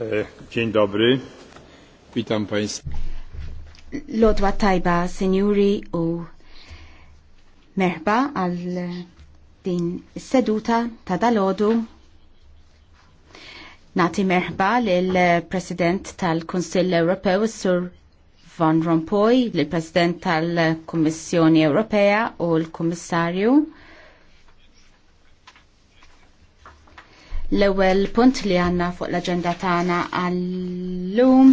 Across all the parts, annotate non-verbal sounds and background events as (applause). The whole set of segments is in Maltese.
Eh, dzień dobry, witam Państwa. Lodwa tajba, senjuri u merba għal din seduta ta' dalodu. Nati merba l-President tal konsil Ewropew, Sur Van Rompuy, l-President tal-Kommissjoni Ewropea u l-Kommissarju l-ewwel punt li għandna fuq l-aġenda tagħna għallum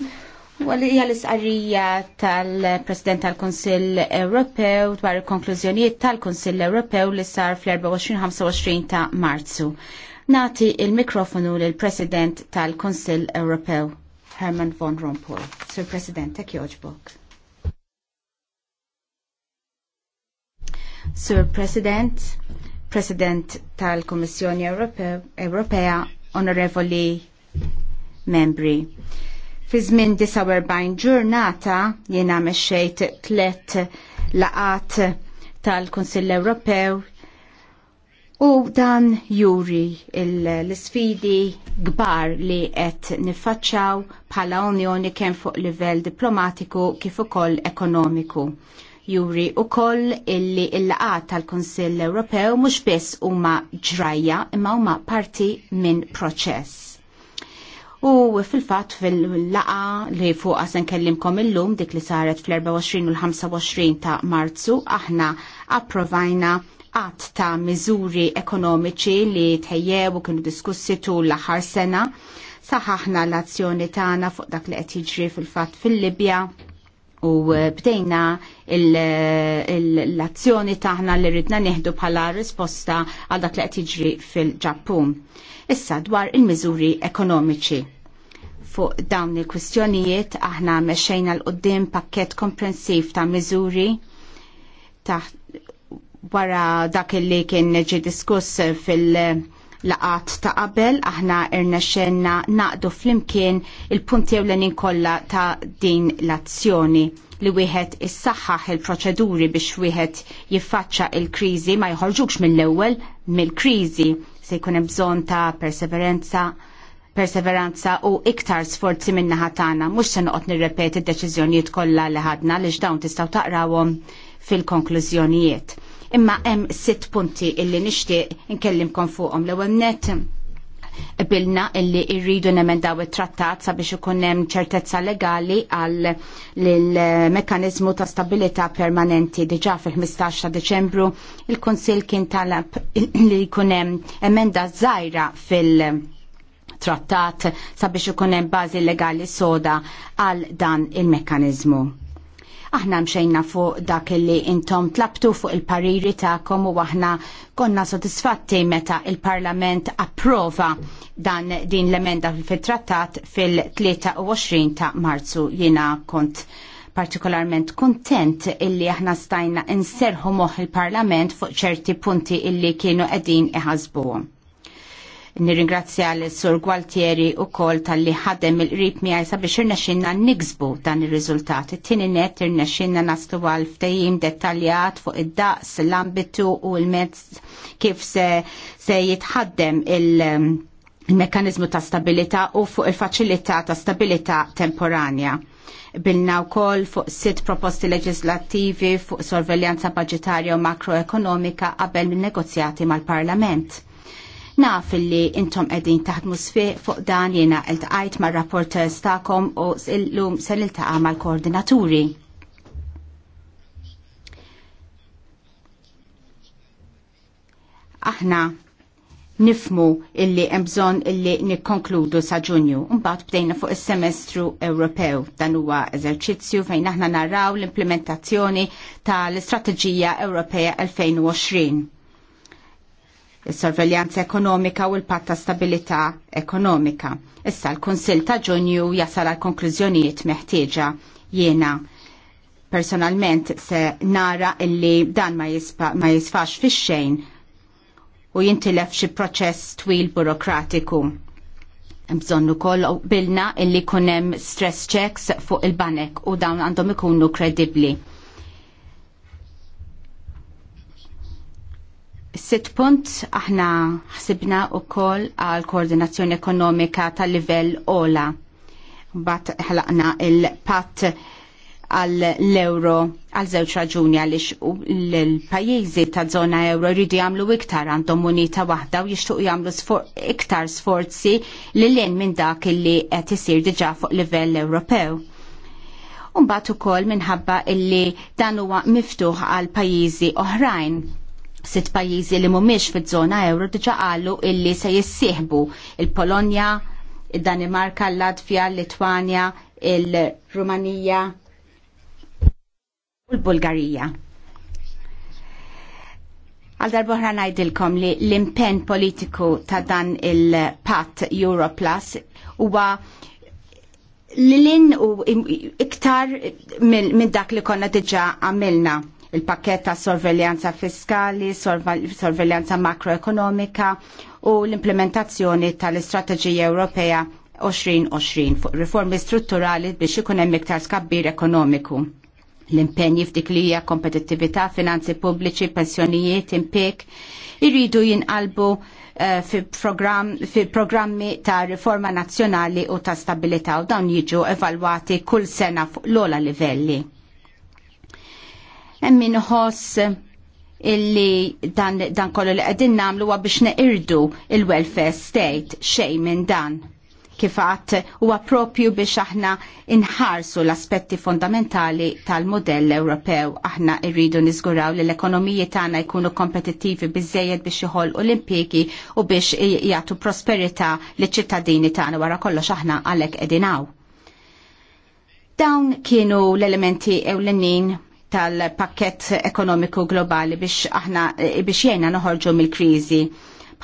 hija l-isqarrija tal-President tal-Kunsill Ewropew dwar il-konklużjonijiet tal-Kunsill Ewropew li sar fl-24-25 ta' Marzu. Nati il-mikrofonu lil president tal-Kunsill Ewropew, Herman von Rompuy. Sir President, ek joġbok. Sir President, President tal-Kommissjoni Ewropea, Onorevoli Membri. Fi żmien 49 ġurnata jiena mexxejt tlet laqat tal-Kunsill Ewropew u dan juri l-sfidi kbar li qed niffaċċaw bħala Unjoni kemm fuq livell diplomatiku kif ukoll ekonomiku juri u koll illi il-laqat tal-Konsill Ewropew mhux biss huma ġrajja imma huma parti minn proċess. U fil-fat fil-laqa li fuqa sen kellimkom il-lum dik li saret fl-24 u l-25 ta' marzu aħna approvajna għat ta' miżuri ekonomiċi li tħejjew u kienu diskussi tul l-aħħar sena saħaħna l-azzjoni tagħna fuq dak li qed jiġri fil-fatt fil-Libja u eh, bdejna eh, l-azzjoni taħna li ridna nieħdu bħala risposta għal dak li qed jiġri fil-Ġappun. Issa dwar il-miżuri ekonomiċi. Fuq dawn il-kwistjonijiet aħna mexxejna l qudiem pakkett komprensiv ta' miżuri wara dak li kien ġi diskuss fil- laqat ta' qabel aħna xenna naqdu flimkien il-punti ewlenin kollha ta' din l-azzjoni li wieħed issaħħaħ il-proċeduri biex wieħed jiffaċċa il-kriżi ma jħorġux mill-ewwel mill-kriżi se jkun hemm bżonn ta' perseveranza perseveranza u iktar sforzi min-naħa tagħna mhux se noqgħod nirrepeti d-deċiżjonijiet kollha li ħadna li x'dawn tistgħu taqrawhom fil-konklużjonijiet. Imma hemm sitt punti illi nixtieq inkellimkom fuqhom l-ewwel net bilna illi irridu nemendaw it-trattat sabiex ikun hemm ċertezza legali għal l mekanizmu ta' stabilità permanenti diġà fil-15 ta' Deċembru il-Kunsill kien talab (clears throat) li jkun hemm emenda żgħira fil- trattat sabiex ikun hemm bażi legali soda għal dan il-mekkaniżmu. Aħna mxejna fuq dak li intom tlabtu fuq il-pariri ta'kom u aħna konna sodisfatti meta il-Parlament approva dan din l-emenda fil-trattat fil-23 ta' marzu jina kont partikolarment kontent illi aħna stajna inserħu moħ il-Parlament fuq ċerti punti illi kienu qegħdin iħasbuhom. Nirringrazzja l sur Gualtieri u kol tal-li ħadem il-qrib mi għajsa biex irnexinna niksbu dan il-rizultat. Tini net irnexinna nastu għal ftejim dettaljat fuq id-daqs, l-ambitu u l-mezz kif se, se jitħaddem il- um, il-mekanizmu ta' stabilita u fuq il facilita ta' stabilita temporanja. Bilna wkoll fuq sitt proposti leġislattivi fuq sorveljanza budgetarja u makroekonomika qabel negozjati mal-Parlament Naf li intom qegħdin taħdmu sfiq fuq dan jiena iltqajt mar-rapporters tagħkom u illum se niltaqa' mal-koordinaturi. Aħna nifmu illi hemm bżonn illi nikkonkludu sa Ġunju. Mbagħad bdejna fuq is-semestru Ewropew. Dan huwa eżerċizzju fejn aħna naraw l-implementazzjoni tal-Istrateġija Ewropea 2020 il-sorveljanza ekonomika u l-patta stabilità ekonomika. Issa l-Konsil ta' ġunju jasal għal konklużjonijiet meħtieġa jiena personalment se nara illi dan ma, ma jisfax fix xejn u jintilef xi proċess twil burokratiku. Bżonnu kol bilna illi kunem stress checks fuq il-banek u dawn għandhom ikunu kredibli Sitt punt aħna ħsibna u koll għal koordinazzjoni ekonomika tal livell ola. Bat ħlaqna il-pat għal l-euro għal żewġ raġuni għaliex l-pajjiżi ta' zona euro jridu jagħmlu iktar għandhom munita waħda u jishtuq jagħmlu sfor iktar sforzi li lin minn dak illi qed isir diġà fuq livell Ewropew. batu ukoll minħabba illi dan huwa miftuħ għal pajjiżi oħrajn Sitt pajjiżi li mhumiex fiż-żona euro diġà qalu illi se jissieħbu il-Polonja, id-Danimarka, il l-Latvja, l-Litwanja, il-Rumanija u l-Bulgarija. Għal darbohra najdilkom li l-impen politiku ta' dan il-Pat Europlus huwa l-lin u iktar minn dak li konna diġa għamilna il-pakket ta' sorveljanza fiskali, sorveljanza makroekonomika u l-implementazzjoni tal-Istrateġija Ewropea 2020 fuq riformi strutturali biex ikun hemm iktar skabbir ekonomiku l-impenji f'dik li hija kompetittività, finanzi pubbliċi, pensjonijiet, impik, irridu jinqalbu eh, fi, programmi ta' riforma nazzjonali u ta' stabilità u dawn jiġu evalwati kull sena fuq l-ola livelli Emmin uħoss illi dan, dan kollu li għedin namlu biex neqirdu il-welfare state xej minn dan kifat huwa għapropju biex aħna inħarsu l-aspetti fondamentali tal-modell Ewropew. Aħna irridu niżguraw li l-ekonomiji tagħna jkunu kompetittivi biżejjed biex joħolqu l-impjiegi u biex jagħtu prosperità liċ ċittadini tagħna wara kollox aħna għalhekk qegħdin Dawn kienu l-elementi ewlenin tal-pakket ekonomiku globali biex aħna eh, biex jena noħorġu mill-kriżi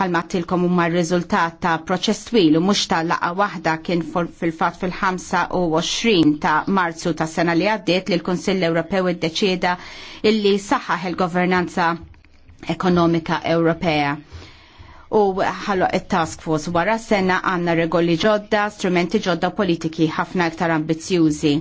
palma tilkom umma r-riżultat ta' proċess twil u mux ta' laqa wahda kien fil-fat fil-25 ta' marzu ta' sena li għaddiet li l-Konsill Ewropew id-deċida illi saħħaħ il-governanza ekonomika Ewropea. U ħallu il-task force wara sena għanna regoli ġodda, strumenti ġodda politiki ħafna iktar ambizjużi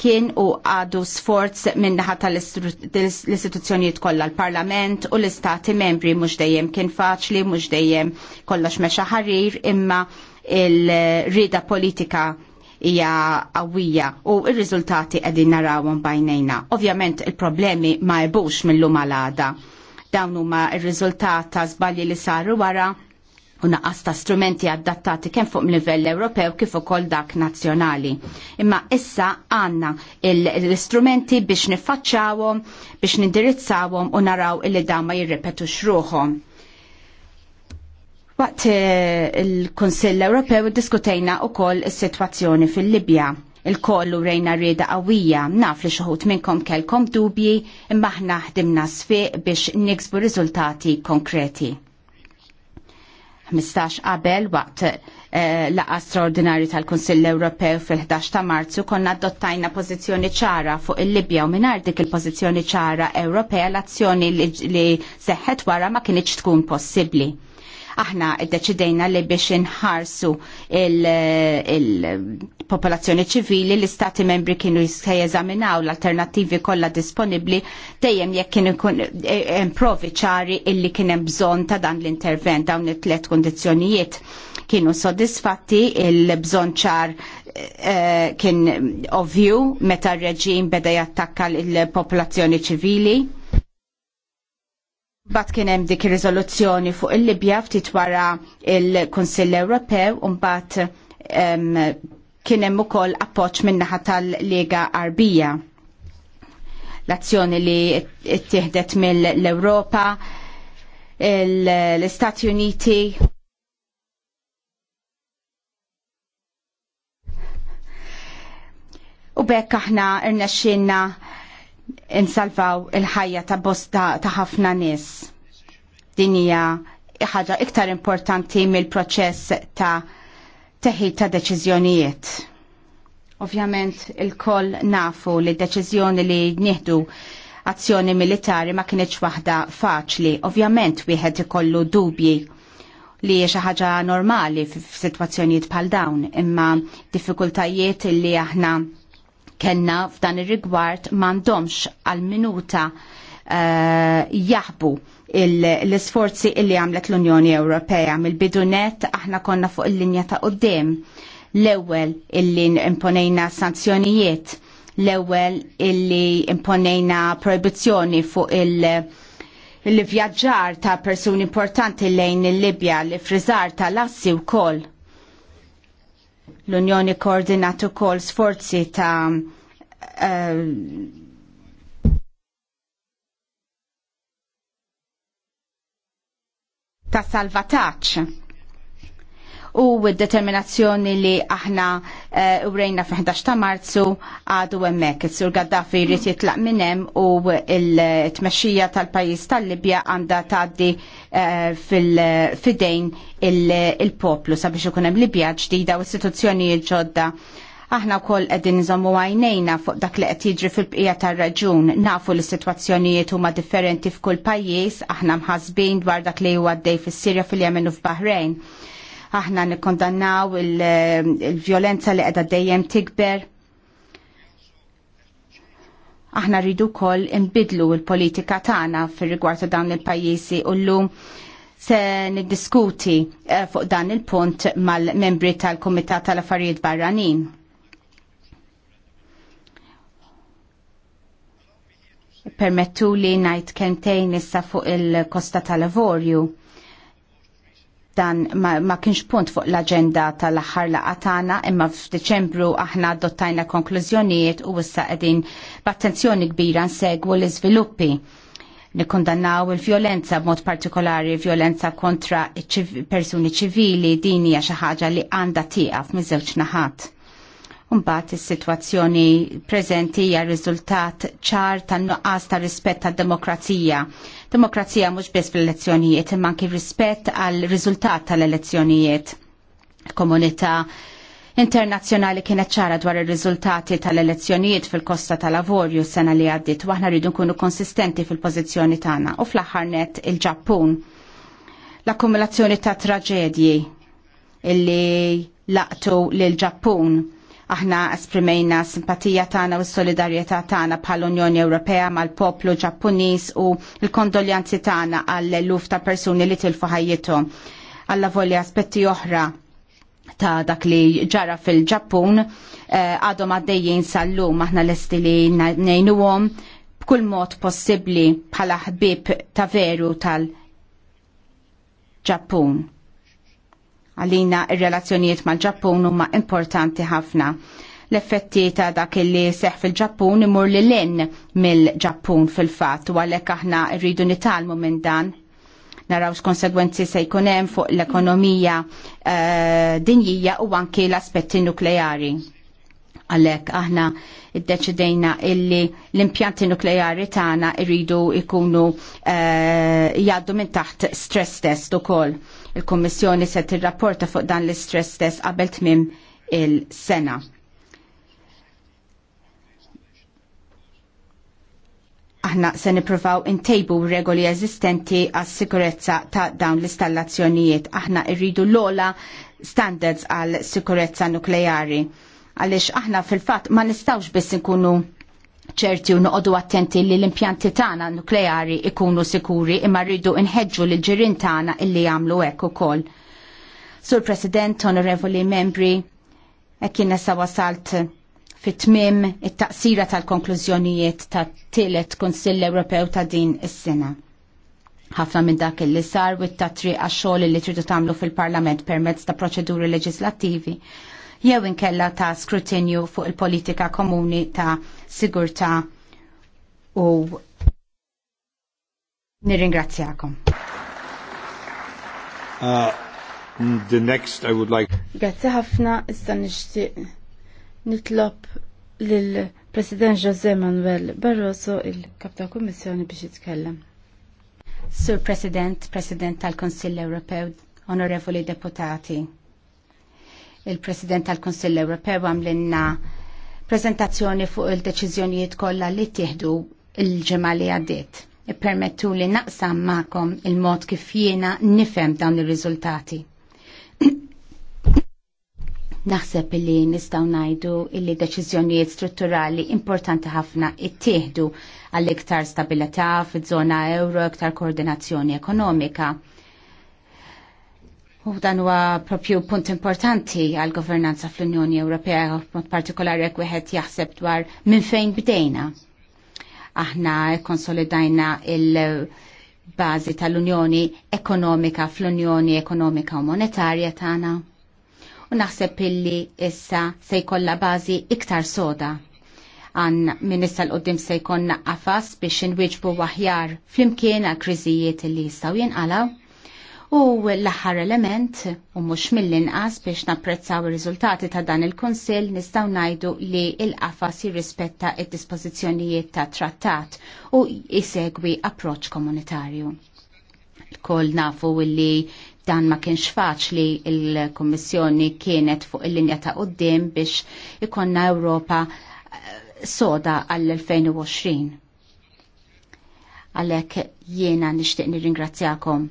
kien u għadu sforz min-naħa tal-istituzzjonijiet kollha l-Parlament u l-Istati membri mhux dejjem kien faċli, mhux dejjem kollox mexa ħarir imma il-rida politika hija qawwija u r-riżultati qegħdin narawhom bajnejna. Ovvjament il-problemi ma jbux mill-lum għal għada. Dawn huma r-riżultat ta' żbalji li saru wara u naqas ta' strumenti adattati kemm fuq livell Ewropew kif ukoll dak nazzjonali. Imma issa għandna l-istrumenti biex niffaċċawhom, biex nindirizzawhom u naraw illi dawn ma jirrepetux ruhom. Waqt eh, il kunsill Ewropew diskutejna wkoll is-sitwazzjoni fil-Libja il-kollu rejna rieda qawwija naf li xoħut minnkom kelkom dubji imma aħna ħdimna sfiq biex niksbu riżultati konkreti. 15 qabel waqt eh, laqa straordinarju tal-Konsill Ewropew fil-11 ta' Marzu konna adottajna pożizzjoni ċara fuq il-Libja u mingħajr dik il-pożizzjoni ċara Ewropea l-azzjoni li, seħħet wara ma kienieċ tkun possibbli. Aħna deċidejna li biex inħarsu il-popolazzjoni il ċivili l-istati membri kienu jeżaminaw l-alternativi kollha disponibbli dejjem jekk kienu ikun improvi e, e, ċari illi kien hemm bżonn ta' dan l-intervent dawn it-tliet kundizzjonijiet kienu soddisfatti il-bżonn ċar e, kien ovvju meta r reġim beda jattakka l-popolazzjoni ċivili Bat kien hemm dik ir-riżoluzzjoni fuq il-Libja ftit wara l kunsill Ewropew u mbagħad kien hemm ukoll appoġġ min-naħa tal-Lega Arbija. L-azzjoni li ttieħdet mill-Ewropa, l-Istati Uniti. U bekk aħna irnexxinna insalvaw il-ħajja ta' bosta ta' ħafna nies. Din hija ħaġa iktar importanti mill-proċess ta' teħid ta' deċiżjonijiet. Ovvjament il-koll nafu li deċiżjoni li nieħdu azzjoni militari ma kienieċ waħda faċli. Ovvjament wieħed ikollu dubji li xi ħaġa normali f'sitwazzjonijiet bħal dawn, imma diffikultajiet li aħna kellna f'dan ir-rigward m'għandhomx għal-minuta uh, jaħbu l-isforzi illi għamlet l-Unjoni Ewropea mill-bidunet aħna konna fuq il-linja ta' qoddim. L-ewwel illi imponejna sanzjonijiet, l-ewwel illi imponejna proibizzjoni fuq il- l-vjaġġar ta' persuni importanti lejn il-Libja li friżar tal lassi u koll L-Unjoni koordinat ukoll sforzi ta' eh, ta' salvataċ u determinazzjoni li aħna eh, urejna fi 11 ta' marzu għadu hemmhekk. Is-Sur Gaddafi jrid jitlaq minn hemm u il tmexxija tal-pajjiż tal-Libja għandha tgħaddi eh, fil-fidejn il-poplu sabiex ikun hemm Libja ġdida u istituzzjonijiet ġodda aħna wkoll qegħdin nżommu għajnejna fuq dak li qed jiġri fil-bqija tar-raġun. Nafu li sitwazzjonijiet huma differenti f'kull pajjiż, aħna mħasbin dwar dak li huwa għaddej fis-Sirja fil-Jemen u f'Bahrejn aħna nikkondannaw eh, il-violenza li qiegħda dejjem tikber. Aħna rridu wkoll imbidlu l-politika tagħna fir-rigward ta' dawn il-pajjiżi u llum se niddiskuti eh, fuq dan il-punt mal-membri tal-Kumitat tal-Affarijiet Barranin. Permettu li najt kentejn issa fuq il-Kosta tal avorju dan ma, ma kienx punt fuq l-agenda tal-aħħar laqatana imma f'Deċembru aħna adottajna konklużjonijiet u issa qegħdin b'attenzjoni kbira nsegwu l-iżviluppi. Nikkondannaw il-vjolenza b'mod partikolari vjolenza kontra persuni ċivili din hija xi ħaġa li għandha tieqaf miż-żewġ naħat Mbagħad is-sitwazzjoni preżenti hija riżultat ċar tan-nuqqas ta' rispett tad-demokrazija. Demokrazija mhux biss fl-elezzjonijiet imma anki rispett għal riżultat tal-elezzjonijiet. Komunità internazzjonali kienet ċara dwar ir-riżultati tal-elezzjonijiet fil-Kosta tal-Avorju s-sena li għaddit aħna rridu nkunu konsistenti fil-pożizzjoni tagħna u fl-aħħar net il-Ġappun. L-akkumulazzjoni ta' traġedji illi laqtu lil ġappun Aħna esprimejna simpatija tagħna u s-solidarjetà tagħna bħall-Unjoni Ewropea mal-poplu Ġappuniż u l-kondoljanzi tagħna għall-eluf ta' persuni li tilfu ħajjithom. Alla volja aspetti oħra ta' dak li ġara fil-Ġappun eh, għadhom għaddejjin sal-lum aħna lesti li ngħinuhom b'kull mod possibbli bħala ħbieb ta' veru tal-Ġappun Għalina ir-relazzjonijiet mal-Ġappun huma importanti ħafna. L-effetti ta' dak li seħ fil-Ġappun imur li l-in mill-Ġappun fil-fat u għalek aħna rridu nitalmu minn dan naraw konsegwenzi se jkun hemm fuq l-ekonomija uh, dinjija u anki l-aspetti nukleari. Għalhekk aħna iddeċidejna illi l-impjanti nukleari tagħna irridu jkunu uh, jgħaddu minn taħt stress test ukoll Il-Kommissjoni se tirrapporta fuq dan l-istress test qabel tmim il-sena. Aħna se niprofaw intejbu regoli eżistenti għas sikurezza ta' dawn l-installazzjonijiet. Aħna irridu l-ola standards għal sikurezza nukleari. Għalix aħna fil-fat ma nistawx biss nkunu ċerti u noqogħdu attenti li l-impjanti tagħna nukleari ikunu sikuri imma rridu nħeġġu lil ġirien tagħna illi jagħmlu hekk ukoll. Sur President, Onorevoli Membri, hekk nessa wasalt fit-tmim it-taqsira tal-konklużjonijiet tat-tielet Kunsill Ewropew ta' din is-sena ħafna minn dak li sar wit tatri għax-xogħol li tridu tagħmlu fil-Parlament permezz ta' proċeduri leġislattivi jew inkella ta' skrutinju fuq il-politika komuni ta' sigurtà u nirringrazzjakom. Uh, the next I would like Grazzi ħafna issa nixtieq nitlob lil President José Manuel Barroso il-Kap ta' Kummissjoni biex jitkellem. Sur President, President tal-Konsill Ewropew, Onorevoli Deputati, il-President tal-Konsill Ewropew għamlinna prezentazzjoni fuq il-deċiżjonijiet kollha li tieħdu il-ġimgħa li għaddiet. Ippermettu li naqsam magħkom il-mod kif jiena nifhem dawn ir-riżultati. (coughs) Naħseb li nistgħu ngħidu li deċiżjonijiet strutturali importanti ħafna ttieħdu għall-iktar stabilità fiż-żona euro, iktar koordinazzjoni ekonomika U dan huwa propju punt importanti għal governanza fl-Unjoni Ewropea, mod partikolari jekk wieħed jaħseb dwar minn fejn bdejna. Aħna konsolidajna il-bażi tal-Unjoni Ekonomika fl-Unjoni Ekonomika u Monetarja tagħna. U naħseb illi issa se jkollha bażi iktar soda għan minissa l-qoddim se jkonna qafas biex inwiġbu waħjar fl-imkien għal kriżijiet li jistaw jinqalaw U l-aħħar element, u mhux mill-inqas biex napprezzaw ir-riżultati ta' dan il-Kunsill nistgħu ngħidu li l-qafas jirrispetta id-dispożizzjonijiet ta' trattat u jisegwi approċċ komunitarju. Kol nafu li dan ma kienx faċli il-Kommissjoni kienet fuq il-linja ta' qoddim biex ikonna Ewropa eh, soda għall-2020. Għalek jiena nishtiq nirringrazzjakom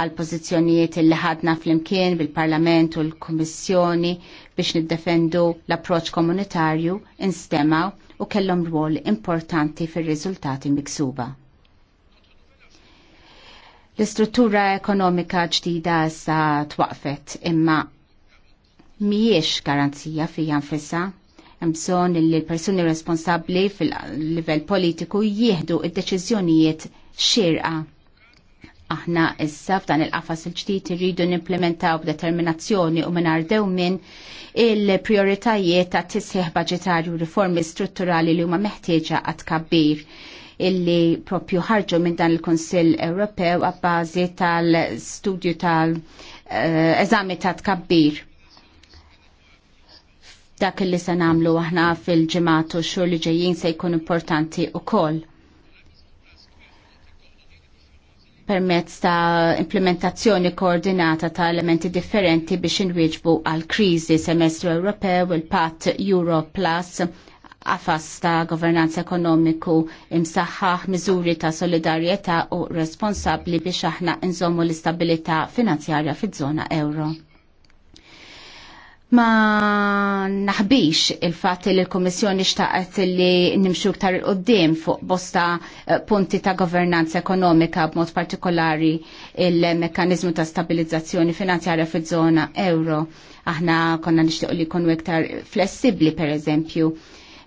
għal pożizzjonijiet li ħadna fl-imkien bil-Parlament u l-Kummissjoni biex niddefendu l-approċ komunitarju instemaw u kellhom rwol importanti fir-riżultati miksuba. L-istruttura ekonomika ġdida sa twaqfet imma mhijiex garanzija fija nfissa bżonn li l-persuni responsabbli fil-livell politiku jieħdu id-deċiżjonijiet xirqa Aħna issa f'dan il-qafas il-ġdid irridu nimplementaw b'determinazzjoni u mingħajr minn il-prioritajiet ta' tisħiħ budġetarju riformi strutturali li huma meħtieġa għad kabbir illi propju ħarġu minn dan il-Konsil Ewropew għabbażi tal-studju tal-eżami eh, ta' tkabbir. Dak li se namlu aħna fil-ġematu xhur li ġejjin se jkun importanti u koll. permezz ta' implementazzjoni koordinata ta' elementi differenti biex inwieġbu għal kriżi semestru Ewropew, il-Pat Euro Plus, għafas ta' governanza ekonomiku imsaħħaħ miżuri ta' solidarjetà u responsabli biex aħna nżommu l-istabilità finanzjarja fiż-żona euro. Ma naħbix il-fat li l-Komissjoni xtaqet li nimxu ktar il-qoddim fuq bosta eh, punti ta' governanza ekonomika b'mod partikolari il-mekanizmu ta' stabilizzazzjoni finanzjarja fi zona euro. Aħna konna nixtieq li konu iktar flessibli per eżempju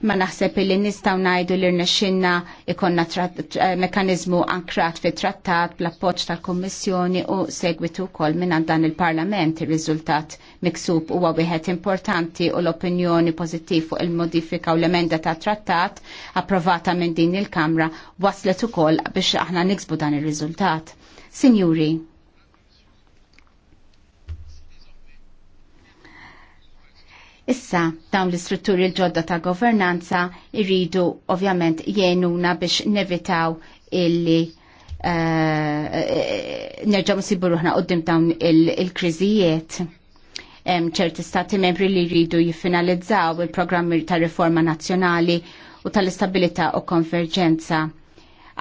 ma naħseb li nistaw najdu li rnexxinna ikonna eh, mekanizmu ankrat fi trattat bl-appoġġ tal-Kommissjoni u segwitu wkoll minn dan il-Parlament ir-riżultat miksub huwa wieħed importanti u l-opinjoni pożittiv fuq il-modifika u l-emenda ta' trattat approvata minn din il-Kamra waslet ukoll biex aħna niksbu dan ir-riżultat. Sinjuri, Issa, dawn l-istrutturi l-ġodda ta' governanza irridu ovvjament jenuna biex nevitaw illi uh, nerġaw nsibu ruħna qoddim dawn il-kriżijiet. Il ċerti stati membri li jridu jiffinalizzaw il-programmi ta' riforma nazzjonali u tal-istabilità u konverġenza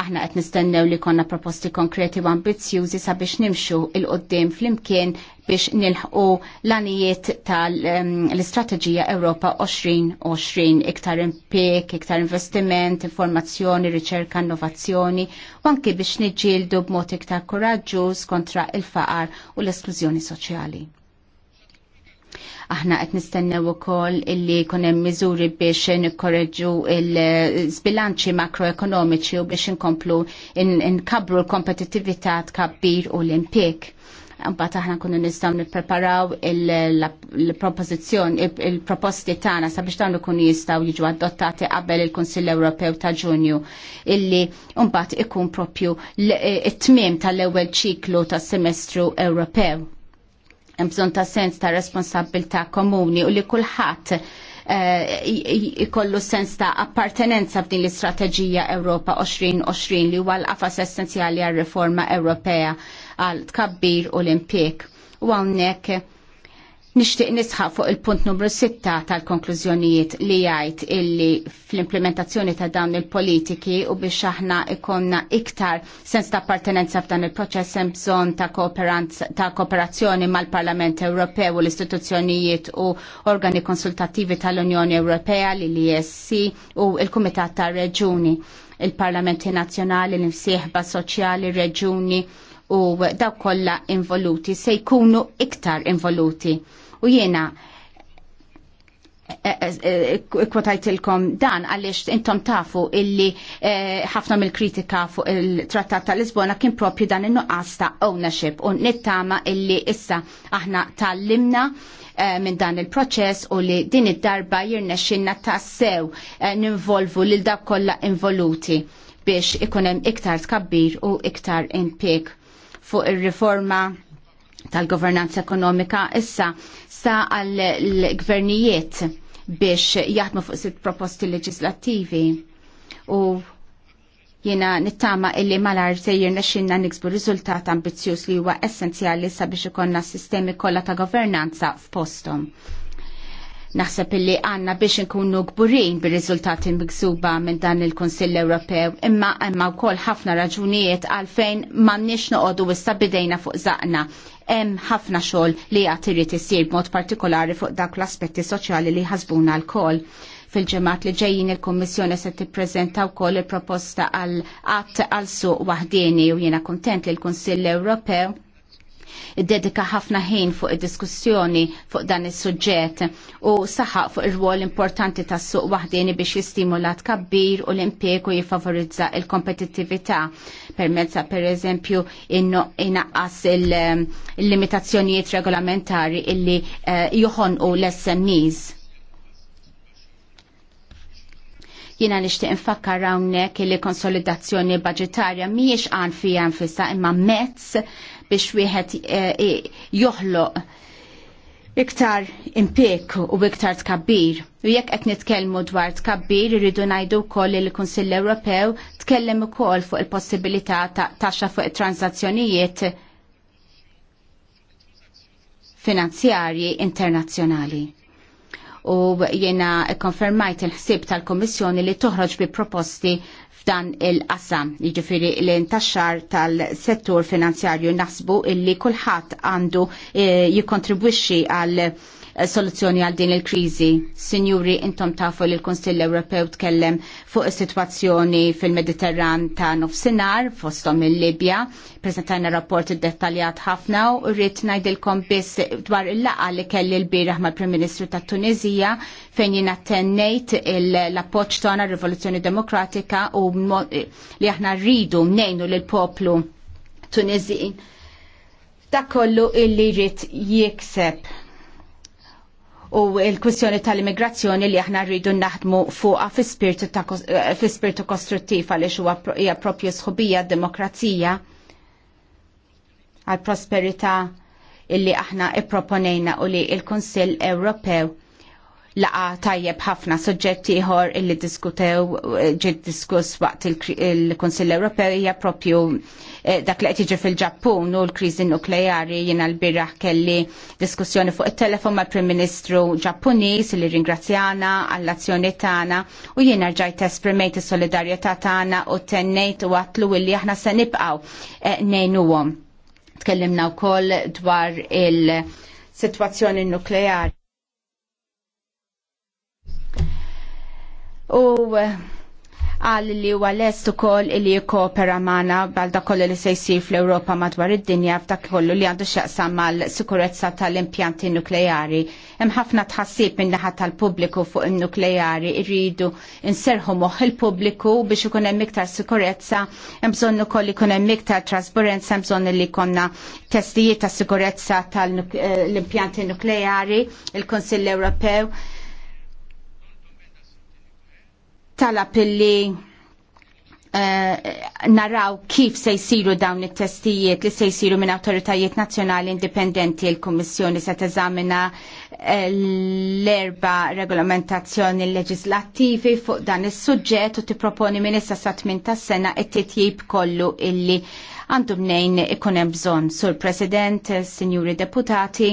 Aħna qed nistennew li konna proposti konkreti u ambizzjużi sabiex nimxu il-qoddim flimkien biex nilħqu l-anijiet tal-istrateġija Ewropa 2020 iktar impik, iktar investiment, informazzjoni, riċerka, innovazzjoni u anki biex niġġieldu b'mod iktar koraġġuż kontra il-faqar u l-esklużjoni soċjali. Aħna qed nistennew ukoll illi jkun hemm miżuri biex nikkoreġġu l-sbilanċi makroekonomiċi u biex inkomplu nkabru l-kompetittività tkabbir u l-impjek. Mbagħad aħna kunu nistgħu nippreparaw il-propożizzjoni il-proposti tagħna sabiex dawn ikunu jistgħu jiġu adottati qabel il-Kunsill Ewropew ta' Ġunju illi mbagħad ikun propju it-tmiem tal-ewwel ċiklu tas-semestru Ewropew bżon ta' sens ta' responsabilta' komuni u li kullħat eh, ikollu sens ta' appartenenza f'din l-istrateġija Ewropa 2020 li huwa l-qafas essenzjali għal riforma Ewropea għal tkabbir u l-impjek. U għawnek Nixtieq nisħaq fuq il-punt numru 6 tal-konklużjonijiet li jgħid illi fl-implementazzjoni ta' dawn il-politiki u biex aħna ikonna iktar sens ta' appartenenza f'dan il-proċess hemm bżonn ta', ta kooperazzjoni mal-Parlament Ewropew u l-istituzzjonijiet u organi konsultattivi tal-Unjoni Ewropea li l-ISC u il-Kumitat ta' Reġuni, il-Parlamenti Nazzjonali, l-Imsieħba Soċjali, Reġuni u daw kollha involuti se jkunu iktar involuti U jiena eh, eh, eh, kwotajtilkom dan għaliex intom tafu illi ħafna mill-kritika fuq il-trattat tal-Lisbona kien propju dan in-nuqqas ta' ownership u nittama illi issa aħna tal-limna minn dan il-proċess u li din id-darba jirnexxinna ta' sew ninvolvu lil dak kollha involuti biex ikun hemm iktar tkabbir u iktar impik fuq ir-riforma tal-governanza ekonomika issa issa għall-gvernijiet biex jaħdmu fuq sit proposti leġislattivi u jena nittama illi malar jirna xinna niksbu riżultat ambizjuż li huwa essenzjali sabiex ikonna s sistemi kollha ta' governanza f'postom. Naħseb illi għanna biex nkunu gburin bir-riżultati miksuba minn dan il-Konsill Ewropew, imma imma wkoll ħafna raġunijiet għalfejn m'għandniex noqogħdu issa bidejna fuq zaqna. Hemm ħafna xogħol li għad irid isir b'mod partikolari fuq dak l-aspetti soċjali li ħasbuna l kol fil-ġemat li ġejjin il-Kommissjoni se tippreżenta wkoll il-proposta għal qatt għal suq waħdieni u jiena kuntent li l-Kunsill Ewropew iddedika ħafna ħin fuq id-diskussjoni fuq dan is-suġġett u saħaq fuq ir-rwol importanti tas-suq waħdini biex jistimula tkabbir u l-impjeg u jifavorizza il-kompetittività permezza ta' pereżempju inaqqas eh, il-limitazzjonijiet regolamentari illi eh, u l-SMEs. jina nishtiq infakkar hawnhekk li konsolidazzjoni budgetarja mhijiex għan fija nfissa imma mezz biex wieħed e, e, joħloq iktar impik u iktar tkabbir. U jekk qed nitkellmu dwar tkabbir, irridu ngħidu wkoll li l-Kunsill Ewropew tkellem ukoll fuq il-possibilità ta' taxxa fuq it-transazzjonijiet finanzjarji internazzjonali. U jiena konfermajt il-ħsib tal kummissjoni li toħroġ bi proposti f'dan il-qasam. Jiġifieri l-intaxxar tal-settur finanzjarju naħsbu illi kulħadd għandu eh, jikkontribwixxi għal Eh, soluzzjoni għal din il-kriżi. Sinjuri, intom tafu li l-Konsill Ewropew tkellem fuq is-sitwazzjoni fil-Mediterran ta' nofsinhar fostom il-Libja, preżentajna rapport iddettaljat ħafna u rrit ngħidilkom biss dwar il-laqa li kelli l-bieraħ mal-Prim Ministru ta' Tunizija fejn jina tennejt l-appoġġ tona rivoluzzjoni Demokratika u li aħna rridu nejnu l poplu Tunizin. dakollu kollu illi rrit jikseb u l-kwistjoni tal-immigrazzjoni li aħna rridu naħdmu fuqha fi-spirtu eh, kostruttiv għaliex huwa hija proprju sħubija demokrazija għal prosperità illi aħna ipproponejna u li l-Kunsill Ewropew laqa tajjeb ħafna soġġetti ieħor illi diskutew eh, ġiet diskuss waqt il-Kunsill Ewropew hija propju eh, dak li qed jiġi fil-Ġappun u l-kriżi nukleari jiena l birraħ kelli diskussjoni fuq it-telefon mal-Prim Ministru Ġappuniż li ringrazzjana għall-azzjoni tagħna u jiena rġajt esprimejt is-solidarjetà tagħna u tennejt u għatlu illi aħna se nibqgħu eh, ngħinuhom. Tkellimna wkoll dwar il-sitwazzjoni nukleari u eh, għal li huwa lest ukoll li jikkopera magħna bħal kollu li se jsir fl-Ewropa madwar id-dinja f'dak kollu li għandu x'jaqsam mal-sikurezza tal-impjanti nukleari. Hemm ħafna tħassib min naħa tal-pubbliku fuq in-nukleari irridu inserħu moħħ il-pubbliku biex ikun hemm iktar sikurezza, hemm bżonn ukoll ikun hemm iktar trasparenza, hemm bżonn li jkollna testijiet ta' sikurezza tal-impjanti eh, nukleari, il-Kunsill Ewropew talab illi uh, naraw kif se jsiru dawn it-testijiet li se jsiru minn awtoritajiet nazzjonali indipendenti l-Kummissjoni se teżamina eh, l-erba regolamentazzjoni leġislattivi fuq dan is-suġġett u tipproponi minn issa sa tmien tas-sena qed titjib kollu illi għandu mnejn ikun hemm bżonn. Sur President, Sinjuri Deputati,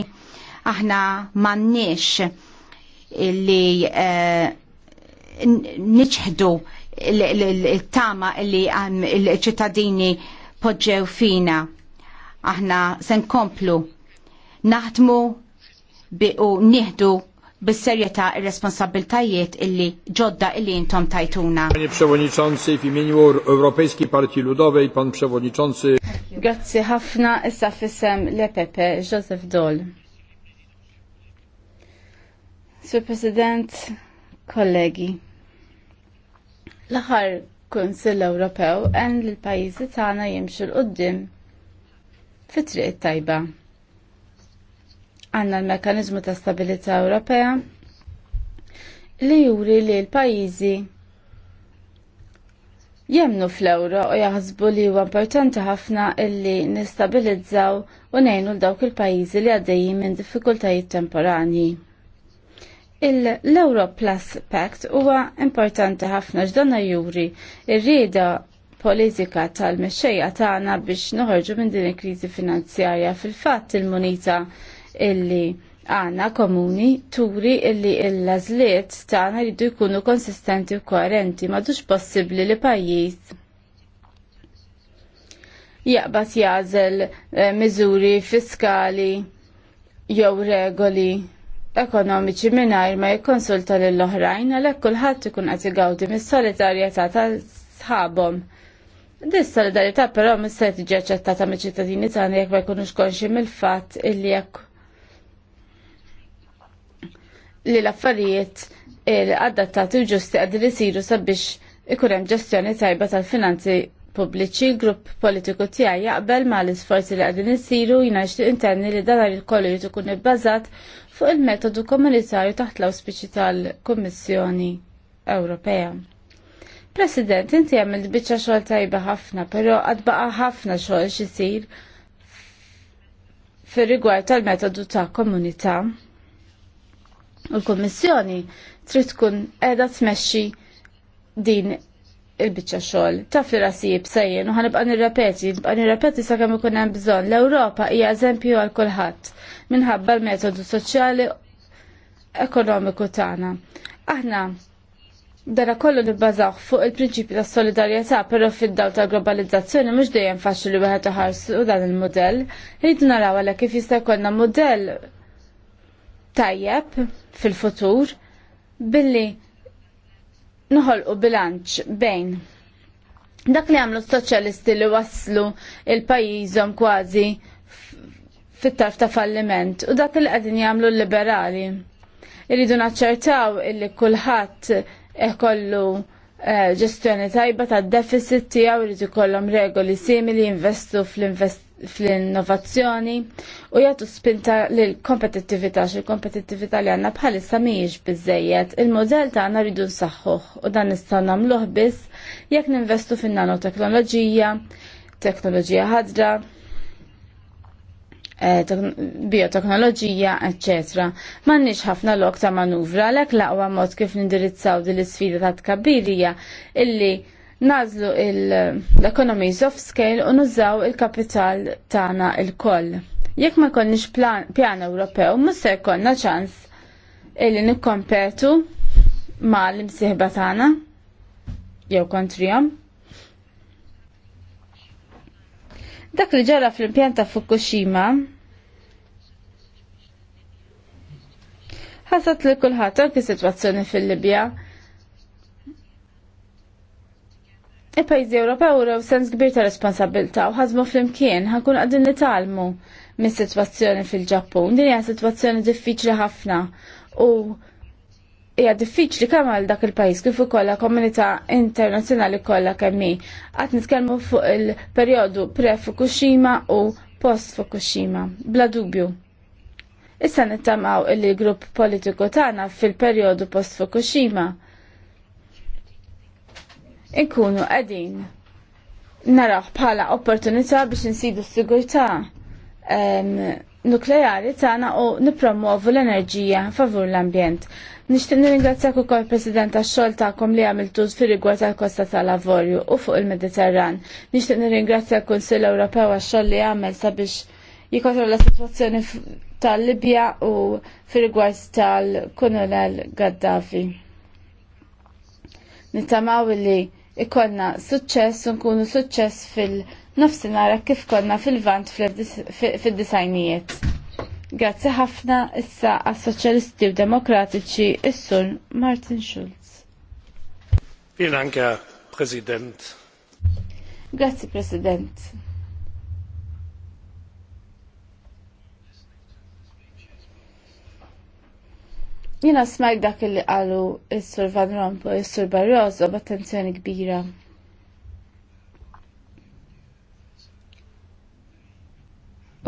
aħna m'għandniex illi uh, niċħdu il-tama li il-ċittadini poġġew fina. Aħna sen komplu naħdmu u nieħdu bis-serjetà ir-responsabiltajiet illi ġodda illi intom tajtuna. Panie Przewodniczący, w imieniu Europejskiej Partii Ludowej, Pan Przewodniczący. Grazie ħafna, issa fissem lepepe epp Joseph Dol. Sur President, kollegi. L-aħħar Kunsill Ewropew għen li l-pajjiżi tagħna jimxu l qudiem fit-triq tajba. Għandna l-mekkaniżmu ta' stabilità Ewropea li juri li l-pajjiżi jemnu fl-ewro u jaħsbu li huwa importanti ħafna illi nistabilizzaw u ngħinu l dawk il-pajjiżi li għaddejjin minn diffikultajiet temporanji l-Euro Plus Pact huwa importanti ħafna ġdonna juri ir-rieda politika tal-mexxejja tagħna biex noħorġu minn din il-kriżi finanzjarja fil-fatt il-munita illi għana komuni turi illi l-lażliet tagħna jridu jkunu konsistenti u koerenti madux possibbli li pajjiż jaqbad jażel eh, miżuri fiskali jew regoli ekonomiċi mingħajr ma jikkonsulta lill-oħrajn għalhekk kulħadd ikun qed igawdi mis-solidarjetà tal-sħabhom. Dis solidarjetà però mis se tiġi aċċettata mill-ċittadini tagħna jekk ma jkunux konxi mill-fatt illi jekk li l-affarijiet adattati u ġusti għad isiru siru sabiex ikun hemm ġestjoni tajba tal-finanzi pubbliċi grupp politiku tiegħi jaqbel ma l-isforzi li qegħdin isiru jina nixtieq intenni li dan il kollu jrid ikun ibbażat fuq il-metodu komunitarju taħt l-auspiċi tal-Kummissjoni Ewropea. President, inti għamilt bieċa xogħol tajba ħafna, però għad baqa ħafna xogħol xisir fir rigward tal-metodu ta' komunità. U l-Kommissjoni trid tkun qiegħda tmexxi din il-biċċa xogħol. Taf li rasib sejjen u ħanibqa' nirrepeti, nibqa' nirrepeti sakemm ikun hemm bżonn. L-Ewropa hija eżempju għal kulħadd minħabba l-metodu soċjali ekonomiku tagħna. Aħna dara kollu nibbażaw fuq il-prinċipju ta' solidarjetà, però fid-daw ta' globalizzazzjoni mhux dejjem faċli wieħed iħarsu dan il-mudell. Rridu naraw għalhekk kif jista' jkollna mudell tajjeb fil-futur billi noħolqu bilanċ bejn dak li għamlu soċjalisti li waslu il-pajizom kważi fit-tarf ta' falliment u dak li qegħdin jagħmlu l-liberali. Irridu naċċertaw illi kulħadd ikollu eh, ġestjoni tajba ta' deficit tiegħu jridu jkollhom regoli simili jinvestu fl-innovazzjoni u jagħtu spinta lil kompetittività xi kompetittività li għandna bħalissa mhijiex biżejjed. Il-modell tagħna rridu nsaħħuh u dan nistgħu nagħmluh biss jekk ninvestu fin-nanoteknoloġija, teknoloġija ħadra, Eh, bioteknoloġija, etc. Mannix ħafna lok ta' manuvra l-ek laqwa mod kif nindirizzaw din l-sfida ta' tkabirija illi nażlu l-economies of scale u nużaw il-kapital tagħna il-koll. Jekk ma konniex pjan Ewropew, mhux se jkollna ċans illi nikkompetu ma' l-imsieħba tagħna jew kontrihom. Dak li ġara fl-impjant ta' Fukushima ħasat li kulħadd anke sitwazzjoni fil-Libja. Il-pajjiżi Ewropew rew sens kbir ta' responsabilità u ħażmu flimkien ħankun qegħdin nitalmu mis-sitwazzjoni fil-Ġappun. Din hija sitwazzjoni diffiċli ħafna u hija diffiċli kemm għal dak il-pajjiż kif ukoll komunità internazzjonali kollha kemm hi. Qatt nitkellmu fuq il-perjodu pre-Fukushima u post-Fukushima, bla dubju. Issa nittamaw il grupp politiku tagħna fil-perjodu post-Fukushima. Inkunu qegħdin naraw bħala opportunità biex insibu s-sigurtà nukleari tagħna u nippromovu l-enerġija favur l-ambjent. Nixtieq nirringrazzjak ukoll President għax-xogħol tagħkom li għamiltu fir-rigward tal-Kosta tal-Lavorju u fuq il-Mediterran. Nixtieq nirringrazzja l-Kunsill Ewropew għax-xogħol li għamel sabiex jikontrolla s-sitwazzjoni tal-Libja u fir-rigward tal-Kunulel Gaddafi. Nittamaw li ikollna suċċess u nkunu suċċess fil- nara kif konna fil-vant fid-disajnijiet. Grazzi ħafna issa għas-Soċjalisti u Demokratiċi is-Sur Martin Schulz. Vielen Dank, Grazie, President. Jina smajk dak li qalu il-Sur Van Rompuy, il-Sur Barroso, b'attenzjoni kbira.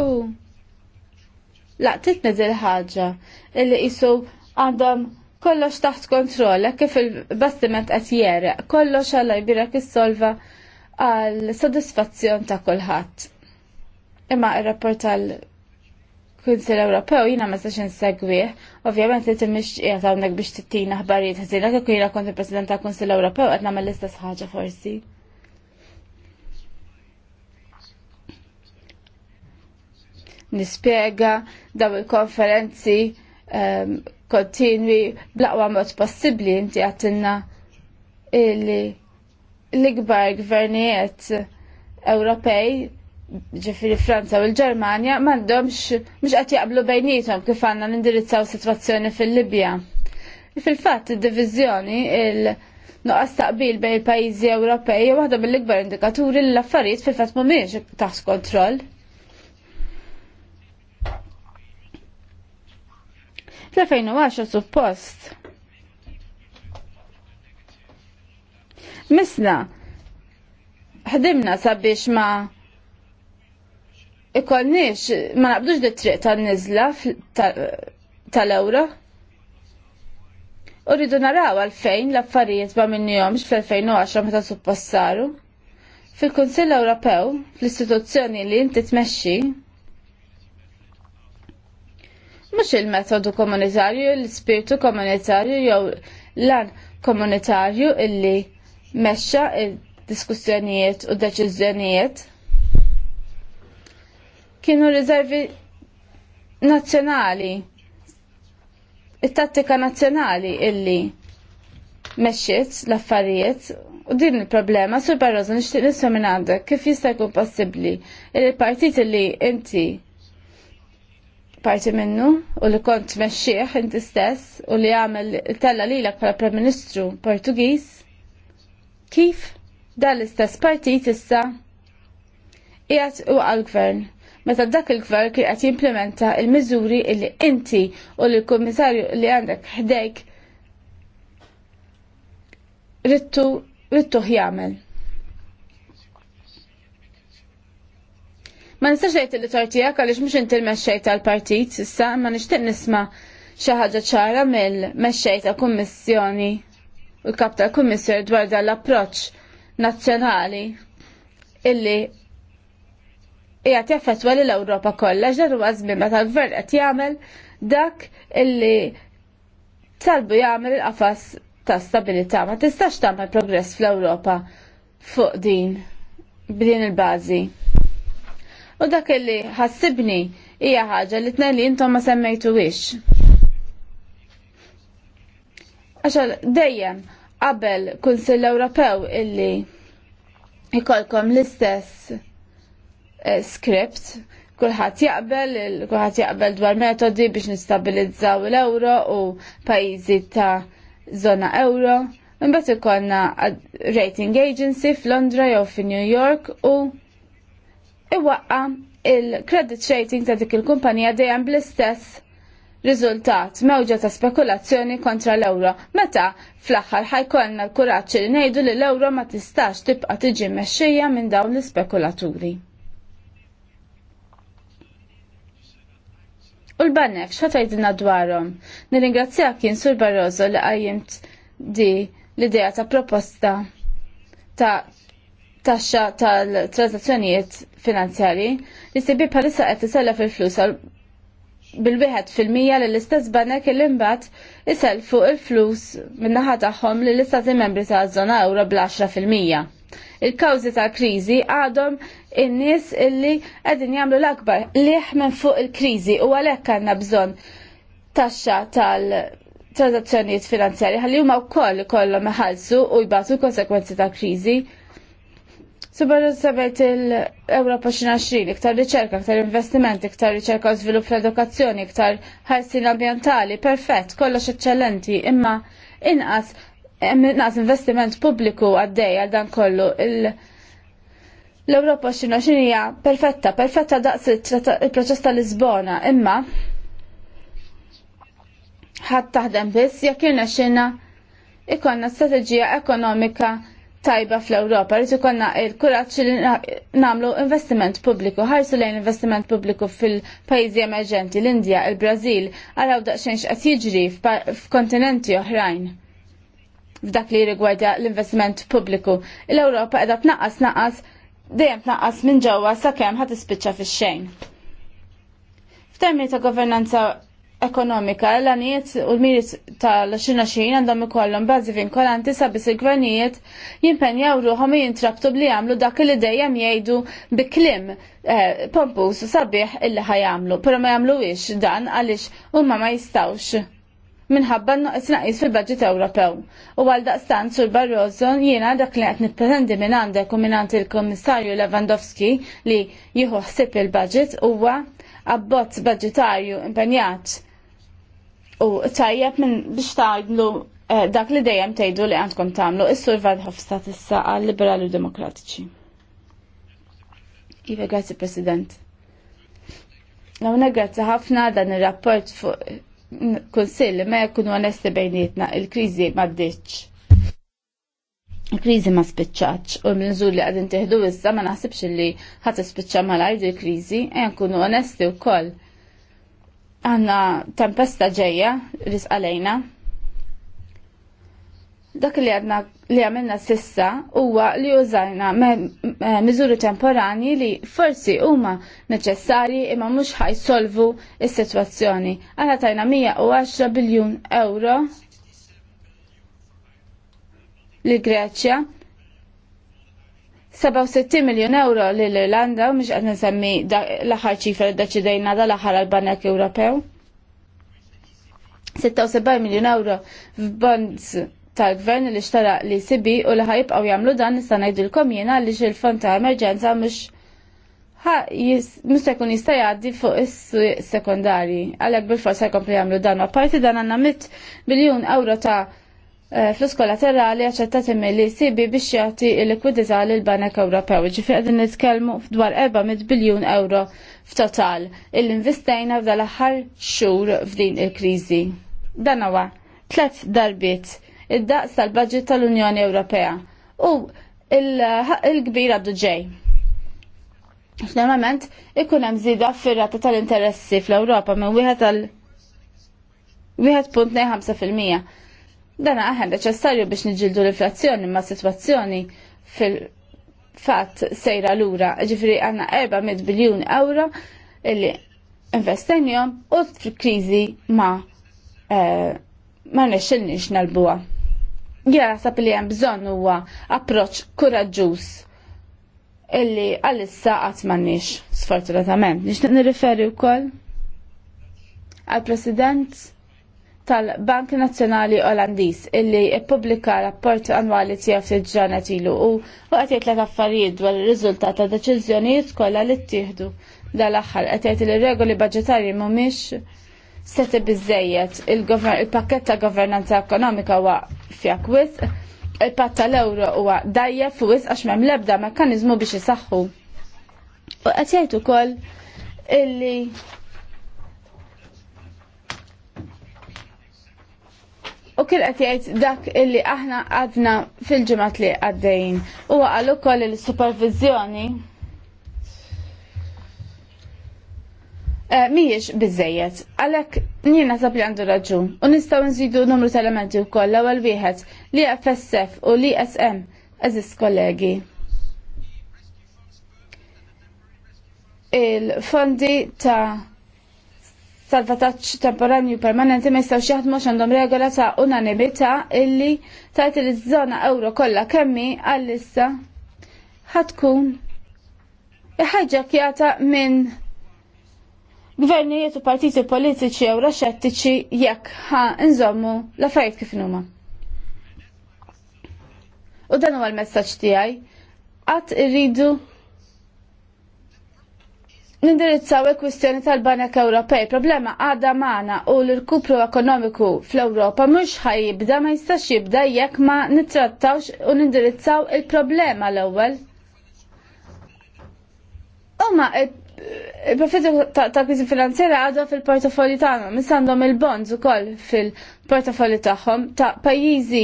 U laqtitni dil ħaġa illi qisu għandhom kollox taħt kontroll, kif il-bastiment qed jereq, kollox għalla jbira kissolva għal sodisfazzjon ta' kulħadd. Imma il rapport tal Kunsil Ewropew jina ma sax insegwih, ovvjament li timmix jgħatawnek biex t-tina ħbarijiet għazina kif jiena kont il-President tal-Kunsil Ewropew qed nagħmel l-istess ħagġa forsi. nispjega daw il-konferenzi um, kontinwi blaqwa mod possibbli inti għatinna illi l-ikbar gvernijiet Ewropej ġifiri Franza u l-Ġermanja mandomx mux għat jaqblu bejnietom kif għanna nindirizzaw situazzjoni fil-Libja. Fil-fat, il-divizjoni il-nuqqas taqbil bej pajizi Ewropej waħda mill-ikbar indikaturi l-affarijiet fil-fat mumiex taħt kontroll. l-2010 suppost. Misna, ħdimna sabiex ma ikolniex, ma naqbdux di triq ta' nizla tal-ewro. Uridu naraw għalfejn l-affarijiet ma minnijomx fl-2010 meta saru. Fil-Kunsill Ewropew, fl-istituzzjoni li inti tmexxi, mhux il-metodu komunitarju, l-spiritu komunitarju jew lan komunitarju illi mexxa il-diskussjonijiet u deċiżjonijiet kienu riservi nazzjonali it-tattika nazzjonali illi mexxiet l-affarijiet U din il-problema, Sur barroza, nixtieq nisma minn għandek, kif jista' jkun possibbli il-partit li inti parti minnu u li kont meċċieħ inti stess u li għamel tella li l pala Prem Ministru Portugiż, kif dal istess partit issa jgħat u għal-gvern. Meta dak il-gvern kien qed jimplementa il-miżuri li inti u l-kummissarju li għandek ħdejk rittu rittu jagħmel. Ma nistax ngħid li tortijak għaliex mhux inti l-mexxej tal-partit issa ma nixtieq nisma' xi ħaġa ċara mill-mexxej tal-Kummissjoni u l-Kap tal-Kummissjoni dwar dan l-approċċ nazzjonali illi hija teffettwa lil Ewropa kollha ġar huwa żmien meta tal gvern qed jagħmel dak illi talbu jagħmel il-qafas ta' stabilità. Ma tistax tagħmel progress fl-Ewropa fuq din b'din il-bażi. U dak li ħassibni hija ħaġa li li intom ma semmejtuwix. Għax dejjem qabel Kunsill Ewropew illi ikolkom l-istess eh, script kulħadd jaqbel, kulħadd jaqbel dwar metodi biex nistabilizzaw l-euro u pajjiżi ta' zona euro. Imbagħad ikollna rating agency f'Londra jew fi New York u iwaqqa il-credit rating ta' dik il-kumpanija dejjem bl-istess Riżultat mewġa ta' spekulazzjoni kontra l-euro. Meta fl-aħħar ħajkollna l-kuraġġ li ngħidu li l-euro ma tistax tibqa' tiġi mexxija minn dawn l-ispekulaturi. U l-banek x'ħatajdilna dwarhom. Nirringrazzjak jien Sur Barroso li għajjimt di l-idea ta' proposta ta' taxxa tal-transazzjonijiet finanzjarji li sebi palissa qed tisella fil-flus bil-wieħed fil-mija li l-istess banek li mbagħad fuq il-flus min-naħa tagħhom li l-istati membri ta' żona euro bl-10 fil-mija. Il-kawżi tal-kriżi għadhom in-nies illi qegħdin jagħmlu l-akbar liħ minn fuq il-kriżi u għalhekk għandna bżonn taxxa tal-transazzjonijiet finanzjarji ħalli huma wkoll ikollhom iħallsu u jbagħtu l konsekwenzi tal-kriżi Sibba sabet il-Europa 2020, iktar riċerka, iktar investimenti, iktar riċerka u svilup fl-edukazzjoni, iktar ħarsin ambientali, perfett, kollox eccellenti, imma inqas inqas investiment pubbliku għaddej għal dan kollu L-Europa 2020 hija perfetta, perfetta daqs il-proċess ta' Lisbona, imma ħadd taħdem biss jekk irnexxinna ikollna strateġija ekonomika tajba fl-Ewropa, rritu konna il-kuraċ li namlu investiment pubbliku, ħarsu lejn investiment pubbliku fil-pajzi emerġenti, l-Indja, il-Brazil, għaraw daqxen xqed jiġri f'kontinenti oħrajn. F'dak li rigwarda l-investiment pubbliku. L-Ewropa qiegħda tnaqqas naqas dejjem tnaqqas minn ġewwa sakemm ħad tispiċċa fix-xejn. F'termini ta' governanza ekonomika l-għaniet u l miriet tal-xina xin għandhom ikollhom bażi vinkolanti sabiex il-gvernijiet jimpenjaw ruħom jintrabtu li jagħmlu dak li dejjem jgħidu bi klim eh, pompus sabiħ illi ħajamlu, però ma ix dan għaliex huma ma jistawx minħabba naqis fil-budget Ewropew. U għal daqstan sur Barroso jiena dak li qed nippretendi minn għandek u minn għand il komissarju Lewandowski li jieħu ħsib il-budget huwa abbozz budgetarju impenjat U tajjeb minn biex tajdlu eh, dak li dejjem tgħidu li għandkom tagħmlu is-sur Vadħofstat issa għal liberali u demokratiċi. Iva, grazzi President. Law grazzi ħafna dan ir-rapport fuq kunsill li ma jkunu onesti bejnietna il-kriżi ma ddiċċ. Il-kriżi ma spiċċaċ u l-minżur li għadin teħdu issa ma naħsibx li ħadd ispiċċa malajr il-kriżi, ejja jkunu onesti wkoll. koll għanna tempesta ġeja rizqalejna. Dak li għadna li għamilna sissa huwa li użajna miżuri temporani li forsi huma neċessari imma mhux ħajsolvu s sitwazzjoni Għala tajna 110 biljun euro li Greċja 67 miljon euro l-Irlanda u mhux qed nsemmi l-aħħar ċifra li da dal-aħħar għall-Banek Ewropew. 76 miljon euro f'bonds tal-gvern li xtara li sibi u li għaw jagħmlu dan nista' l komjena għaliex il-fond ta' emerġenza mhux mista jkun jista' jgħaddi fuq is-sekondari. Għalhekk bil-forsa jkompli jagħmlu dan. Apparti dan għandna mit biljun euro ta' Eh, Fl-iskola Terrali aċċettati mill sibi biex jagħti l-likwidità lill Banek Ewropew. Ġifi qegħdin nitkellmu dwar 400 biljun euro f'total illi investejna f'dal aħħar xhur f'din il-kriżi. Dan huwa tliet darbiet id-daqs tal-budget tal-Unjoni Ewropea u il-kbir għaddu ġej. Normalment ikun hemm żieda fir-rata tal-interessi fl-Ewropa minn wieħed tal 1.5 fil-mija Dan aħen neċessarju biex niġildu l-inflazzjoni ma' situazzjoni fil-fat sejra l-ura, ġifri għanna 400 biljun euro illi investenjom u fil-krizi ma' eh, ma' nexxilniġ nalbuwa. Jara sab li hemm bżonn huwa approċċ kuraġġuż illi għalissa qatt m'għandniex sfortunatament. Nixtieq nirriferi wkoll għall-President tal-Bank Nazzjonali Olandiż illi ippubblika rapport annwali tiegħu fil ġranet ilu u waqt jitlet affarijiet dwar ir-riżultat ta' deċiżjonijiet kollha li ttieħdu dal-aħħar qed jgħid li regoli baġitarji mhumiex seti biżejjed il-pakkett ta' governanza ekonomika huwa fjak wisq, il-patt tal-ewro huwa dajja fuq wisq għax m'hemm l-ebda mekkaniżmu biex isaħħu. U qed jgħid ukoll illi u kien qed jgħid dak illi aħna għadna fil-ġimgħat li għaddejjin. Huwa qal ukoll il-supervizjoni eh, Mhijiex bizzejiet, għalek njina sab li għandu raġun u nistaw nżidu numru ta' elementi u koll l-ewwel wieħed li FSF u li SM eżis kollegi. Il-fondi ta' salvataċ temporanju permanenti ma jistawx jaħdmu għandhom regola ta' unanimita illi tajt il-żona euro kollha kemmi għall-issa ħatkun kjata minn gvernijiet u partiti politiċi euroxettiċi jekk ħa nżommu l fajt kif numa. U dan huwa l-messaġġ tiegħi qatt irridu Nindirizzaw il-kwistjoni tal-Banek Ewropej, problema għada maħna u l-kupru ekonomiku fl-Ewropa mux ħajibda ma jistax jibda jekk ma nittrattawx u nindirizzaw il-problema l-ewel. Uma il profitu ta' kwizi finanzjera għadha fil-portafoli tagħna, mis għandhom il-bonds ukoll fil-portafoli tagħhom ta' pajjiżi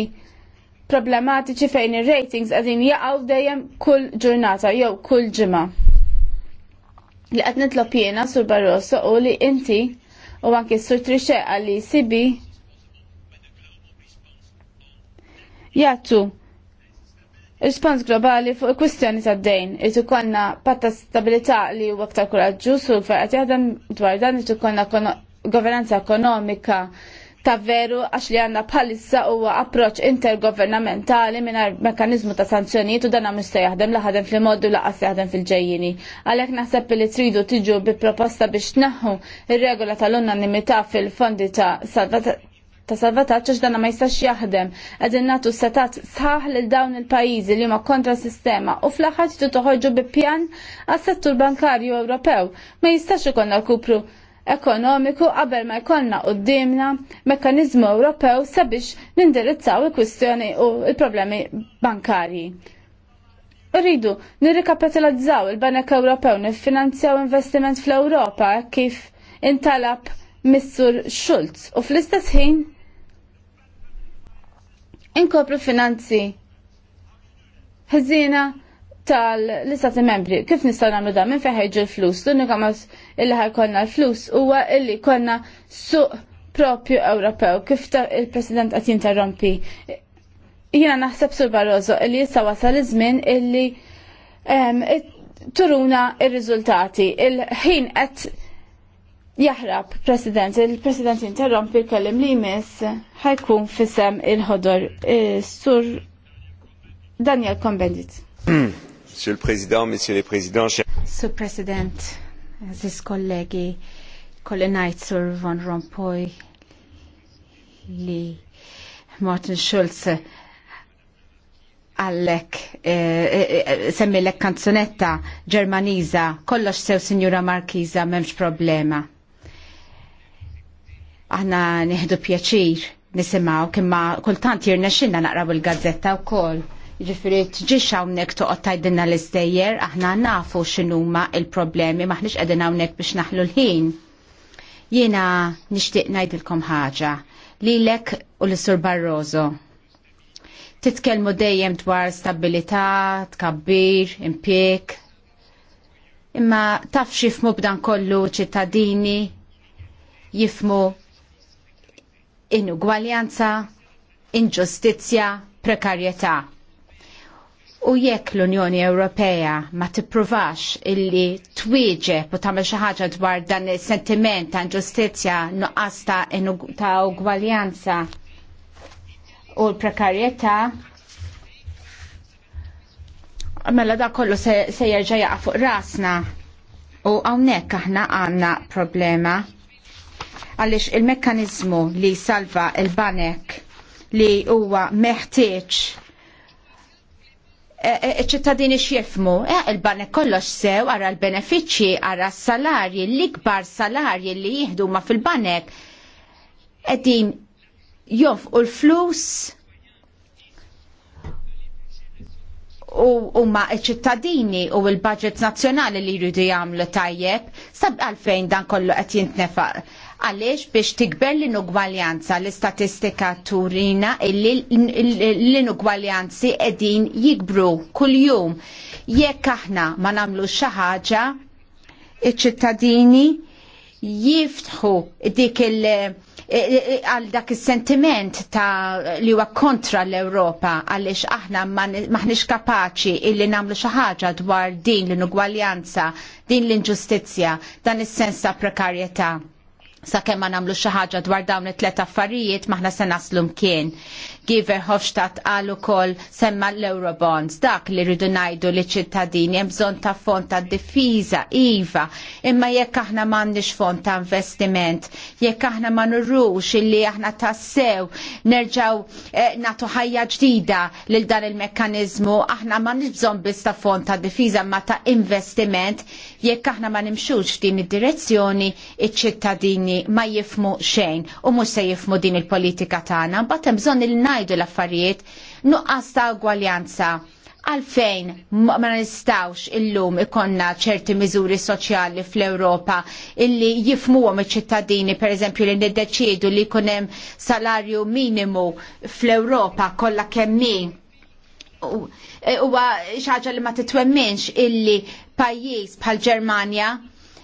problematiċi fejn ir-ratings għadin jaqgħu dejjem kull ġurnata jew kull ġimma li qed nitlob jiena sur Barroso u li inti u anke sur Trixxe għalli sibi jagħtu Rispons globali fuq il-kwistjoni ta' dejn irrid konna patta stabilita li huwa aktar kuraġġuż sur l-gvern qed jaħdem dwar dan irid ikollna governanza ekonomika ta' veru għax li għanna bħalissa huwa approċ intergovernamentali minn mekanizmu ta' sanzjonijiet u dana mista jaħdem la ħadem fil-moddu laqas qas jaħdem fil-ġejjini. Għalhekk naħseb li tridu tiġu bi proposta biex naħu il regola tal-unanimità fil-fondi ta' ta' salvataċ għax dana ma jistax jaħdem. Għadin natu setat sħaħ l dawn il-pajizi li ma kontra sistema u fl-axħat toħoġu bi pjan għas settur bankarju Ewropew. Ma jistax ikonna kupru ekonomiku qabel ma jkollna qudiemna mekkaniżmu Ewropew sabiex nindirizzaw il-kwistjoni u il-problemi bankarji. Rridu nirrikapitalizzaw il-Banek Ewropew niffinanzjaw investiment fl-Ewropa kif intalab Missur Schulz u fl-istess ħin inkopru finanzi ħżina tal-istati membri. Kif nistaw namlu da minn feħħeġ il-flus? L-unika illi ħajkonna l-flus huwa illi konna suq propju Ewropew. Kif il-President qed jinterrompi? Jiena naħseb sur Barroso illi issa wasal iż-żmien illi turuna il riżultati Il-ħin qed jaħrab President, il-President jinterrompi l-kellim li jmiss ħajkun fisem il-ħodor eh, sur Daniel Kombendit. (clears throat) Monsieur le Président, Monsieur le Président, chers... Sur President, Aziz kollegi, kolli najt Sur Von Rompuy li Martin Schulz għallek eh, eh, eh, semmilek kanzunetta ġermaniza kollox sew Sinjura Markiza memx problema. Aħna nieħdu pjaċir nisimaw kimma kultant jirnexxinna naqraw il-gazzetta wkoll Ġifiri, tġiċ hawnhekk toqgħod tajdinna l-istejjer, aħna nafu xinuma il-problemi, maħnix għedin għawnek biex naħlu l-ħin. Jena nishtiq najdilkom ħaġa, lilek u l-sur Barroso. Titkelmu dejjem dwar stabilità, tkabbir, impik, imma taf xifmu b'dan kollu ċittadini, jifmu inugwaljanza, inġustizja, prekarjetà U jekk l-Unjoni Ewropea ma tippruvax illi twieġeb u tagħmel xi ħaġa dwar dan is-sentiment ta' ġustizzja nuqqas ta' ugwaljanza u l-prekarjetà, mela da kollu se, se jerġa' jaqa' fuq rasna. U hawnhekk aħna għandna problema għaliex il-mekkaniżmu li salva il-banek li huwa meħtieġ E, e, e, ċittadini xjifmu, il-banek kollox sew għara l-benefiċċji, għara s-salarji, l-ikbar salarji li jihdu ma fil-banek, edin jof u l-flus u ma ċittadini u l-budget nazjonali li jridu jagħmlu tajjeb, sab għalfejn dan kollu qed jintnefaq Għaliex biex tikber l-inugwaljanza l-istatistika turina l-inugwaljanzi edin jikbru kull-jum. Jekk aħna ma namlu xaħġa, iċ-ċittadini jiftħu dik il- għal dak is-sentiment ta' li huwa kontra l-Ewropa għaliex aħna maħniex kapaċi illi nagħmlu xi ħaġa dwar din l-inugwaljanza, din l-inġustizzja, dan is-sens ta' prekarjetà. Sakemm ma nagħmlu xi ħaġa dwar dawn it-tlet affarijiet maħna se naslu mkien. Giver Hofstadt għal ukoll semma l-Eurobonds, dak li rridu ngħidu li ċittadini hemm bżonn ta' fond ta' diffiża, iva, imma jekk aħna m'għandniex fond ta' investiment, jekk aħna ma nurrux illi aħna tassew nerġaw eh, nagħtu ħajja ġdida lil dan il-mekkaniżmu, aħna m'għandniex bżonn biss ta' fond ta' diffiża ma ta' investiment, jekk aħna ma nimxux din id-direzzjoni, iċ-ċittadini ma jifmu xejn u mhux se jifmu din il-politika tagħna, mbagħad hemm bżonn il ngħidu l-affarijiet nuqqas ta' ugwaljanza għalfejn ma nistawx illum ikonna ċerti miżuri soċjali fl-Ewropa illi jifmuhom iċ-ċittadini pereżempju li niddeċiedu li jkun hemm salarju minimu fl-Ewropa kollha kemm e, huwa xi ħaġa li ma titwemminx illi pajjiż bħal Ġermanja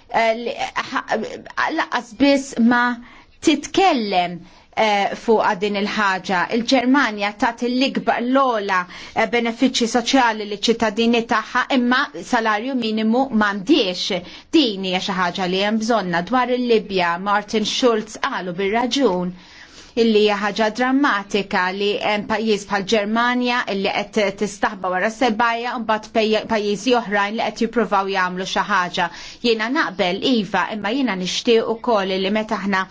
eh, laqqas biss ma titkellem Eh, fuq din il-ħaġa. Il-Ġermanja tat l-ikbar l-ola eh, benefiċċji soċjali li ċittadini tagħha imma salarju minimu m'għandix. Dini hija xi ħaġa li hemm bżonna dwar il-Libja Martin Schulz qalu bir-raġun illi hija ħaġa drammatika li hemm pajjiż bħal Ġermanja illi qed tistaħba wara sebajja u mbagħad pajjiżi oħrajn li qed jippruvaw jagħmlu xi ħaġa. Jiena naqbel iva, imma jiena nixtieq ukoll li meta aħna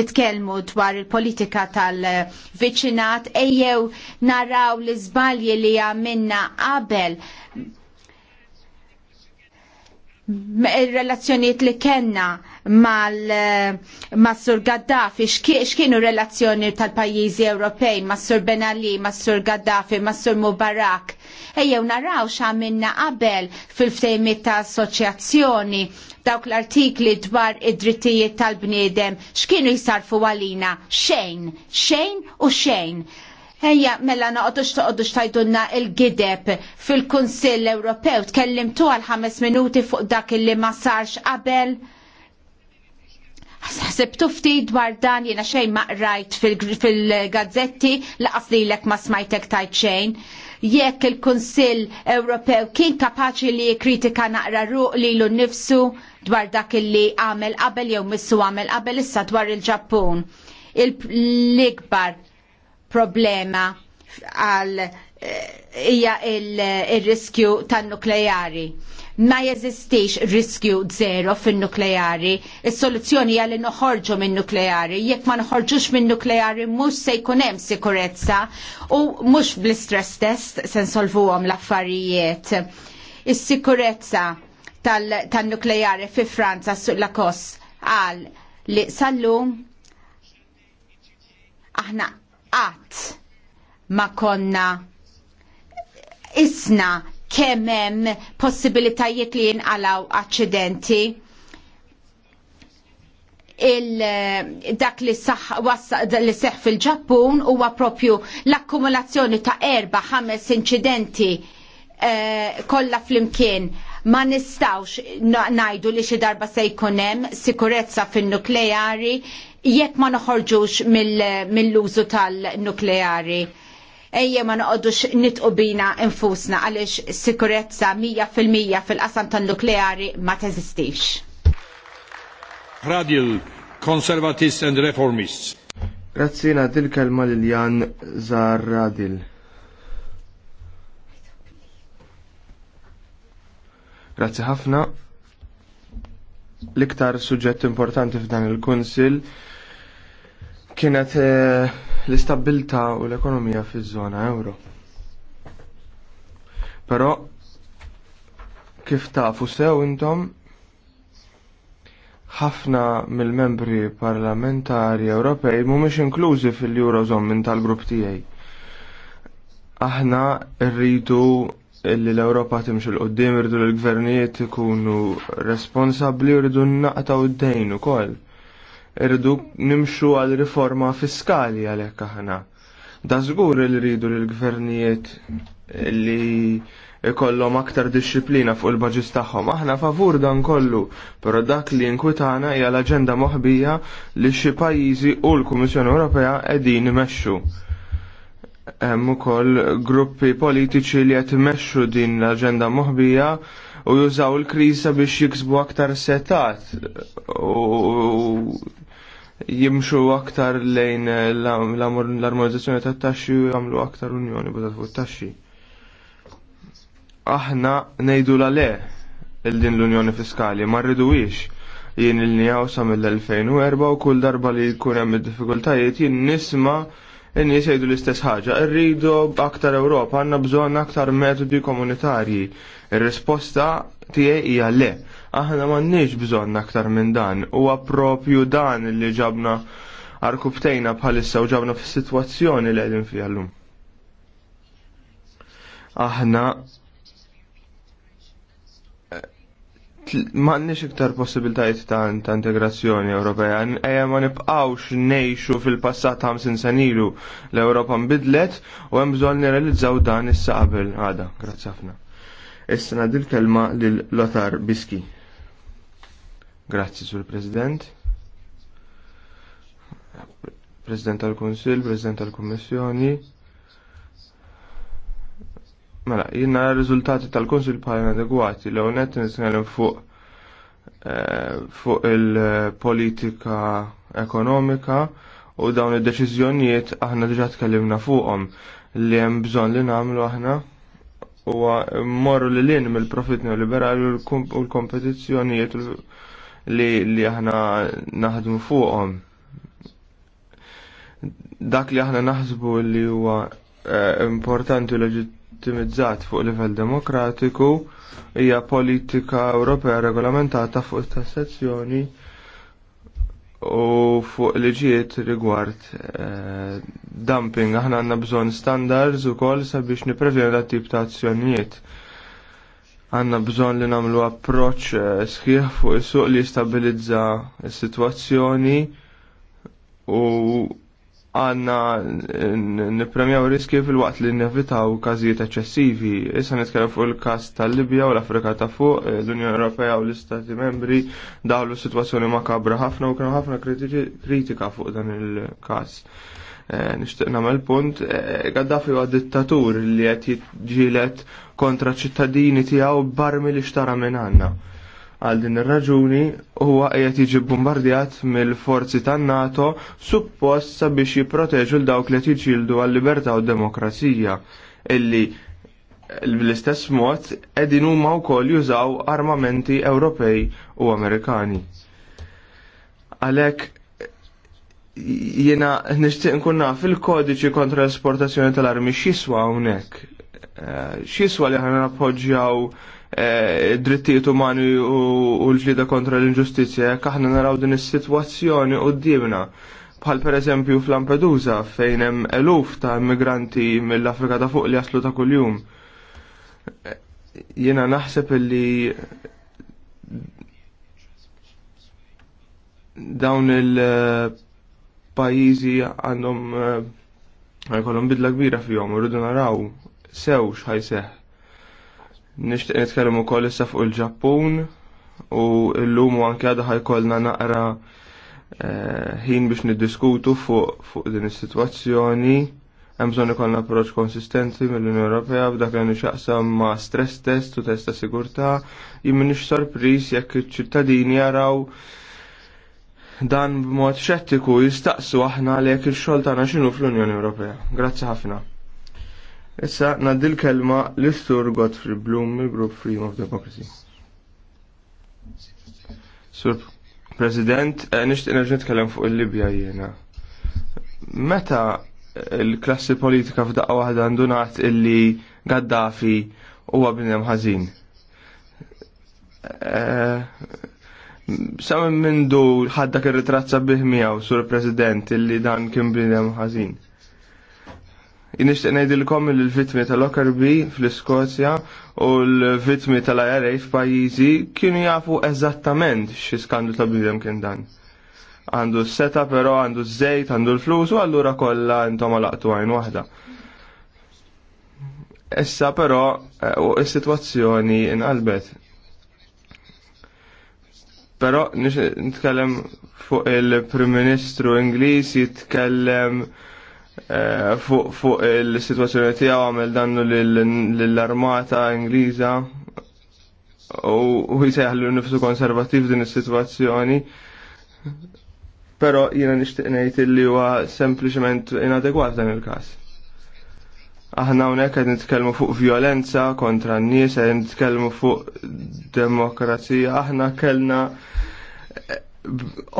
nitkellmu dwar il-politika tal-viċinat ejjew naraw l-iżbalji li għamilna qabel relazzjoniet li kena mal, eh, Massur Gaddafi, xkienu relazzjoni tal-pajjiżi Ewropej, mas Sur Ben Ali, mas Sur Gaddafi, mas Sur Mubarak. Ejjew naraw x'għamilna qabel fil-ftejmiet ta' assoċjazzjoni dawk l-artikli dwar id-drittijiet tal-bniedem x'kienu jisarfu għalina xejn, xejn u xejn. Ejja, mela x xtaqodu xtajdunna il-gideb fil-Kunsill Ewropew, tkellimtu għal ħames minuti fuq dak illi ma sarx qabel. Ħsibtu ftit dwar dan jiena xejn ma qrajt fil-gazzetti laqas lilek ma smajtek tajt xejn. Jekk il-Kunsill Ewropew kien kapaċi li jikkritika naqra ruq lilu nnifsu dwar dak illi għamel qabel jew missu għamel qabel issa dwar il-Ġappun. Il-ikbar problema għal eh, hija il-riskju il riskju tan nukleari Ma jeżistix riskju zero fin-nukleari. Is-soluzzjoni għal li noħorġu min-nukleari. Jekk ma noħorġux min-nukleari mhux se jkun hemm sikurezza u mhux bl-istress test se nsolvuhom l-affarijiet. Is-sikurezza tan-nukleari fi Franza suq la kos qal li sallu aħna qatt ma konna isna kemm hemm possibilitajiet li jinqalaw aċċidenti dak li li seħħ fil-ġappun huwa propju l-akkumulazzjoni ta' erba' ħames inċidenti eh, kollha flimkien ma nistawx ngħidu li xi darba se jkun hemm sikurezza fin-nukleari jekk ma noħorġux mill-użu tal-nukleari. Ejja ma noqodux nitqu bina infusna għaliex sikurezza 100% fil-qasam tan-nukleari ma teżistix. Radio Conservatists and Reformists. Grazzina nadil kelma lil Jan Zarradil. Grazzi ħafna. L-iktar suġġett importanti f'dan il-Kunsil kienet eh, l-istabilta u l-ekonomija fiż-żona euro. Però kif tafu sew intom ħafna mill-membri parlamentari Ewropej mhumiex inklużi fil-Eurozone minn tal-grupp tiegħi. Aħna rridu li l-Europa timxil qoddim irridu l-gvernijiet ikunu responsabli rridu naqtaw d dejn ukoll irridu nimxu għal riforma fiskali għalhekk aħna. Da żgur li rridu l gvernijiet li ikollhom aktar disċiplina fuq il-baġis tagħhom. Aħna favur dan kollu, però dak li nkwitana hija l-aġenda moħbija li xi pajjiżi u l-Kummissjoni Ewropea qegħdin imexxu. Hemm ukoll gruppi politiċi li qed imexxu din l-aġenda moħbija u jużaw il-kriża biex jiksbu aktar setat u jimxu aktar lejn eh, l-armonizzazzjoni tat taxxi u jagħmlu aktar unjoni bada fuq taxxi. Aħna ngħidu la le il-din l-unjoni fiskali ma rriduwix jien il-nijaw sa mill-2004 u kull darba li jkun hemm id-diffikultajiet jien nisma' in jgħidu l-istess ħaġa, irridu aktar Ewropa, għandna bżonn aktar metodi komunitarji. Ir-risposta tiegħi hija le. Aħna m'għandniex bżonn aktar minn dan. Huwa għapropju dan li ġabna arkubtejna bħalissa u ġabna fis-sitwazzjoni li qegħdin fiha llum. Aħna m'għandniex iktar possibiltajiet ta' integrazzjoni Ewropea. Ejja ma nibqgħux ngħixu fil-passat 50 senilu l-Ewropa nbidlet u hemm bżonn nirrealizzaw dan issa qabel għada. Grazzi ħafna. Issa dil kelma lil Lothar Biski. Grazzi sur President. President tal Consil, President tal-Kommissjoni. Mela, jina r-riżultati tal Consil bħal adegwati l net nisnellem fuq eh, fuq il-politika ekonomika u dawn id-deċiżjonijiet aħna diġa tkellimna fuqhom li hemm bżonn li nagħmlu aħna u morru li lin mill-profit neoliberali u l-kompetizzjonijiet u li, li aħna naħdmu fuqhom. Dak li aħna naħsbu li huwa eh, importanti leġittimizzat fuq livell demokratiku hija politika Ewropea regolamentata fuq tassazzjoni u fuq liġijiet rigward eh, dumping. Aħna għandna bżonn standards ukoll sabiex niprevjena dat tip ta' azzjonijiet Għanna bżon li namlu approċ eh, sħiħ fuq is-suq li stabilizza s-situazzjoni u għanna nipremjaw riski fil-waqt li nevitaw kazijiet eċessivi. Issa nitkellem fuq il-kas tal-Libja u l-Afrika ta' fuq, eh, l-Unjoni Ewropea u l-Istati Membri dawlu situazzjoni makabra ħafna u kienu ħafna kritika fuq dan il-kas. Eh, nixtieq nagħmel punt, eh, Gaddafi huwa dittatur li qed jiġġieled kontra ċittadini tiegħu barmi li xtara minn għandna. Għal din ir-raġuni huwa qiegħed jiġi bombardjat mill-forzi tan-NATO suppost sabiex jipproteġu l dawk li qed jiġġieldu għal-libertà u demokrazija illi bl-istess mod qegħdin huma wkoll jużaw armamenti Ewropej u Amerikani. Għalhekk Jiena nixtieq nkun naf il-kodiċi kontra l-esportazzjoni tal-armi xiswa hawnhekk. Eh, x'iswa li ħana nappoġġjaw eh, drittijiet umani u l-ġlida kontra l-inġustizja, jekk aħna naraw din is-sitwazzjoni qudiemna bħal per eżempju fl-Lampedusa fejn hemm eluf ta' immigranti mill-Afrika ta' fuq li jaslu ta' kuljum. Eh, jiena naħseb li dawn il- pajjiżi għandhom eh, jkollhom bidla kbira fihom rridu naraw sew x'ħajseħ. Nixtieq nitkellem koll issa fuq il-Ġappun u llum u anke għadha ħajkollna naqra eh, ħin biex niddiskutu fuq din is-sitwazzjoni hemm bżonn ikollna approċċ konsistenti mill-Unjoni Ewropea b'dak li nixaqsam ma' stress test u test ta' sigurtà jien m'iniex sorpriż jekk iċ-ċittadini jaraw dan b'mod xettiku jistaqsu aħna għalhekk il-xogħol tagħna x'inhu fl-Unjoni Ewropea. Grazzi ħafna. Issa naddi l-kelma l-Istur Godfrey Bloom mill-Group Freedom of Democracy. Sur President, eh, nixtieq nerġa' nitkellem fuq il-Libja jiena. Meta l-klassi politika f'daqqa waħda ndunat illi Gaddafi huwa bniem ħażin. Eh, minn mindu ħaddak ir-ritrazza bih miegħu sur President illi dan kien bniedem ħażin. Nixtieq ngħidilkom il l-vittmi tal-Lockerbie fl-Iskozja u l-vittmi tal-IRA f'pajjiżi kienu jafu eżattament xi skandlu ta' bniedem kien dan. Għandu s-seta però għandu z-żejt, għandu l-flus u allura kollha intom laqtu għajn waħda. Issa però is-sitwazzjoni eh, inqalbet Però nitkellem fuq il-Prim Ministru Ingliż jitkellem eh, fuq il-sitwazzjoni tiegħu għamel dannu lill-Armata Ingliża u jisejħlu nifsu konservattiv din is-sitwazzjoni. Però jiena nixtieq ngħid li huwa sempliċement inadekwat dan il-każ. Aħna hawnhekk qed nitkellmu fuq violenza kontra n-nies, qed nitkellmu fuq demokrazija. Aħna kellna eh,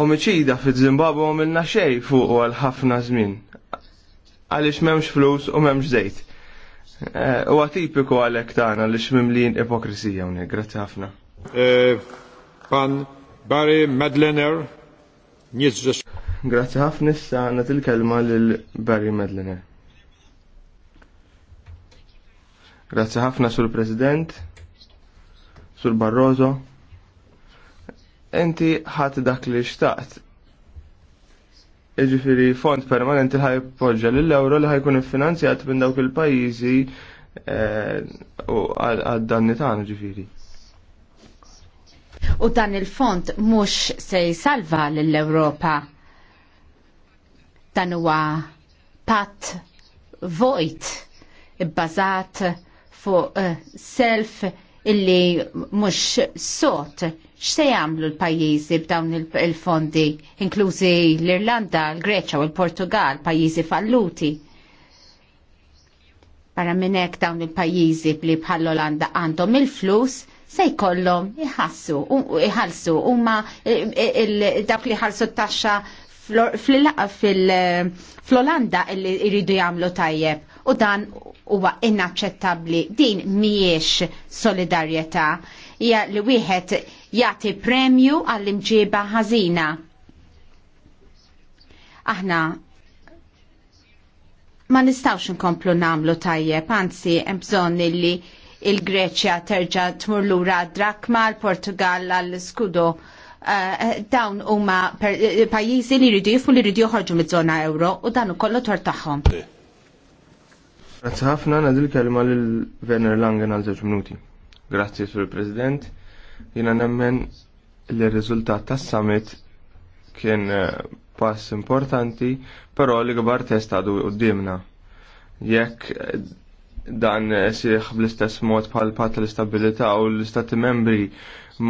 omicida fi Zimbabwe u milna xejn fuq għal ħafna żmien. Għaliex m'hemmx flus u m'hemmx żejt. Eh, u għatipiku għalhekk tagħna għaliex mimlin ipokrisija hawnhekk. Grazzi ħafna. Eh, Pan Barry Madlener, Grazzi ħafna issa nagħti l-kelma lil Barry Madlener. Grazzi ħafna sur President, sur Barroso. Inti ħadd dak li xtaqt. Iġifieri fond permanenti li ħajpoġġa lill-euro li ħajkun iffinanzjat minn dawk il-pajjiżi eh, u għad-danni tagħna ġifieri. U dan il-fond mhux se jsalva lill-Ewropa. Dan huwa pat vojt ibbażat fuq self illi mux sot x'se jagħmlu l-pajjiżi b'dawn il-fondi, inklużi l-Irlanda, l-Greċa u l-Portugal, pajjiżi falluti. Barra minn hekk dawn il-pajjiżi bli bħall-Olanda għandhom il-flus se jkollhom iħassu iħallsu huma dawk li ħalsu t-taxxa fl-Olanda illi jridu jagħmlu tajjeb u dan huwa inaċċettabbli din mhijiex solidarjetà hija li wieħed jagħti premju għall-imġieba ħażina. Aħna ma nistawx nkomplu namlu tajjeb, anzi hemm bżonn li il-Greċja terġa tmur lura drakma, l-Portugal għall-skudo Uh, dawn huma pajjiżi li jridu jifmu li jridu joħorġu mid żona euro u dan ukoll tort tagħhom. Grazzi ħafna nadil kelma lil Werner Langen għal żewġ minuti. Grazzi sur President. Jiena nemmen li r-riżultat tas-summit kien eh, pass importanti, però li gbar test għadu qudiemna. Jekk eh, dan eh, sieħ bl-istess mod bħal pat l istabilita u l-istati membri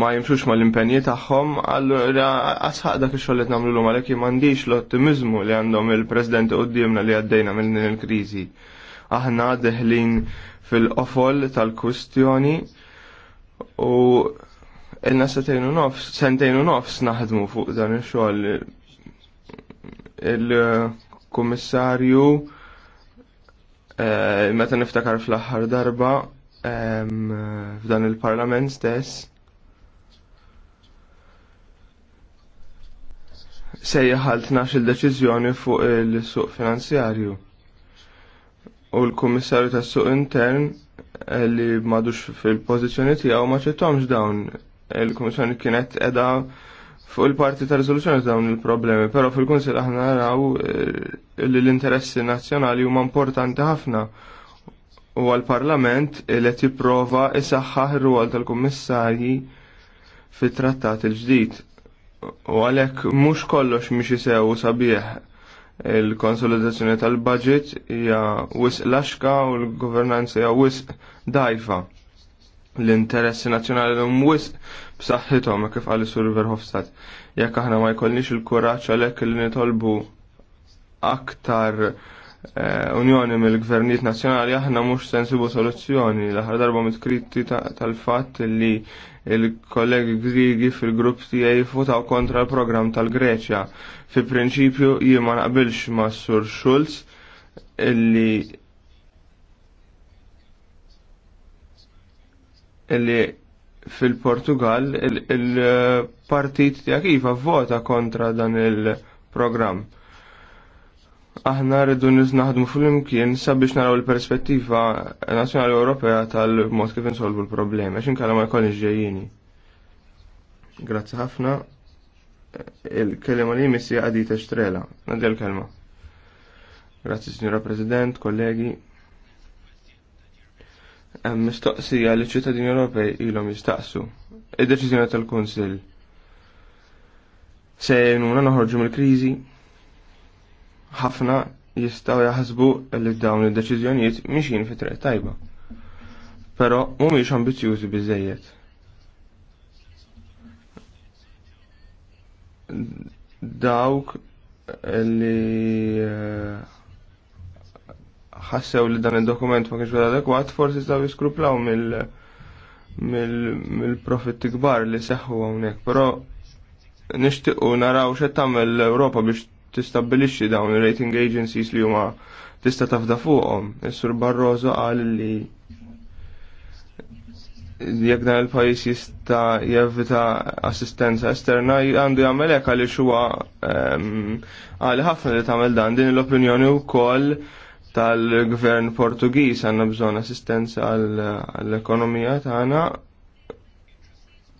ma jimxux ma l-impenji tagħhom, allura asħaq dak ix-xogħol qed nagħmlu lhom għalhekk m'għandix l-ottimizmu li għandhom il-President dimna li għaddejna minn il-kriżi. krizi il kriżi aħna deħlin fil-qofol tal-kustjoni u ilna sentejn nofs, sentejnu nofs naħdmu fuq dan il-xogħol il-kummissarju eh, meta niftakar fl-aħħar darba f'dan il-parlament stess sejjaħal 12 il-deċiżjoni fuq il-suq finanzjarju u l-Kummissarju tas-Suq Intern eh, li madux fil-pożizzjoni tiegħu ma ċittomx dawn il-Kummissjoni eh, kienet qiegħda fuq il-parti ta' riżoluzzjoni dawn il-problemi, però fil kunsill aħna naraw eh, li l-interessi nazzjonali huma importanti ħafna u għal-Parlament li tipprova isaħħaħ ir-rwol tal-Kummissarji fit-trattat il-ġdid. U għalhekk mhux kollox mhix isew sabiħ il-konsolidazzjoni tal-budget hija wisq laxka u l-governanza hija wisq dajfa. L-interessi nazzjonali hum wisq b'saħħithom kif qal sur Verhofstadt. Jekk aħna ma jkollniex il-kuraġġ għalhekk li nitolbu aktar eh, unjoni mill-gvernijiet nazzjonali aħna mhux sensibu soluzzjoni. L-aħħar darba mitkritti tal-fatt li il-kollegi Grigi fil-grupp tijaj votaw kontra l-programm tal-Greċja. Fi prinċipju jien ma naqbilx ma' Sur Schulz illi illi fil-Portugal il-partit il iva vota kontra dan il-programm aħna rridu naħdmu fl-imkien sabiex naraw il-perspettiva nazzjonali Ewropea tal-mod kif insolvu l-problemi, għax inkalla ma jkollix ġejjini. Grazzi ħafna. Il-kelma li jmissi għadi teċtrela. nadja l-kelma. Grazzi, Signora President, kollegi. mistoqsija li ċittadini Ewropej ilhom jistaqsu. Id-deċiżjoni tal-Kunsill se jnuna noħorġu mill-kriżi ħafna jistaw jaħsbu li dawn id-deċiżjonijiet mixin fi triq tajba. Però mhumiex ambizjużi biżejjed. Dawk li eh, ħassew li dan id-dokument ma kienx adekwat, forsi jistgħu jiskruplaw mill-profitti kbar li seħħu hawnhekk, però nixtiequ naraw x'qed tagħmel l-Ewropa biex tistabbilixxi dawn ir-rating agencies li huma tista' tafda fuqhom. Is-Sur Barroso qal li jekk dan il-pajjiż jista' jevita assistenza esterna għandu jagħmel hekk għaliex huwa qal ehm, ħafna li tagħmel dan din l-opinjoni wkoll tal-gvern Portugiż għandna bżonn assistenza għall-ekonomija tagħna.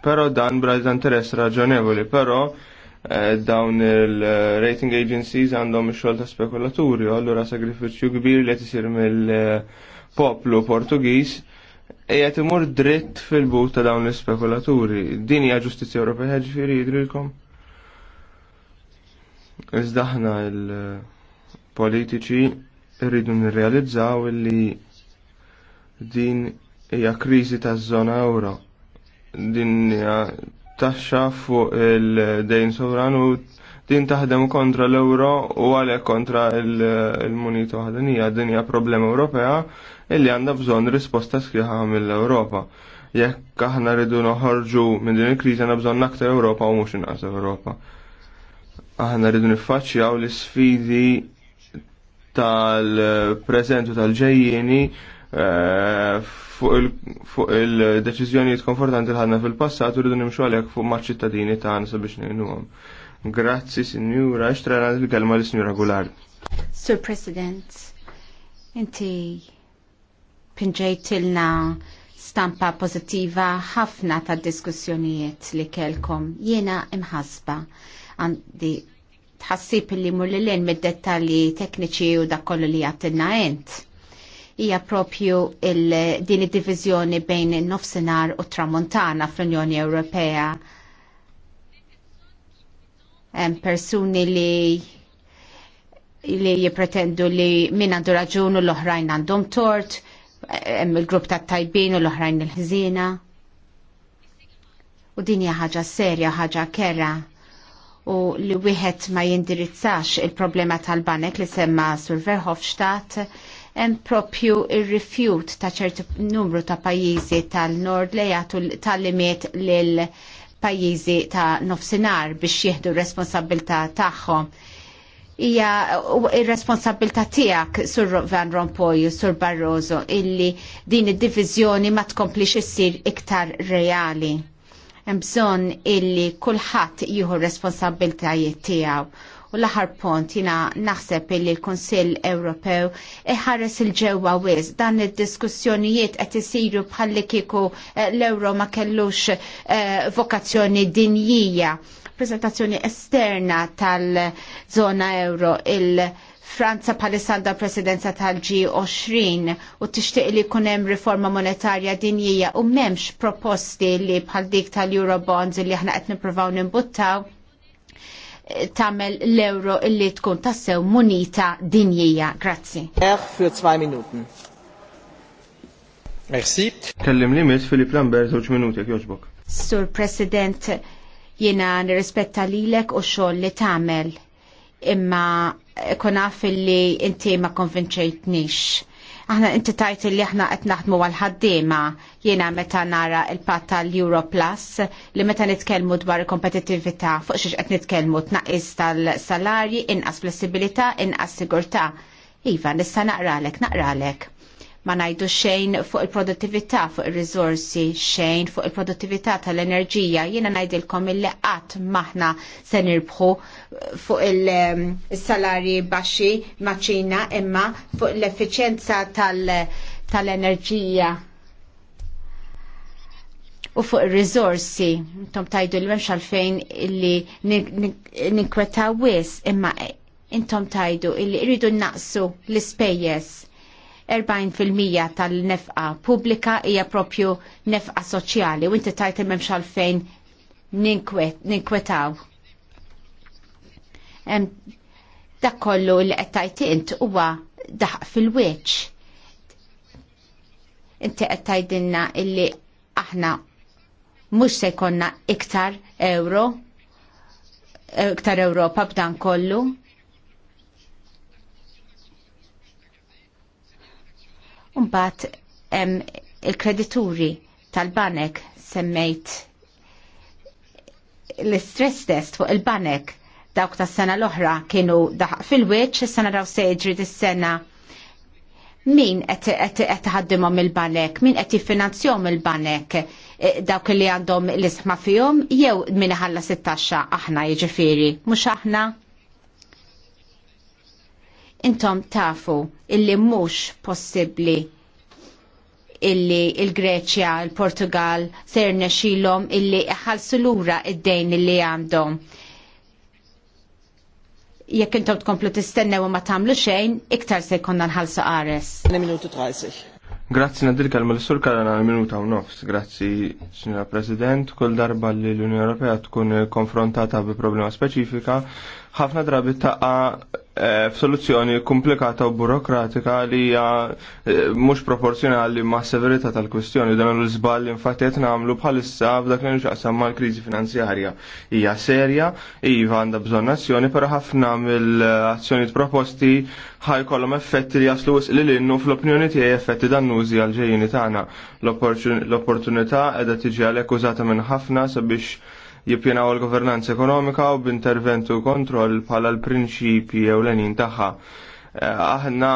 Però dan b'rajt interess raġonevoli, però Eh, dawn il-rating agencies għandhom xogħol ta' spekulaturi, allura sagrifiċċju kbir li tisir mill-poplu Portugiż qiegħed imur dritt fil-but ta' dawn l-spekulaturi. Din hija ġustizzja Ewropea ġifieri jidrilkom. Iżda aħna l-politiċi rridu nirrealizzaw li din hija kriżi taż-żona euro. Din hija taxxa fuq il-dejn sovran u din taħdem kontra l-euro u għalhekk kontra il-munita waħda din hija problema Ewropea illi għandha bżonn risposta sħiħa mill-Ewropa. Jekk aħna rridu noħorġu minn din il-kriżi għandna bżonn aktar Ewropa u mhux inqas Ewropa. Aħna rridu niffaċċjaw l-isfidi tal-preżentu tal-ġejjieni tal preżentu tal ġejjieni tal Eh, fuq il deċizjoni konfortanti l-ħadna fil-passat u rridu nimxu għalek fuq maċ-ċittadini tagħna sabiex ngħinuhom. Grazzi, Sinjura, xtrana il kelma li sinjura Gular. Sir President, inti pinġejtilna stampa pozittiva ħafna ta' diskussjonijiet li kelkom. Jiena imħasba għandi tħassib li mullilin mid-dettalji tekniċi u dakollu kollu li għattinna jent hija propju din id-diviżjoni bejn in-nofsinhar u tramontana fl-Unjoni Ewropea. Hemm persuni li li jipretendu li min għandu raġun u l-oħrajn għandhom tort, hemm il-grupp ta' tajbin u l-oħrajn il-ħżina. U din hija ħaġa serja, ħaġa kera u li wieħed ma jindirizzax il-problema tal-banek li semma Sur Verhofstadt hemm propju ir-rifjut ta' ċertu numru ta' pajjiżi tal-nord li jagħtu tal-limit lil pajjiżi ta' nofsinhar biex jieħdu r-responsabilità tagħhom. Hija ir-responsabilità tiegħek sur Van Rompuy sur Barroso illi din id-diviżjoni ma tkomplix issir iktar reali. Hemm bżonn illi kulħadd jieħu r-responsabbiltajiet tiegħu U l-aħar pont jina naħseb li l-Konsil Ewropew iħares il-ġewwa wis dan id-diskussjonijiet qed isiru bħalli kieku eh, l-Euro ma kellux eh, vokazzjoni dinjija. Prezentazzjoni esterna tal-żona Euro il- Franza palissanda presidenza tal-G20 u tixtieq li jkun hemm riforma monetarja dinjija u m'hemmx proposti li bħal dik tal-Eurobonds li aħna qed nippruvaw nimbuttaw tamel l-euro illi tkun tassew munita dinjija. Grazzi. Für zwei Minuten. Merci. Kellim limit Filip Lambert, żewġ minuti, jogħġbok. Sur President, jena nirrispetta lilek u xoll li tamel imma eh, konaf illi inti ma konvinċejtnix Aħna inti tajt li aħna qed naħdmu għal ħaddiema jiena meta nara il-patt tal-Europlus li meta nitkellmu dwar kompetittività fuq xiex qed nitkellmu tnaqqis tal-salarji, inqas flessibilità, inqas sigurtà. Iva, nista' naqralek, naqralek ma najdu xejn fuq il-produttività, fuq il-rizorsi, xejn fuq il-produttività tal-enerġija. Jiena najdilkom il qatt maħna se nirbħu fuq ehm, il-salari baxxi maċina imma fuq l efficienza tal-enerġija u fuq il-rizorsi. Tom tajdu l-memx għalfejn illi ninkweta wis imma intom tajdu illi irridu naqsu l-spejjes 40% tal-nefqa pubblika hija propju nefqa soċjali u inti tajt memx għalfejn ninkwetaw. Dak kollu li qed tajt int huwa daħq fil-weċ. Inti qed tajdinna illi aħna mhux se jkollna iktar euro, eh, iktar Ewropa b'dan kollu, Umbat il-kredituri tal-banek semmejt l-stress test fuq il-banek dawk tas sena l-oħra kienu daħq fil-wieċ, s-sena raw sejġri dis-sena min qed ħaddimhom il-banek, min qed jiffinanzjahom il-banek e, dawk li għandhom l-isma fihom jew min ħalla 16 aħna jiġifieri, mhux aħna? Intom tafu illi mhux possibbli illi il-Greċja, il-Portugal ser nexilom illi ħalsu lura id-dejn illi għandhom. Jekk intom tkomplu tistennew ma tagħmlu xejn, iktar se jkollna nħallsu qares. Minutu 30. Grazzi nadir kalma l-sur kalana minuta u nofs. Grazzi, signora President, kull darba li l-Unjoni Ewropea tkun konfrontata bi problema speċifika, ħafna drabi taqa eh, f'soluzzjoni komplikata u burokratika li hija eh, mhux proporzjonali ma' severità tal-kwistjoni dan l żball infatti qed nagħmlu bħalissa f'dak li nixaqsam mal-kriżi finanzjarja. Hija serja, iva għandha bżonn azzjoni, però ħafna mill-azzjonijiet proposti ħajkollhom effetti li jaslu li l-innu fl-opinjoni tiegħi effetti dannużi għal ġejjini tagħna. L-opportunità qiegħda tiġi għalhekk użata minn ħafna sabiex jippjena għal governanza ekonomika u b'interventu kontroll bħala l-prinċipji enin tagħha. Eh, aħna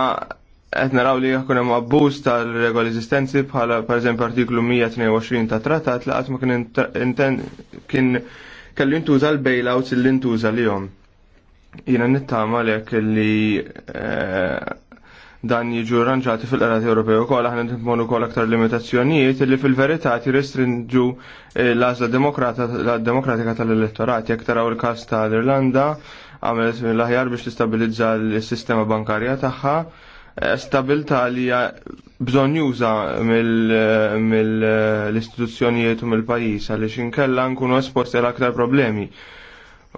qed naraw li jkun hemm abbuż tal-regoli eżistenzi bħala pereżempju artiklu 122 ta' trattat li qatt ma kien kien kellu jintuża l-bailouts li ntuża lihom. Jiena nittama li li eh, dan jiġu ranġati fil-qrat Ewropew ukoll aħna nitmonu ukoll aktar limitazzjonijiet li fil-verità tirrestrinġu eh, l-għażla demokratika tal-elettorat. Jekk taraw il-każ tal-Irlanda għamlet l-aħjar biex tistabilizza l-sistema bankarja tagħha eh, stabilta li bżon juża mill-istituzzjonijiet eh, u mill-pajis għaliex inkella nkunu esposti għal aktar problemi.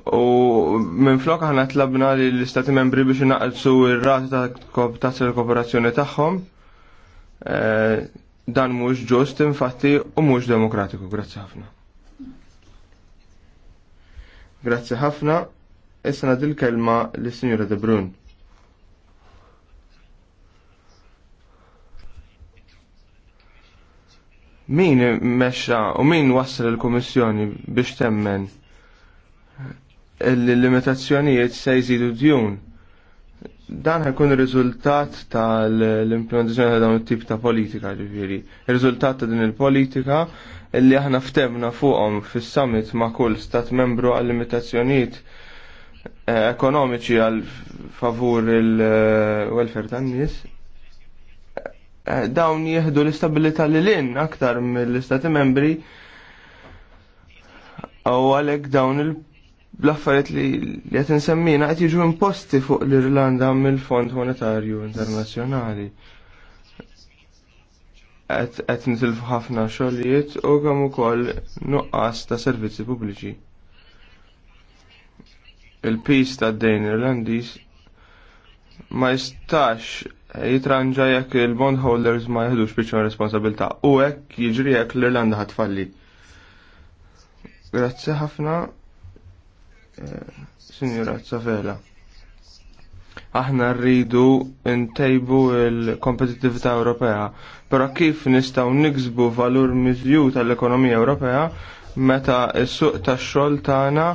U minn flok ħana tlabna li l-istati membri biex naqsu il-rati ta' tazza l-kooperazzjoni tagħhom. Eh, dan mhux ġust infatti u mhux demokratiku. Grazzi ħafna. Grazzi ħafna. Issa nadil kelma lis signora De Brun. Min meċa u min wassal il-Kummissjoni biex temmen l-limitazzjonijiet se jżidu djun. Dan ħajkun riżultat tal-implementazzjoni ta' dawn it-tip ta' politika ġifieri. Ir-riżultat ta' din il-politika li aħna ftemna fuqhom fis-summit ma' kull stat membru għal limitazzjonijiet eh, ekonomiċi għal favur il-welfare tan-nies eh, dawn jieħdu l-istabilità li lin aktar mill-istati membri u għalek dawn il bl li li qed nsemmina qed jiġu imposti fuq l-Irlanda mill-Fond Monetarju Internazzjonali. Qed nitilfu ħafna xogħlijiet u kemm ukoll nuqqas ta' servizzi pubbliċi. Il-pis tad dejn Irlandiż ma jistax jitranġa jekk il-bondholders ma jeħdux biċċa responsabilta' u hekk jiġri jekk l-Irlanda falli. Grazzi ħafna Signora Zavela. Aħna rridu ntejbu l-kompetitività Ewropea, però kif nistgħu niksbu valur miżju tal-ekonomija Ewropea meta s-suq tax-xogħol tagħna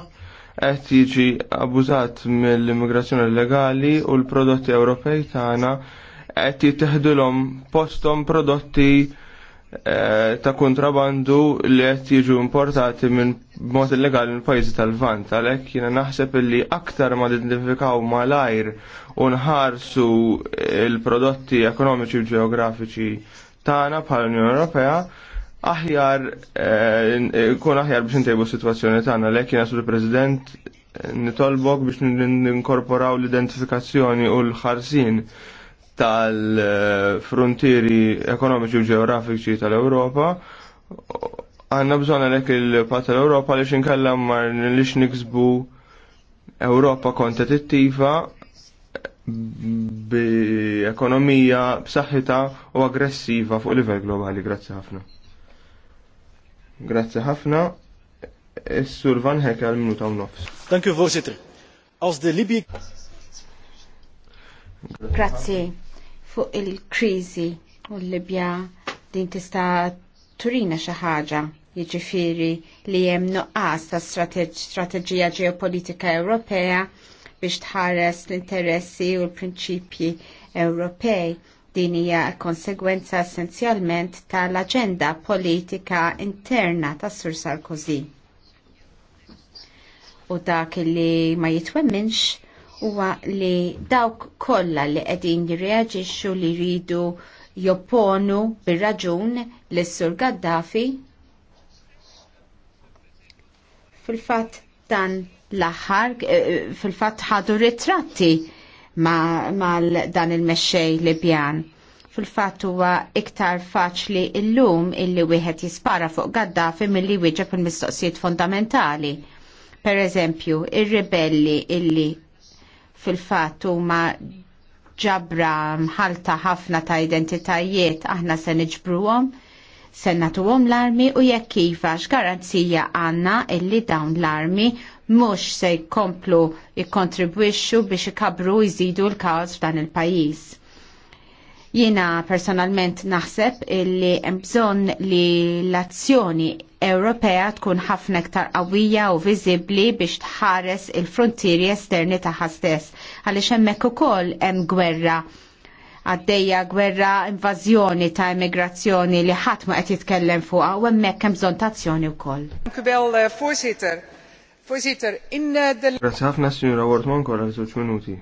qed jiġi abbużat mill-immigrazzjoni legali u l-prodotti Ewropej tagħna qed jitteħdulhom posthom prodotti ta' kontrabandu li qed jiġu importati minn mod illegali minn pajjiżi tal-Vant, għalhekk jiena naħseb li aktar ma identifikaw malajr u nħarsu l-prodotti ekonomiċi u ġeografiċi tagħna bħal Unjoni Ewropea, aħjar kun aħjar biex intejbu s-sitwazzjoni tagħna, għalhekk jiena sur President nitolbok biex ninkorporaw l-identifikazzjoni u l-ħarsin tal-frontieri ekonomiċi u ġeografiċi tal-Ewropa għanna bżonna għalek il-pat tal-Ewropa li xinkalla mar li xniksbu Ewropa kompetittiva ekonomija b'saħħitha u aggressiva fuq livell globali. Grazzi ħafna. Grazzi ħafna. Is-Sur Van Hekel minuta u nofs. Thank you, Voorzitter. Aus de Libië... Grazzi fuq il-kriżi u l-Libja din tista' turina xi ħaġa jiġifieri li hemm nuqqas ta' strateġija ġeopolitika Ewropea biex tħares l-interessi u l-prinċipji Ewropej din hija konsegwenza essenzjalment tal-aġenda politika interna tas Sur Sarkozy. U dak li ma jitwemminx huwa li dawk kollha li qegħdin jirreaġixxu li jridu jopponu bir-raġun lis-Sur Gaddafi fil-fatt dan l-aħħar eh, eh, fil-fatt ħadu ritratti ma, dan il-mexxej Libjan. Fil-fatt huwa iktar faċli illum illi wieħed jispara fuq Gaddafi milli wieġeb il-mistoqsijiet fundamentali. Per eżempju, ir-ribelli illi fil-fatt huma ġabra mħalta ħafna ta' identitajiet aħna se niġbruhom, se nagħtuhom l-armi u jekk kifax garanzija għandna illi dawn l-armi mhux se jkomplu jikkontribwixxu biex ikabru jżidu l-kaos f'dan il-pajjiż. Jiena personalment naħseb illi hemm bżonn li l-azzjoni Ewropea tkun ħafna iktar qawwija u viżibbli biex tħares il-frontieri esterni tagħha stess. Għaliex hemmhekk ukoll hemm gwerra għaddejja gwerra invażjoni ta' immigrazzjoni li ħadd ma qed jitkellem fuqha u hemmhekk hemm bżonn tazzjoni wkoll. Eh, eh, Grazie ħafna Sinjura Wortman kolla żewġ minuti.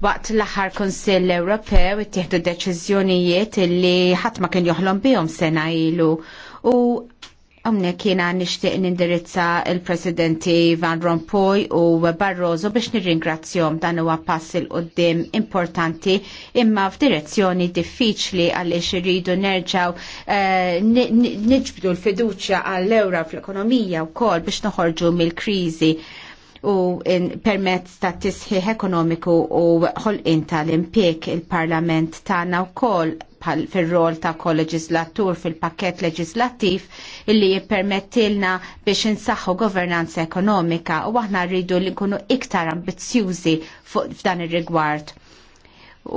Waqt l-aħħar Kunsill Ewropew ittieħdu deċiżjonijiet illi ħadd ma kien joħlom bihom sena ilu u Għamne kiena nishtiq nindirizza il-Presidenti Van Rompuy u Barroso biex nirringrazzjom dan huwa pass il qoddim importanti imma f'direzzjoni diffiċli għaliex irridu nerġaw eh, nġbdu niġbdu l-fiduċja għall-ewra fl-ekonomija wkoll biex noħorġu mill-kriżi u permezz ta' tisħiħ ekonomiku u ħolqien tal impiek il-Parlament tagħna wkoll fil-rol ta' kol-leġislatur fil-pakket leġislattiv illi jippermettilna biex insaħħu governanza ekonomika u aħna rridu li nkunu iktar ambizzjużi f'dan ir-rigward.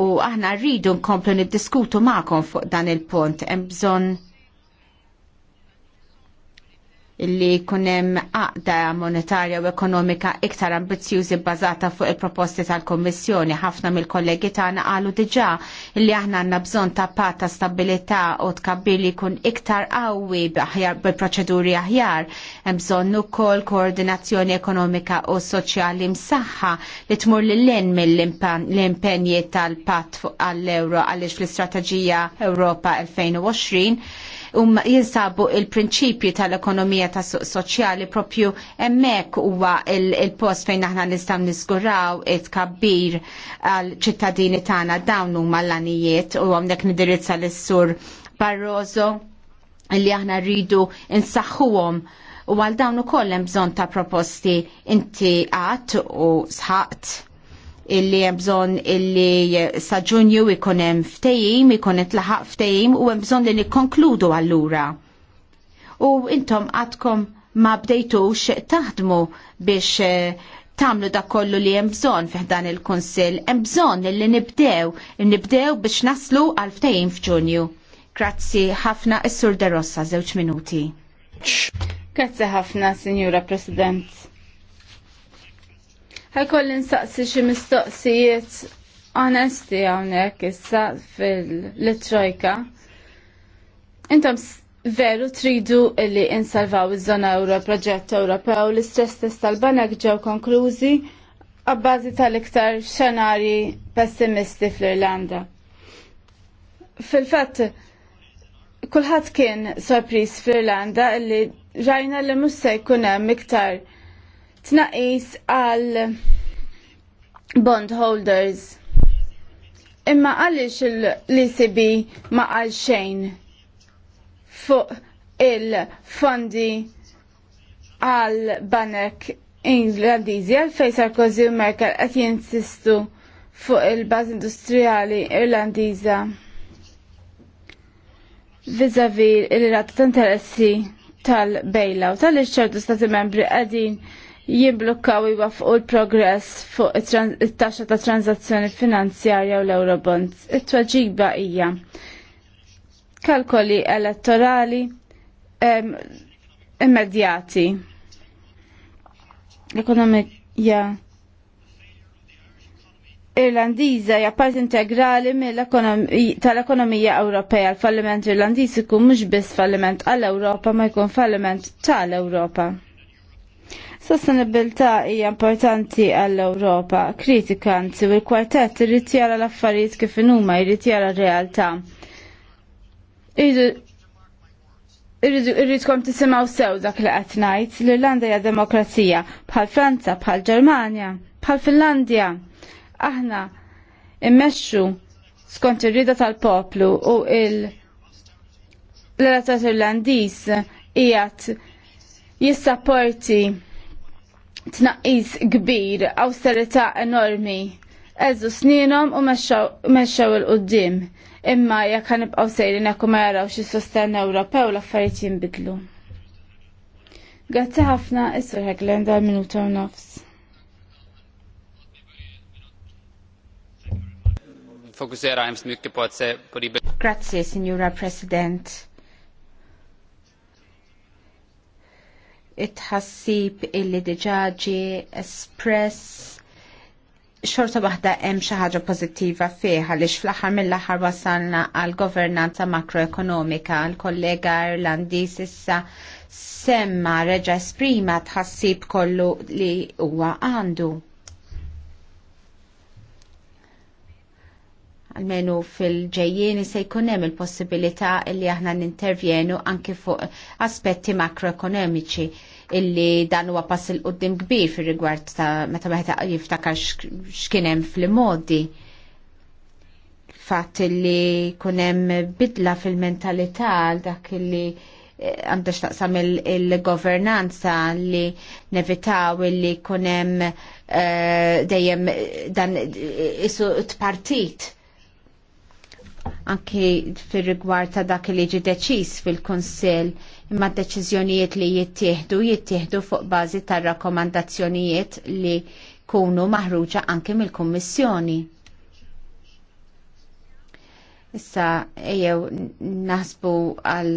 U aħna rridu nkomplu niddiskutu ma'kom fuq dan il-punt hemm bżonn li kunem għaqda monetarja u ekonomika iktar ambizjuzi bbażata fuq il-proposti tal-Kommissjoni. Ħafna mill-kollegi tagħna qalu diġà li aħna għandna bżonn ta' pat ta' stabilità u tkabbir li jkun iktar qawwi bil-proċeduri aħjar. Hemm bżonn ukoll koordinazzjoni ekonomika u soċjali msaħħa li tmur lil lin mill-impenji tal-patt għall-euro għaliex fl-istrateġija Ewropa 2020 um jinsabu il prinċipju tal-ekonomija ta' soċjali propju emmek huwa il-post fejn aħna nistgħu nisguraw it-kabbir għal ċittadini tagħna dawn huma l-anijiet u għamdek nidirizza l-sur Barroso li aħna rridu insaħħuhom u għal dawn ukoll hemm bżonn ta' proposti inti għat u sħaqt illi hemm bżonn illi sa ġunju ikun hemm ftehim, ikun u hemm bżonn li nikkonkludu allura. U intom għadkom ma bdejtux taħdmu biex eh, tamlu da kollu li hemm bżonn fih dan il-Kunsill, hemm bżonn nibdew, nibdew biex naslu għal ftejim f'Ġunju. Grazzi ħafna is-Sur De Rossa, żewġ minuti. Grazzi ħafna, Signora President ħekolli nsaqsi xi mistoqsijiet onesti hawnhekk issa fil-trojka. Intom veru tridu li insalvaw iż-żona Ewro proġett Ewropew l-istress test tal-banek ġew konklużi għabbażi tal-iktar xenari pessimisti fl-Irlanda. Fil-fatt, kulħadd kien sorpriż fl-Irlanda li rajna li mhux se jkun hemm iktar tnaqis għal bondholders. Imma għalix l-ECB ma għal xejn fuq il-fondi għal banek Inglandiżi għal fej Sarkozy u Merkel qed jinsistu fuq il baz industriali Irlandiża vizavi il-rat tal interessi tal-bejla u tal-iċċertu stati membri għadin jimblukkaw jwafqu l-progress fuq it-taxxa ta' tranzazzjoni finanzjarja u l-Eurobonds. It-tweġiba hija kalkoli elettorali immedjati. L-ekonomija Irlandiża hija parti integrali tal-ekonomija Ewropea. L-falliment Irlandiż ikun mhux biss falliment għall-Ewropa ma jkun falliment tal-Ewropa. Sostenibilità hija importanti għall-Ewropa, kritika anzi u l-kwartett irrid jara l-affarijiet kif inhuma, jrid jara r-realtà. Irridkom tisimgħu sew dak li qed ngħid, l-Irlanda hija demokrazija bħal Franza, bħal Ġermanja, bħal Finlandja. Aħna immexxu skont ir-rida tal-poplu u il- l-Irlandiż hija jissapporti tnaqqis kbir, austerità enormi. Eżu sninhom u mexxew il-qudiem. Imma jekk ħanibqgħu sejrin jekk ma jaraw xi sostenn Ewropew l-affarijiet jinbidlu. Grazzi ħafna is-Sur Heglen dal-minuta u nofs. Fokusera smikki Grazzi, Signora President it tħassib illi diġaġi espress xorta waħda hemm xi ħaġa pożittiva fih għaliex fl-aħħar mill-aħħar wasalna għal governanza makroekonomika l-kollega Irlandiż issa semma reġa' esprima tħassib kollu li huwa għandu. għalmenu fil-ġejjien se jkun hemm il-possibilità li aħna nintervjenu anki fuq aspetti makroekonomiċi illi dan huwa pass il qoddim kbir fir rigward ta' meta meħta jiftakar x'kien hemm fil-modi. Fatt illi kun hemm bidla fil-mentalità għal dak illi eh, għandax taqsam il-governanza li nevitaw li kunem eh, dejjem dan isu t-partit anki fir rigward ta' dak li ġi deċiż fil-Kunsill imma d deċiżjonijiet li jittieħdu jittieħdu fuq bażi tar rakkomandazzjonijiet li kunu maħruġa anki mill-Kummissjoni. Issa ejjew naħsbu għal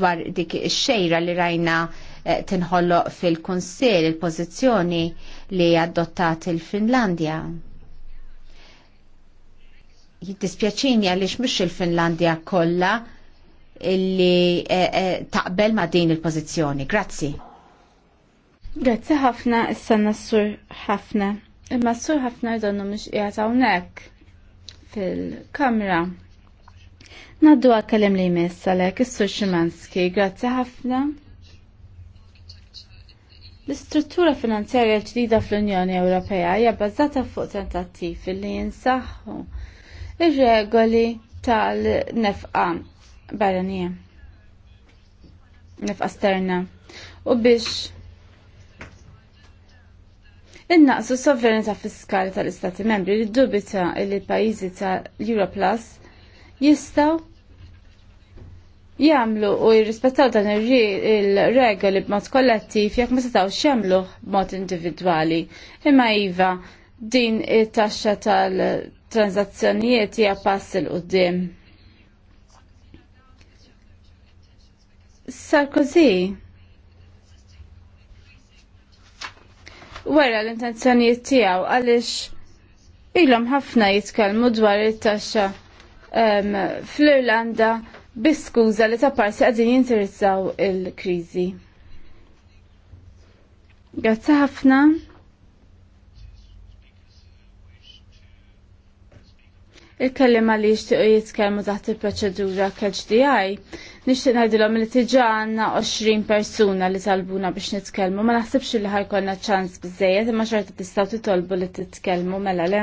dwar dik ix-xejra li rajna eh, tinħolloq fil-Kunsill il-pożizzjoni li adottat il-Finlandja jiddispjaċini għaliex mhux il-Finlandja kollha illi eh, eh, taqbel ma' din il-pożizzjoni. Grazzi. Grazzi ħafna issa nassur ħafna. Imma s-sur ħafna jdonnu mux qiegħed hawnhekk fil-kamra. Naddu għakkalem li jmess għalek, Is-Sur Szymanski, grazzi ħafna. L-istruttura finanzjarja ġdida fl-Unjoni Ewropea hija bbażata fuq tentattiv li jinsaħħu ir-regoli tal-nefqa barranija. Nefqa sterna. U biex Innaqsu s-sovranità fiskali tal-Istati membri li dubita li pajizi tal-Europlus jistaw jamlu u jirrispettaw dan il-regoli b'mod kollettiv jekk ma setgħux jagħmluh b'mod individwali. Imma iva din it-taxxa tal-tranzazzjonijiet hija pass il qudiem Sarkozy wara l-intenzjonijiet tiegħu għaliex ilhom ħafna jitkellmu dwar it-taxxa fl-Irlanda biskuża li ta' parsi qegħdin jinterizzaw il-kriżi. Grazzi ħafna. il-kellima li jixtiequ jitkellmu taħt il-proċedura KHDI. Nixtieq ngħidilhom li tiġà għandna 20 persuna li talbuna biex nitkellmu, ma naħsibx li ħajkolna ċans biżejjed imma xorta tistgħu titolbu li titkellmu mela le.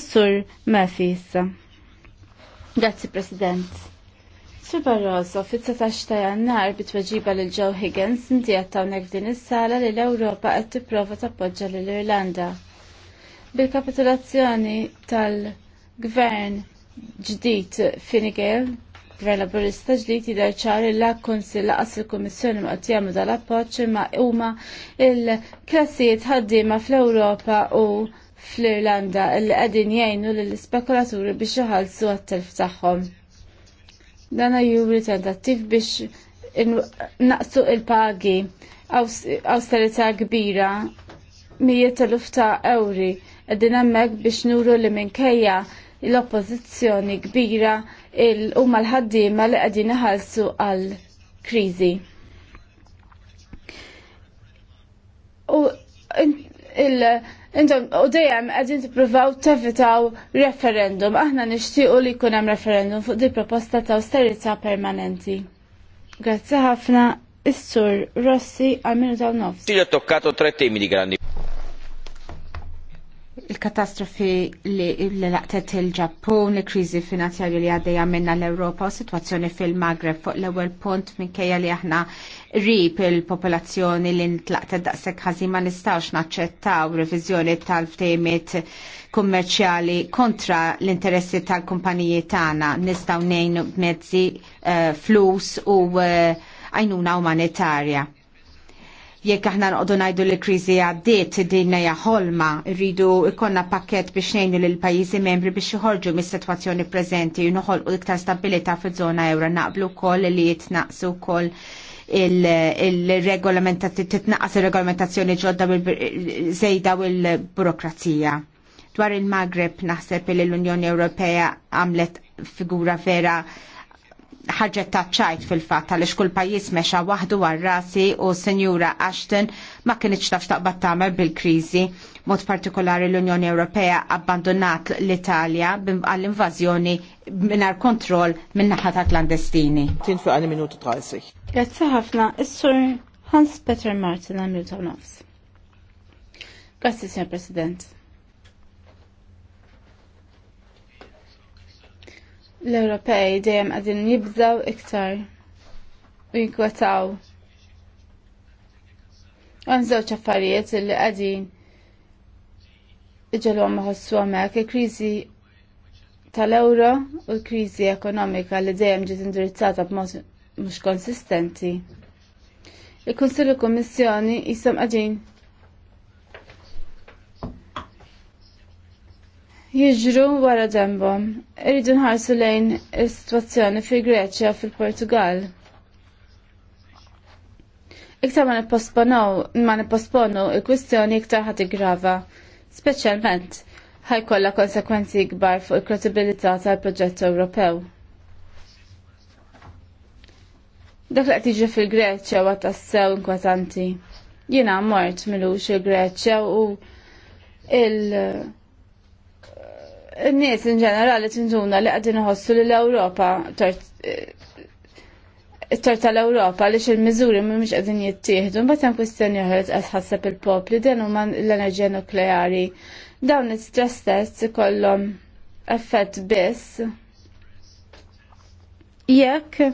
Is-sur ma issa. Grazzi President. Sir Barroso, fit-19 ta' jannar bitweġiba lil Joe Higgins inti għattawnek din is-sala li l-Ewropa qed tipprova tappoġġa l Irlanda. Bil-kapitulazzjoni tal- gvern ġdid Finigel, gvern laburista ġdid jidher ċar il konsil laqas il-Kummissjoni ma qed jagħmlu dal-appoġġ imma huma il-klassijiet ħaddiema fl-Ewropa u fl-Irlanda li qegħdin jgħinu lill-ispekulaturi biex iħallsu għat-telf tagħhom. Dan juri tentattiv biex naqsu il-pagi austerità kbira mijiet ta' lufta ewri għedin emmek biex nuru li minkejja l-oppożizzjoni kbira huma l-ħaddiema li qegħdin ħalsu għal kriżi. U u t-provaw t tevitaw referendum. Aħna nixtiequ li jkun hemm referendum fuq di proposta ta' austerità permanenti. Grazzi ħafna, is-sur Rossi għal minu ta' nofs. Tira toccato tre temi di grandi il-katastrofi li laqtet il-ġappun, il-krizi finanzjarju li għaddeja minna l-Europa u situazzjoni fil-Magreb fuq l-ewel punt minkejja li aħna rip il-popolazzjoni li ntlaqtet daqsek ħażin ma nistawx naċċettaw reviżjoni tal-ftejmiet kummerċjali kontra l-interessi tal-kumpaniji tagħna nistgħu ngħinu mezzi eh, flus u eh, għajnuna umanitarja jekk aħna nqogħdu ngħidu li kriżi għaddiet din hija ħolma, rridu ikonna pakkett biex ngħinu lil pajjiżi membri biex joħorġu mis-sitwazzjoni preżenti u noħolqu iktar stabilità fiż-żona ewra naqblu wkoll li jitnaqsu wkoll il-regolamentazzjoni titnaqas ir-regolamentazzjoni ġodda żejda u l-burokrazija. Dwar il-Magreb naħseb li l-Unjoni Ewropea għamlet figura vera ħarġet taċċajt fil-fatt għaliex kull pajjiż mexa waħdu għal rasi u Senjura Ashton ma kienx taf taqbad tagħmel bil-kriżi. Mod partikolari l-Unjoni Ewropea abbandonat l-Italja għall-invażjoni mingħajr kontroll min naħa ta' klandestini. Tin fuq 30. Grazzi ħafna, is-sur Hans Peter Martin għamil minuta nofs. Grazzi, Sr. President. l-Ewropej dejjem għadin jibżaw iktar u jinkwetaw. Għan żewġ affarijiet li qegħdin iġelhom maħossu għamek il-kriżi tal-ewro u l-kriżi ekonomika li dejjem ġiet indirizzata b'mod mhux konsistenti. Il-Kunsill u Kummissjoni jisom qegħdin jiġru wara dembom. Irridu nħarsu lejn is-sitwazzjoni fil-Greċja fil-Portugal. Iktar ma nipposponaw, ma nipposponu il-kwistjoni iktar ħat grava, speċjalment ħajkolla konsekwenzi kbar fuq il-kredibilità tal-proġett Ewropew. Dak li tiġi fil-Greċja wa tassew inkwetanti. Jiena mort milux il-Greċja u il- n-nies in ġenerali tinduna li għadin iħossu li l-Ewropa it-tor tal-Ewropa li il-miżuri mhumiex qegħdin jittieħdu mbagħad hemm kwistjoni oħra qed ħasseb il-popli din huma l-enerġija nukleari. Dawn is-stress test ikollhom effett biss jekk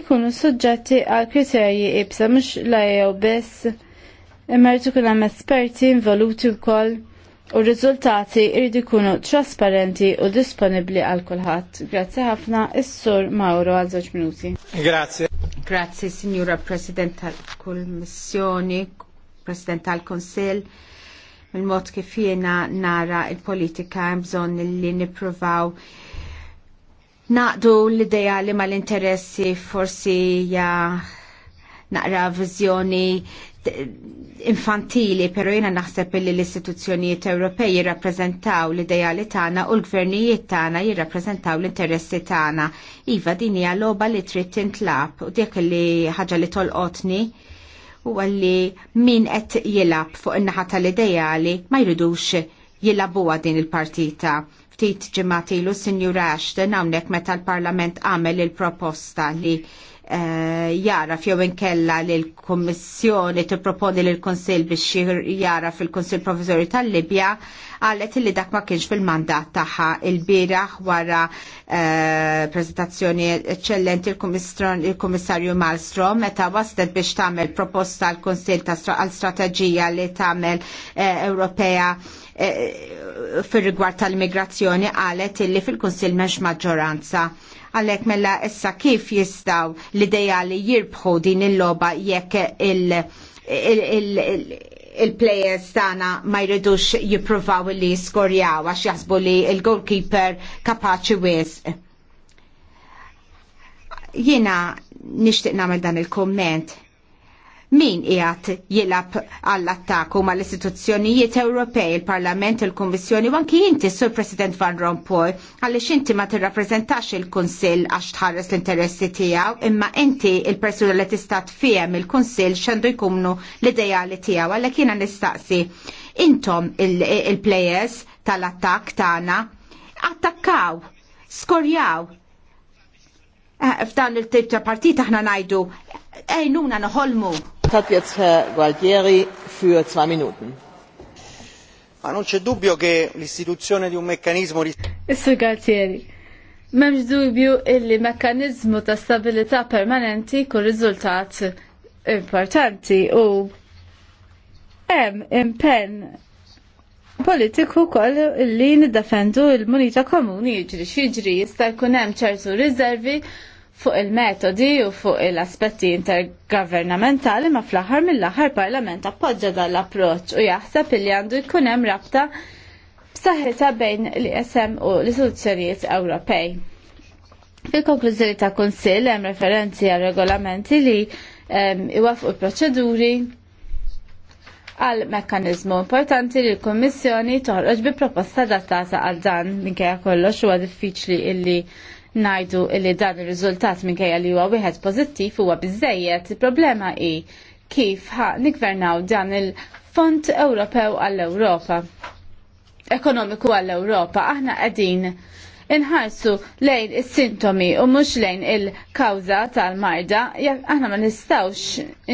ikunu suġġetti għal kriterji ibsa mhux lajjew biss imma jrid ikun hemm esperti involuti wkoll u r-riżultati jridu jkunu trasparenti u disponibbli għal kulħadd. Grazzi ħafna is-sur Mauro għal żewġ minuti. Grazzi. Grazzi Signora President tal-Kummissjoni, President tal kunsill Il-mod kif jiena nara il-politika hemm bżonn li nippruvaw naqdu l-ideja li mal-interessi forsi ja naqra viżjoni infantili, pero jena naħseb li l-istituzzjonijiet Ewropej jirrappreżentaw l-ideali tagħna u l-gvernijiet tagħna jirrappreżentaw l-interessi tagħna. Iva din hija logħba li trid tintlab u dik li ħaġa li tolqotni u għalli min qed jilab fuq in-naħa tal idejali ma jridux jilabuha din il-partita. Ftit ġimgħat ilu Sinjur Ashton hawnhekk meta l-Parlament għamel il-proposta li Eh, jara fjew inkella l-Kommissjoni tipproponi l konsil biex jara fil-Konsil Provizorju tal-Libja għallet li dak ma kienx fil-mandat tagħha il-bieraħ wara eh, prezentazzjoni eccellenti il-Kummissarju Malmstrom meta waslet biex tagħmel proposta l konsil tal strateġija li tagħmel eh, Ewropea fir rigward tal-immigrazzjoni qalet illi fil-Kunsill m'hemmx maġġoranza Għalhekk mela issa kif jistaw l-ideja li jirbħu din il-logħba jekk il-, il, players tana ma jridux jipruvaw li jiskorjaw għax jasbu li il-goalkeeper kapaċi wis. Jena nishtiq namel dan il-komment min qiegħed jilab għall ma l istituzzjonijiet Ewropej, il-Parlament, il-Kummissjoni u anki inti sur President Van Rompuy għaliex inti ma tirrappreżentax il-Kunsill għax tħares l-interessi tiegħu, imma inti il-persuna li tista' fijem il-Kunsill x'għandu jkunu l-idejali tiegħu għalhekk jiena nistaqsi intom il players tal-attakk tagħna attakkaw, skorjaw. Eh, f'dan il-tip ta' partita aħna ngħidu ejnuna noħolmu hat jetzt Herr Gualtieri für zwei Minuten. Ma non c'è dubbio che l'istituzione di un meccanismo di... Issu Gualtieri, memx dubju il meccanismo ta' stabilità permanenti con risultati importanti u hemm impenn politiku koll illi niddefendu il-munita komuni jiġri xiġri jista' jkun hemm ċertu riservi fuq il-metodi u fuq il-aspetti intergovernamentali ma fl-aħħar mill-aħħar parlament appoġġa l approċċ u jaħseb li għandu jkun hemm rabta b'saħħitha bejn l-ISM u l-istituzzjonijiet Ewropej. Fil-konklużjoni ta' kunsill hemm referenzi għal regolamenti li iwafqu l-proċeduri għal mekkanizmu importanti li l kummissjoni toħroġ bi proposta datata għal dan minkejja kollox huwa diffiċli illi najdu illi dan ir-riżultat minkejja li huwa wieħed pożittiv huwa biżejjed. Il-problema hi kif ha nikvernaw dan il-Fond Ewropew għall-Ewropa. Ekonomiku għall-Ewropa, aħna qegħdin inħarsu lejn is-sintomi u mhux lejn il-kawża tal-marda, jekk aħna ma nistgħux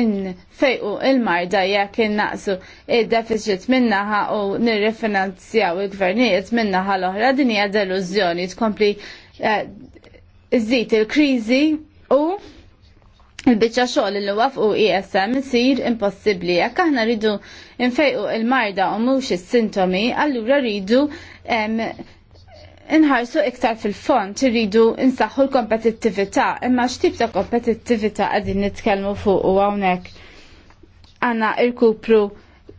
infejqu il-marda jekk innaqsu id-deficit minnaħa u nirrifinanzjaw il-gvernijiet minnaħa l-oħra din hija delużjoni tkompli eh, iżżid il-kriżi u il-bicċa xogħol li wafqu ISM e isir impossibbli jekk aħna rridu nfejqu il-marda u mhux is-sintomi, allura rridu inħarsu iktar fil-font rridu insaħħu l-kompetittività, imma x'tip ta' kompetittività qegħdin nitkellmu fuq u hawnhekk għandna irkupru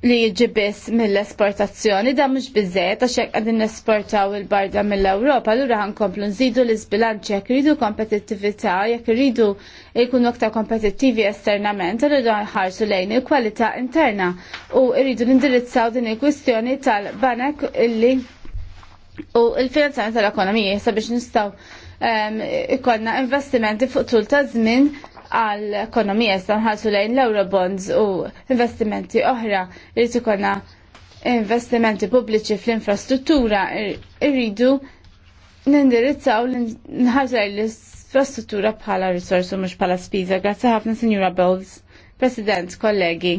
li jiġi biss mill-esportazzjoni, da mhux bizzet, għax hekk qegħdin nesportaw il-barda mill-Ewropa, għan komplu nżidu l-iżbilanċ jekk iridu kompetittivita, jekk iridu jkunu aktar kompetittivi esternament, l-ura nħarsu lejn il-kwalità interna u rridu nindirizzaw din il-kwistjoni tal-banek illi u il-finanzjament tal-ekonomija sabiex nistgħu ehm, ikonna investimenti fuq tul ta' żmien għal ekonomija stanħalsu lejn l-Eurobonds u investimenti oħra li tikonna investimenti pubbliċi fl-infrastruttura irridu nindirizzaw nħarsu lejn l-infrastruttura bħala risorsu mhux bħala spiża. Grazzi ħafna Signora Bowles, President, kollegi.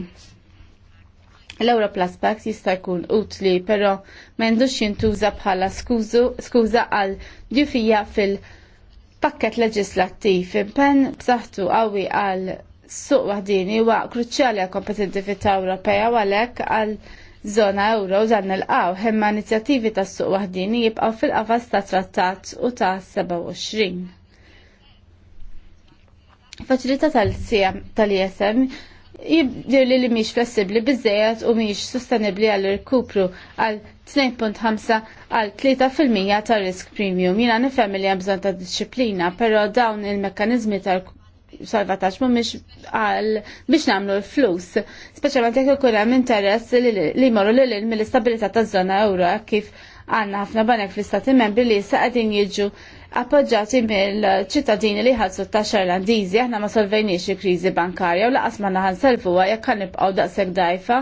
L-Euro Plus jista' jkun utli, però m'għandux jintuża bħala skuża għal ġifija fil- Pakket leġislattiv impenn b'saħħtu qawwi għal suq waħdini huwa kruċjali għal kompetitività Ewropea u għalhekk għal żona euro dan nilqaw imma inizjattivi tas-suq waħdini jibqgħu fil-qafas ta' trattat u ta' 27. Faċilità tal sijam tal-ISM jibdir li li miex flessibli u miex sostenibbli għall-irkupru għall irkupru għal 2.5 għal 3% ta' risk premium. Jina nifhem li hemm bżonn ta' disċiplina, però dawn il-mekkaniżmi tal salvataġġ mhumiex għal biex nagħmlu l-flus. Speċjalment jek ikun hemm interess li jmorru lil mill-istabilità taż-żona euro kif għandna ħafna banek fl-istati membri li issa qegħdin jiġu appoġġati mill-ċittadini li ħadsu t-taxxa aħna ma solvejniex il-kriżi bankarja u laqas ma naħan selfuha jekk kan nibqgħu daqshekk dajfa.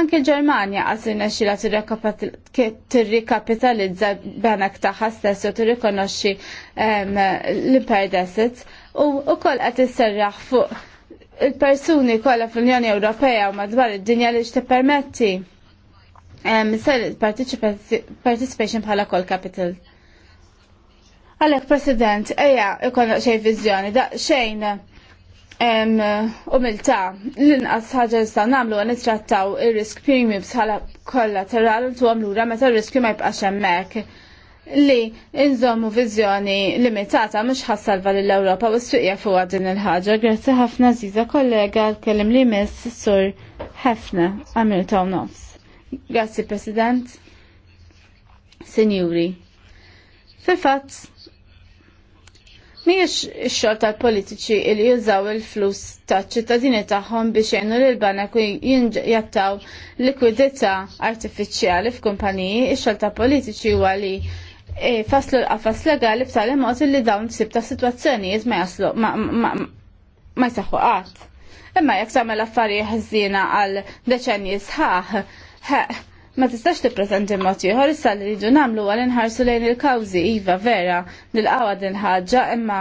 Anke l-Ġermanja qas irnexxila tirrikapitalizza banek tagħha stess u tirrikonoxxi l-impaired assets u wkoll qed isserraħ fuq il-persuni kollha fl-Unjoni Ewropea u madwar id-dinja li x'tippermetti. Um, Sell participation bħala kol capital. Għalek, President, eja, ikon xej vizjoni, da xejn umilta, l-inqas ħagġa nista namlu għan nitrattaw il-risk premium bħala kollateral tu ra, meta il-riskju ma jibqax hemmhekk li inżommu vizjoni limitata mhux ħassalva lill ewropa u s-suqja fuq din il-ħaġa. Grazzi ħafna ziza kollega kellim li miss sur ħafna għamil taw nofs. Grazzi President, Sinjuri. Fil-fatt, Miex xogħol tal-politiċi li jużaw il-flus taċ-ċittadini tagħhom biex jgħinu lil banek u jattaw likwidità artifiċjali f'kumpaniji, ix-xogħol ta' politiċi huwa li e, faslu l-qafas legali b'tali mod li dawn tsib ta' sitwazzjonijiet ma jaslu ma jsaħħu qatt. Imma jekk tagħmel affarijiet ħżiena għal deċenji sħaħ, ma tistax tippreżenti mod ieħor issa li rridu nagħmlu għal inħarsu lejn il-kawżi iva vera nilqgħu din ħaġa imma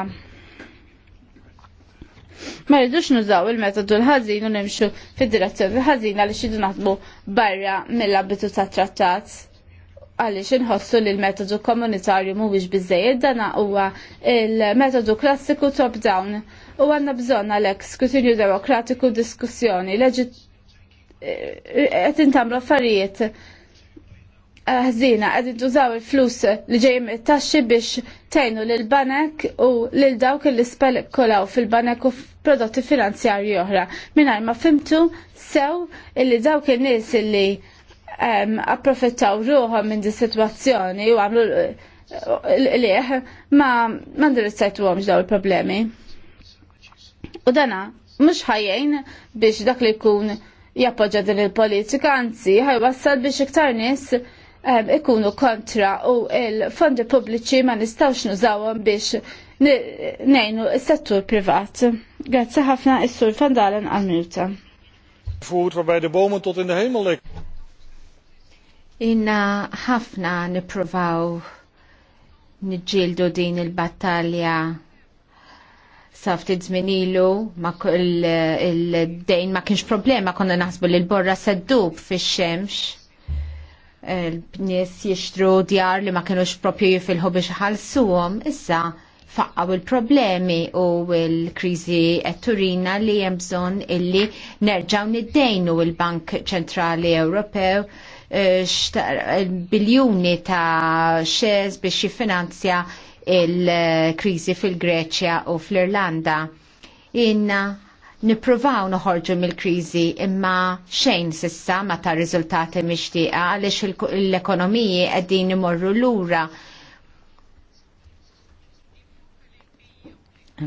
ma rridux nużaw il-metodu l-ħażin u nimxu fid-direzzjoni ħażina li xidu naħdmu barra mill-abitu ta' trattat għaliex inħossu li l-metodu komunitarju mhuwiex biżejjed dana huwa il-metodu klassiku top-down u għanna bżonn għalhekk skrutinju demokratiku diskussjoni leġit qed tamlu affarijiet eh, ħżina għedin tużaw il-flus li ġejjin il taxxi biex tgħinu l banek u lil dawk li spekulaw fil-banek u prodotti finanzjarji oħra. Mingħajr ma fimtu sew illi dawk il nies illi ehm, approfittaw ruħhom minn di sitwazzjoni u għamlu eh, liħ ma ma sajtu għom ġdaw il-problemi. U dana mhux ħajjejn biex dak li jkun jappoġġa din il-politika, anzi, ħajwassal biex iktar nies ikunu kontra u il-fondi pubbliċi ma nistawx nużawhom biex nejnu s-settur privat. Grazzi ħafna is-sur Fandalen għal-minuta. Voert waarbij de bomen tot in de hemel Inna ħafna niprovaw nġildu din il-battalja sa ftit żmien ilu il-dejn ma kienx problema konna naħsbu li l-borra seddub fix-xemx. Nies jixtru djar li ma kienux propju jifilħu biex ħalsuhom, issa faqqaw il-problemi u l-kriżi etturina turina li hemm bżonn illi nerġgħu niddejnu il-Bank Ċentrali Ewropew eh, biljuni ta' xez biex jiffinanzja il-krizi fil-Greċja u fl-Irlanda. Inna nipruvaw noħorġu mill-krizi imma xejn sissa ma ta' riżultati mixtieqa għaliex l-ekonomiji qegħdin imorru lura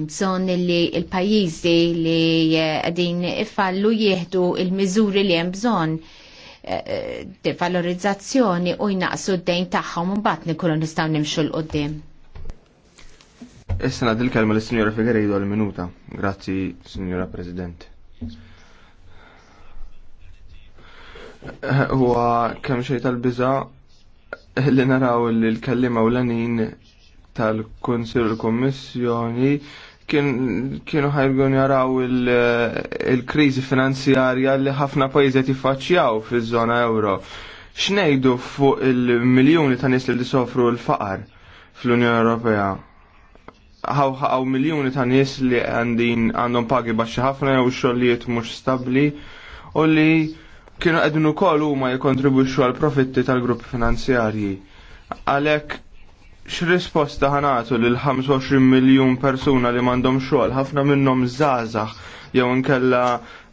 Mżon li il-pajizi li qegħdin ifallu jieħdu il-mizuri li hemm bżon eh, eh, devalorizzazzjoni u jnaqsu d-dejn tagħhom u mbagħad nikunu nistgħu nimxu l qudiem Issa nad il-kelma l signora Figueiredo għal-minuta. Grazzi, Signora President. Huwa kemm xejn tal-biża li naraw li l-kellima u l-anin tal-Kunsil u l-Kommissjoni kienu ħajgun jaraw il-krizi finanzjarja li ħafna pajizet jiffaċċjaw fiż-żona euro. X'ngħidu fuq il-miljuni ta' nies li sofru l-faqar fl-Unjoni Ewropea? għaw miljoni ta' nies li għandin għandhom pagi baxxi ħafna u xogħlijiet mhux stabbli u li kienu qegħdin ukoll huma jikontribuċu għal profitti tal grupp finanzjarji. Għalhekk x'risposta ħanatu l 25 miljun persuna li m'għandhom xogħol, ħafna minnhom zazax, jew nkella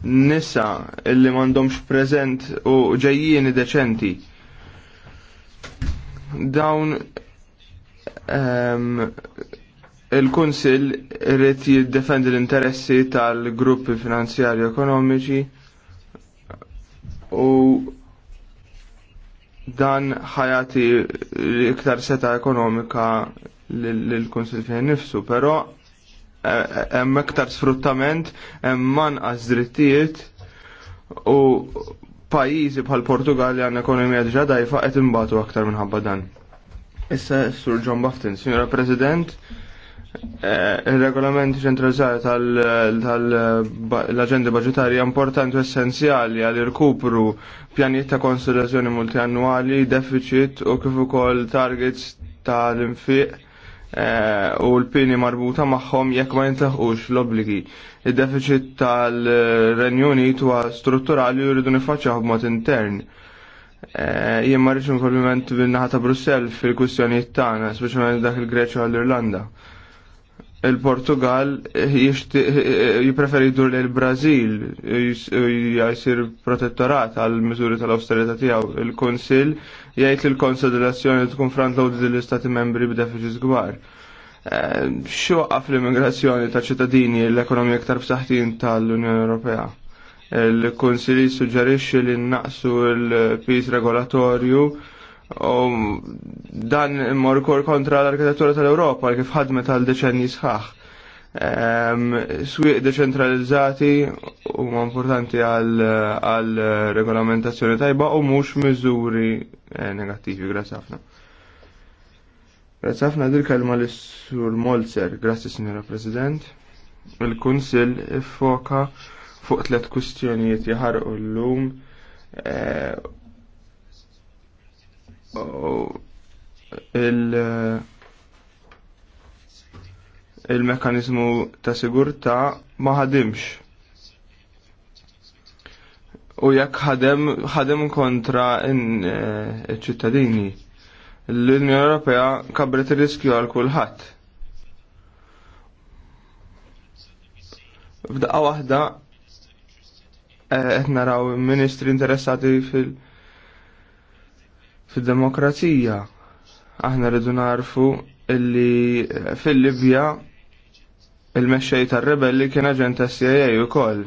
nisa li m'għandhomx preżent u ġejjieni deċenti. Dawn ehm, il-Kunsil rrit jiddefendi l-interessi tal-gruppi finanzjarji ekonomiċi u dan ħajati iktar seta ekonomika l-Kunsil fejn nifsu, pero e- e- hemm iktar sfruttament, hemm manqas drittijiet u pajjiżi bħal Portugalja għan ekonomija diġà dajfa qed imbagħtu aktar minħabba dan. Issa Sur John Bafton, Signora President, Eh, il-regolament ċentralizzat tal-agenda budgetarja importanti u essenzjali għal irkupru pjanijiet ta' konsiderazzjoni multiannuali, deficit u kif ukoll targets tal-infiq eh, u l-pini marbuta magħhom jekk ma jintlaħqux l-obbligi. Id-deficit tal-Renju Unit huwa strutturali u jridu nifaċċaw b'mod intern. Eh, jien ma rridx involviment bin-naħa ta' Brussell fil-kwistjonijiet tagħna, speċjalment dak il-Greċja u l-Irlanda il-Portugal eh, eh, eh, jipreferi dur l brazil jajsir protettorat għal miżuri tal-austerita tijaw. Il-Konsil jgħid li l-konsiderazzjoni tkun frantlaw l-istati membri b'deficit Xo għaf l-immigrazzjoni ta' ċittadini l-ekonomija ktar b'saħtin tal-Unjoni Ewropea. Il-Konsil suġġerixxi li naqsu l-pis regolatorju dan immor kor kontra l-arkitettura tal-Europa kif ħadmet tal deċenni sħaħ. Swieq deċentralizzati u importanti għal regolamentazzjoni tajba u mhux miżuri eh, negattivi. grazie ħafna. Grazie ħafna dil-kelma l-Sur Molzer, grazie Signora President. Il-Kunsil iffoka fuq tliet kustjonijiet jaħarqu l-lum eh, il il-mekanizmu ta' sigurta ma ħadimx. U jekk ħadem ħadem kontra in-ċittadini. Eh, L-Unjoni Ewropea kabret riskju għal kulħadd. F'daqqa waħda eh, qed naraw ministri interessati fil- Fid-demokrazija aħna rridu narfu illi fil-Libja il-mexxej tar-rebelli kien aġent CIA ukoll.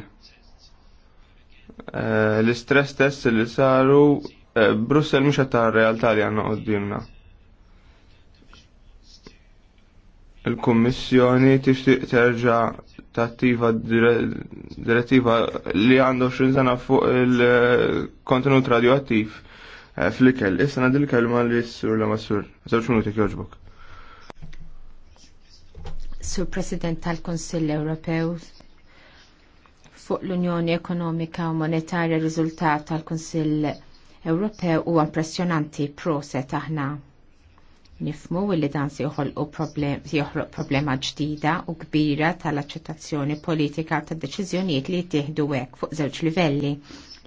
Eh, l-istress test li saru eh, Brussel mhux qed realtà li għandna qudiemna. Il-Kummissjoni tixtieq terġa' tattiva direttiva li għandu 20 sena fuq il-kontenut radioattiv Flikel, ikel Issa għandil kelma li s-sur la mas-sur. Zewċ minuti joġbok? Sur President tal konsil Ewropew fuq l-Unjoni Ekonomika u Monetarja riżultat tal konsil Ewropew u impressjonanti proset aħna nifmu li dan se joħolqu joħroq problema ġdida u kbira tal-aċċettazzjoni politika tad deċiżjonijiet li jittieħdu hekk fuq żewġ livelli.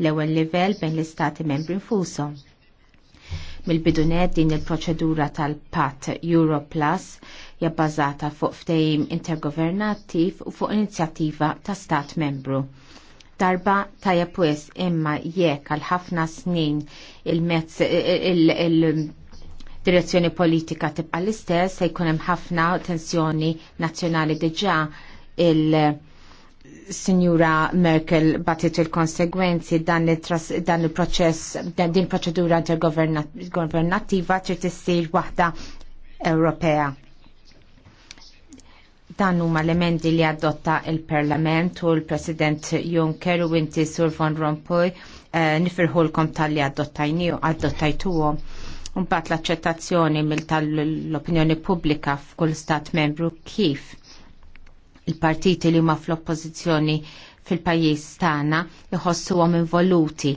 L-ewwel livell bejn l-istati membri nfushom Mill-bidunet din il-proċedura tal-PAT Europlus jabbażata fuq ftehim intergovernattiv u fuq inizjattiva ta' stat membru. Darba ta' pwis imma jekk għal ħafna snin il-mezz il, il direzzjoni politika tibqa l-istess se jkun hemm ħafna tensjoni nazzjonali diġà il- Signora Merkel batit il-konsegwenzi dan il-proċess, din proċedura intergovernattiva trid issir waħda Ewropea. Dan huma l-emendi li adotta il-Parlament u l-President Juncker u inti Sur Von Rompuy eh, nifirħulkom tal-li adottajni u adottajtuhom. l-accettazzjoni mill tal-opinjoni pubblika f'kull stat membru kif il-partiti li huma fl-oppożizzjoni fil-pajjiż tagħna għom involuti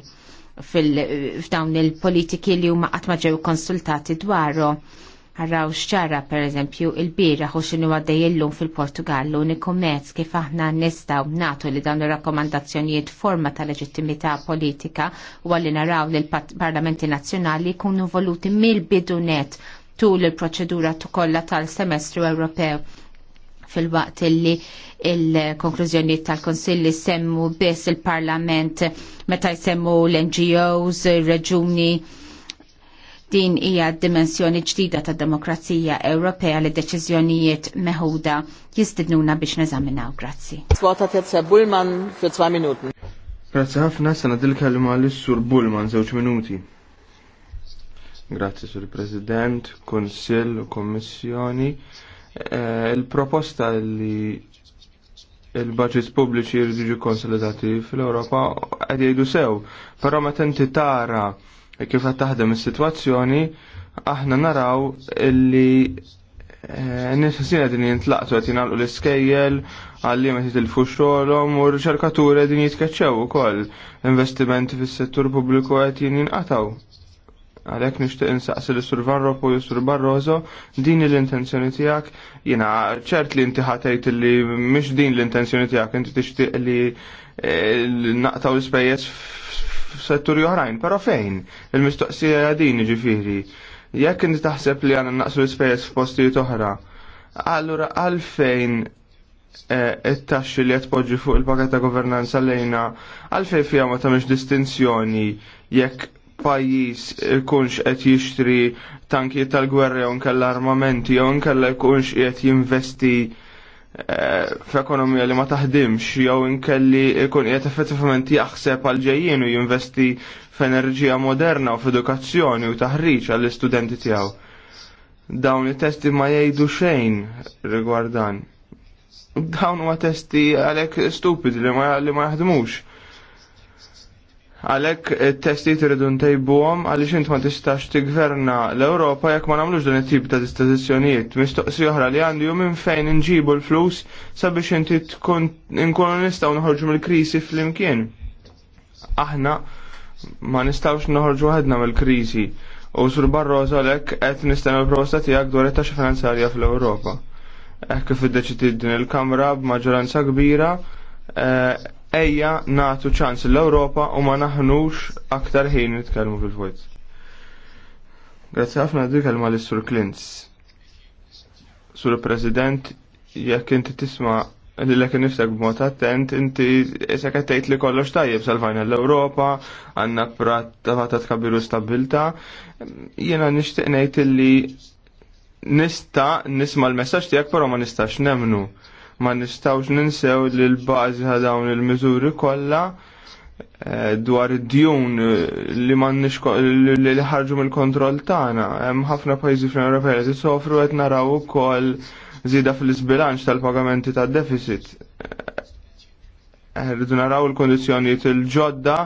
f'dawn il-politiki li huma qatt ma ġew konsultati dwaru. Għarraw xċara per eżempju il-bira u xinu għaddej illum fil-Portugallu mezz kif aħna nistaw natu li dawn il-rakkomandazzjonijiet forma ta' leġittimità politika u għalli naraw li l-Parlamenti Nazzjonali kunu voluti mill-bidunet tul il-proċedura tukolla tal-semestru Ewropew fil-waqt illi il-konklużjoni tal-Konsilli semmu biss il-Parlament meta jsemmu l-NGOs, il-reġuni. Din hija dimensjoni ġdida ta' demokrazija Ewropea li deċiżjonijiet meħuda jistidnuna biex neżaminaw. Grazzi. Grazzi ħafna sena li kelma l-Sur Bullman żewġ minuti. Grazzi Sur President, Konsil u Kommissjoni. Eh, il-proposta li il-budgets pubbliċi jirġiġu konsolidati fil-Europa għed jgħidu sew, però meta inti tara kif qed taħdem is-sitwazzjoni, aħna naraw li eh, n-nies ħasin qegħdin jintlaqtu qed jingħalqu l-iskejjel għalli ma titilfu xogħolhom u r-riċerkaturi qegħdin jitkeċċew ukoll investimenti fis-settur pubbliku qed jinqataw. Għalek nishtiq insaqsi li sur Varro po Sur Barroso din l-intenzjoni tijak jina ċert li inti ħatejt li mish din l-intenzjoni tijak inti tishtiq e, li naqtaw l f f'setturi oħrajn, pero fejn? Il-mistoqsija din ġifiri. Jekk inti taħseb li għana naqsu l-spejjeż f'postijiet oħra, allura għalfejn e, it-taxxi li poġġi fuq il-paket ta' governanza lejna għalfejn fija ma tamiex distinzjoni jekk pajjiż kunx qed jixtri tanki tal-gwerra jew nkella armamenti jew nkella jkunx qed jinvesti eh, f'ekonomija li ma taħdimx jew inkelli jkun qiegħed effettivament jaħseb għal ġejjien u jinvesti f'enerġija moderna u f'edukazzjoni u taħriġ għall-istudenti tiegħu. Dawn it-testi ma jgħidu xejn rigward dan. Dawn huwa testi għalhekk stupidi li ma jaħdmux. Għalek il-testi eh, tridu ntejbuhom għaliex int ma tistax t-gverna l-Ewropa jekk ma nagħmlux dan it-tip ta' dispożizzjonijiet. Mistoqsi oħra li għandi minn fejn inġibu l-flus sabiex inti tkun inkunu nistgħu noħorġu mill-krisi fl-imkien. Aħna ma nistgħux noħorġu ħadna mill-krisi u sur barroza lek qed nistenna l-proposta tiegħek dwar it finanzarja fl-Ewropa. Hekk kif iddeċidi din il-Kamra b'maġġoranza kbira eh, ejja natu ċans l-Europa u ma naħnux aktar ħin nitkellmu fil-vojt. Grazzi ħafna dik kelma l sur Klintz. Sur President, jekk inti tisma' Lillek nifsek b'mod attent, inti isek għattejt li kollox tajjeb salvajna l-Europa, għanna tafata tkabiru stabilta, jena nishtiqnejt ngħid li nista nisma' l-messaġġ tiegħek però ma nistax nemnu ma nistawx ninsew li l-bażi ta' dawn il-miżuri kollha eh, dwar id-djun eh, li ma li ħarġu mill-kontroll tagħna. Hemm ħafna pajjiżi fl-Ewropea li sofru qed naraw ukoll żieda fil-isbilanċ tal-pagamenti tad-deficit. Eh, rridu naraw il-kondizjonijiet il-ġodda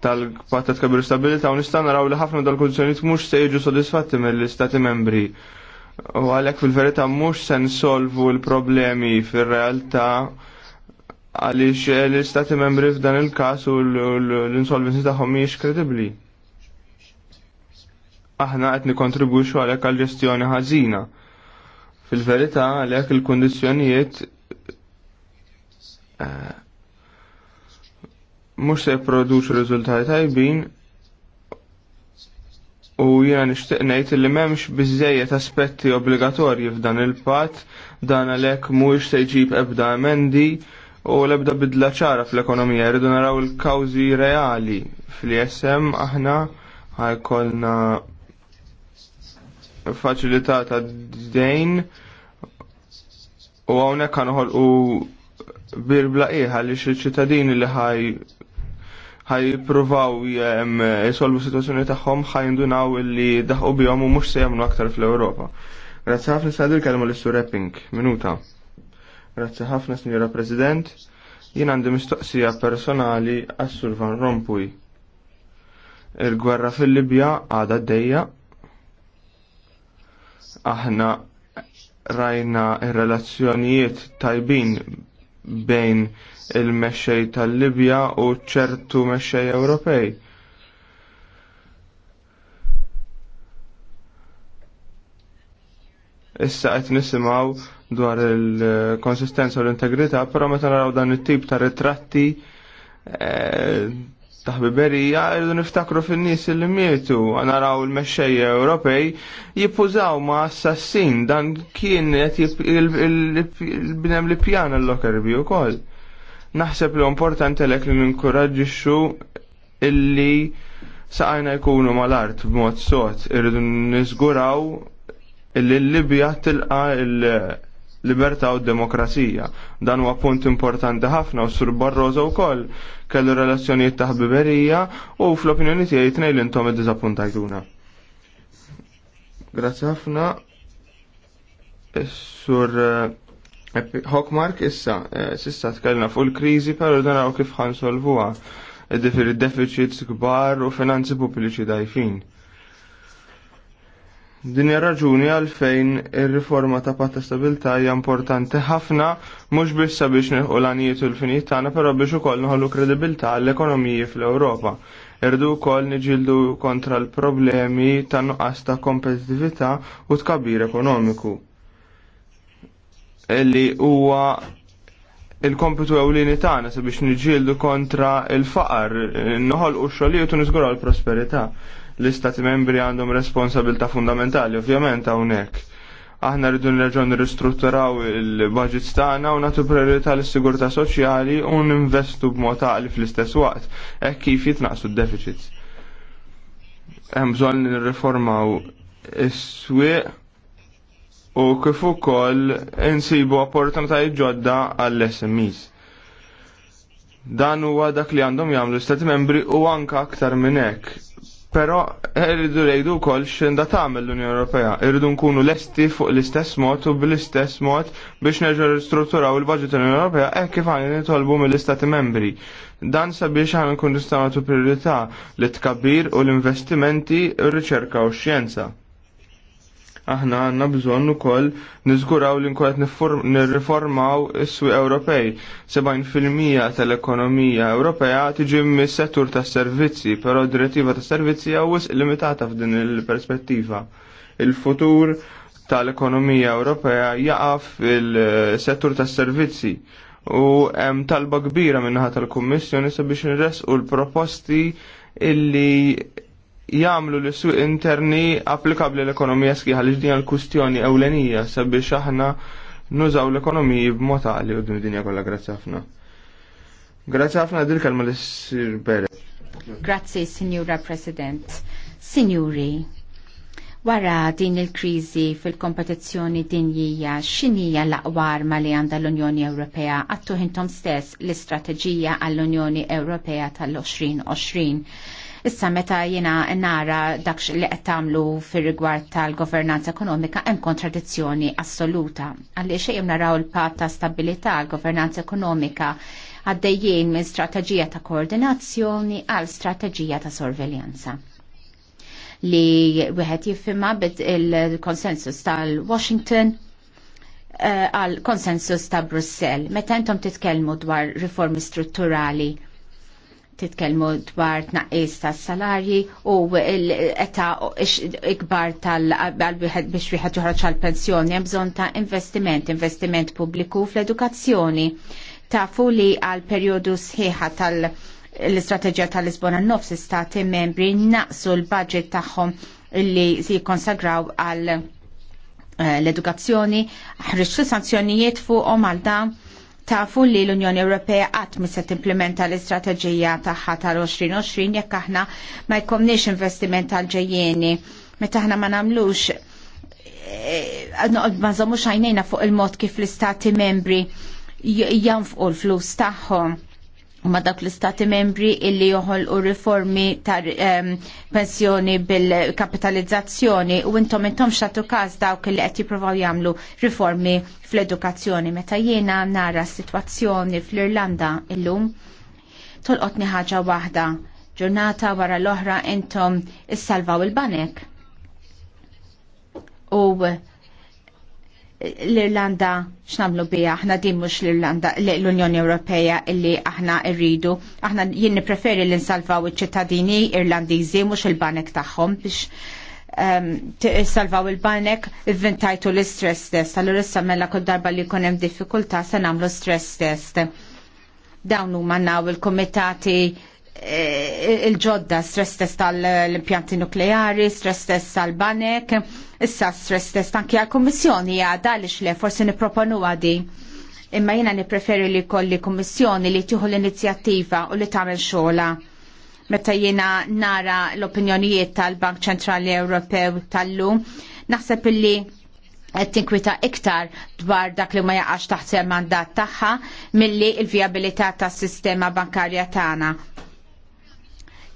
tal-patat kabir stabilita u nista' naraw li ħafna dal-kondizjonijiet mhux se jiġu sodisfatti mill-Istati membri u għalhekk fil-verità mhux se nsolvu l-problemi fir-realtà għaliex eh, l-istati membri f'dan il-każ u l-insolvenzi tagħhom mhijiex kredibbli. Aħna qed kontribuċu għalhekk għal ġestjoni ħażina. Fil-verità għalhekk il-kundizzjonijiet eh, mux se produċu rizultati tajbin U jena nishtiq ngħid li m'hemmx biżejjed aspetti obbligatorji f'dan il pat dan għalhekk mhuwiex se jġib ebda emendi u l-ebda bidla ċara fl-ekonomija rridu naraw il-kawżi reali fl-ISM aħna għajkolna faċilità ta' dejn u hawnhekk u birbla ieħa li xi ċittadini li ħaj ħajpruvaw jisolvu situazzjoni tagħhom ħajndunaw illi daħqu bihom u mhux se jagħmlu aktar fl-Ewropa. Grazzi ħafna sadir kelmu l Repping. minuta. Grazzi ħafna Sinjora President, jien għandi mistoqsija personali għas Van Rompuy. Il-gwerra fil-Libja għadha d-dejja. Aħna rajna il relazzjonijiet tajbin bejn il-mexxej tal-Libja u ċertu mexxej Ewropej. Issa qed nisimgħu dwar il-konsistenza u l-integrità, però meta naraw dan it-tip ta' ritratti taħbiberija irridu niftakru fin-nies li mietu naraw il mexxej Ewropej jippużaw ma' assassin dan kien qed il-bnem li pjana l lokerbi wkoll. Naħseb li importanti lek li ninkoraġġixxu illi saqajna jkunu mal-art b'mod sot irridu niżguraw illi l-Libja tilqa l-libertà u d-demokrazija. Dan huwa punt importanti ħafna u sur Barroso wkoll kellu relazzjonijiet ta' ħbiberija u fl-opinjoni tiegħi li intom iddiżappuntajtuna. Grazzi ħafna. Sur eh, Hawkmark issa, eh, sissa tkellna fuq il-krizi, pero naraw kif ħansolvuha. id deficits kbar u finanzi pubbliċi dajfin. Din ir raġuni għalfejn ir-riforma ta' patta stabilità hija importanti ħafna mhux biss sabiex neħu l-għanijiet u l-finijiet tagħna, però biex ukoll noħollu kredibilità l-ekonomiji fl-Ewropa. Irdu wkoll niġildu kontra l-problemi ta' nuqqas ta' kompetitività u tkabbir ekonomiku li huwa il-kompitu ewlieni tagħna sabiex niġġieldu kontra il-faqar, noħolqu x-xogħlijiet u niżguraw l-prosperità. L-istati membri għandhom responsabilità fundamentali, ovvjament hawnhekk. Aħna rridu nerġgħu nirristrutturaw il-budgets tagħna u nagħtu priorità lis-sigurtà soċjali u ninvestu b'mod għaqli fl-istess waqt, hekk kif jitnaqsu d-deficits. Hemm bżonn nirriformaw is-swieq u kif ukoll insibu opportunitajiet ġodda għall-SMEs. Dan huwa dak li għandhom jagħmlu stati membri u anka aktar minn hekk. Però rridu rejdu wkoll x'inda tagħmel l-Unjoni Ewropea. Irridu nkunu lesti fuq l-istess mod u bl-istess mod biex nerġgħu ristrutturaw il-baġġet l-Unjoni Ewropea hekk kif għandna nitolbu mill-Istati Membri. Dan sabiex għandna nkun nistgħu priorità li tkabbir u l-investimenti, r-riċerka u x-xjenza aħna għanna bżonn ukoll niżguraw li nkun nirriformaw is swi Ewropej. 70% tal-ekonomija Ewropea tiġi mis-settur tas-servizzi, però d-direttiva tas-servizzi għawis limitata f'din il-perspettiva. Il-futur tal-ekonomija Ewropea jaqaf il-settur tas-servizzi u hemm talba kbira minnaħat tal-Kummissjoni sabiex nresqu l-proposti illi Jamlu l-suq interni applikabli l-ekonomija sħiħa li ġdina l-kustjoni ewlenija sabiex aħna nużaw l-ekonomiji b'mod għali u dinja kollha grazzi ħafna. Grazzi ħafna dil-kelma li sir Grazzi, Signora President. Signori, wara din il-krizi fil-kompetizzjoni dinjija x'inhija l ma li għandha l-Unjoni Ewropea għattu hintom stess l-istrateġija għall-Unjoni Ewropea tal-2020 Issa meta jiena nara dak li qed tagħmlu fir-rigward tal-governanza ekonomika hemm kontradizzjoni assoluta. Għaliex xejn naraw il-pat ta' stabilità l-governanza ekonomika għaddejjien minn strateġija ta' koordinazzjoni għal strateġija ta' sorveljanza li wieħed jiffimma bid il-konsensus tal-Washington eh, għal konsensus ta' Brussell. Meta intom titkellmu dwar riformi strutturali titkellmu dwar tnaqqis tas-salarji u l-età ikbar tal-wieħed biex wieħed joħroġ għall-pensjoni hemm bżonn ta' investiment, investiment pubbliku fl-edukazzjoni. Tafu li għal perjodu sħiħa tal- l-istrateġija tal-Lisbona nofs istati membri naqsu l-budget tagħhom li jikkonsagraw għal eh, l-edukazzjoni, ħriġtu sanzjonijiet fuqhom għal dan tafu li l-Unjoni Ewropea qatt miset se timplementa l-istrateġija tagħha tal-2020 jekk aħna ma jkomniex investiment tal-ġejjeni. Meta aħna ma nagħmlux eh, ma żommux għajnejna fuq il-mod kif l-istati membri janfqu l-flus tagħhom u ma dak l-istati membri illi joħol u riformi ta' um, ehm, pensjoni bil-kapitalizzazzjoni u intom intom xatu każ dawk li qed provaw jagħmlu riformi fl-edukazzjoni meta jiena nara s-sitwazzjoni fl-Irlanda illum tolqotni ħaġa waħda ġurnata wara l-oħra intom salvaw il-banek u l-Irlanda x'namlu biha aħna din mhux l-Irlanda l-Unjoni Ewropea illi aħna rridu. Aħna jien nippreferi li nsalvaw iċ-ċittadini Irlandiżi mhux il-banek tagħhom biex ehm, salvaw il-banek ivvintajtu l-stress test. Allura issa mela kull darba li jkun hemm diffikultà se nagħmlu stress test. Dawn huma naw il-kumitati Eh, il-ġodda stress test tal-impjanti nukleari, stress test tal-banek, issa stress test anki għal-kommissjoni għada li xle forsi niproponu għadi. Imma jina nipreferi li kolli kommissjoni li tiħu l-inizjattiva u li tamel xola. Meta jina nara l-opinjonijiet tal-Bank Ċentrali Ewropew tal-lum, naħseb illi qed tinkwita iktar dwar dak li ma jaqax taħt il-mandat tagħha milli l-vjabilità tas-sistema bankarja tagħna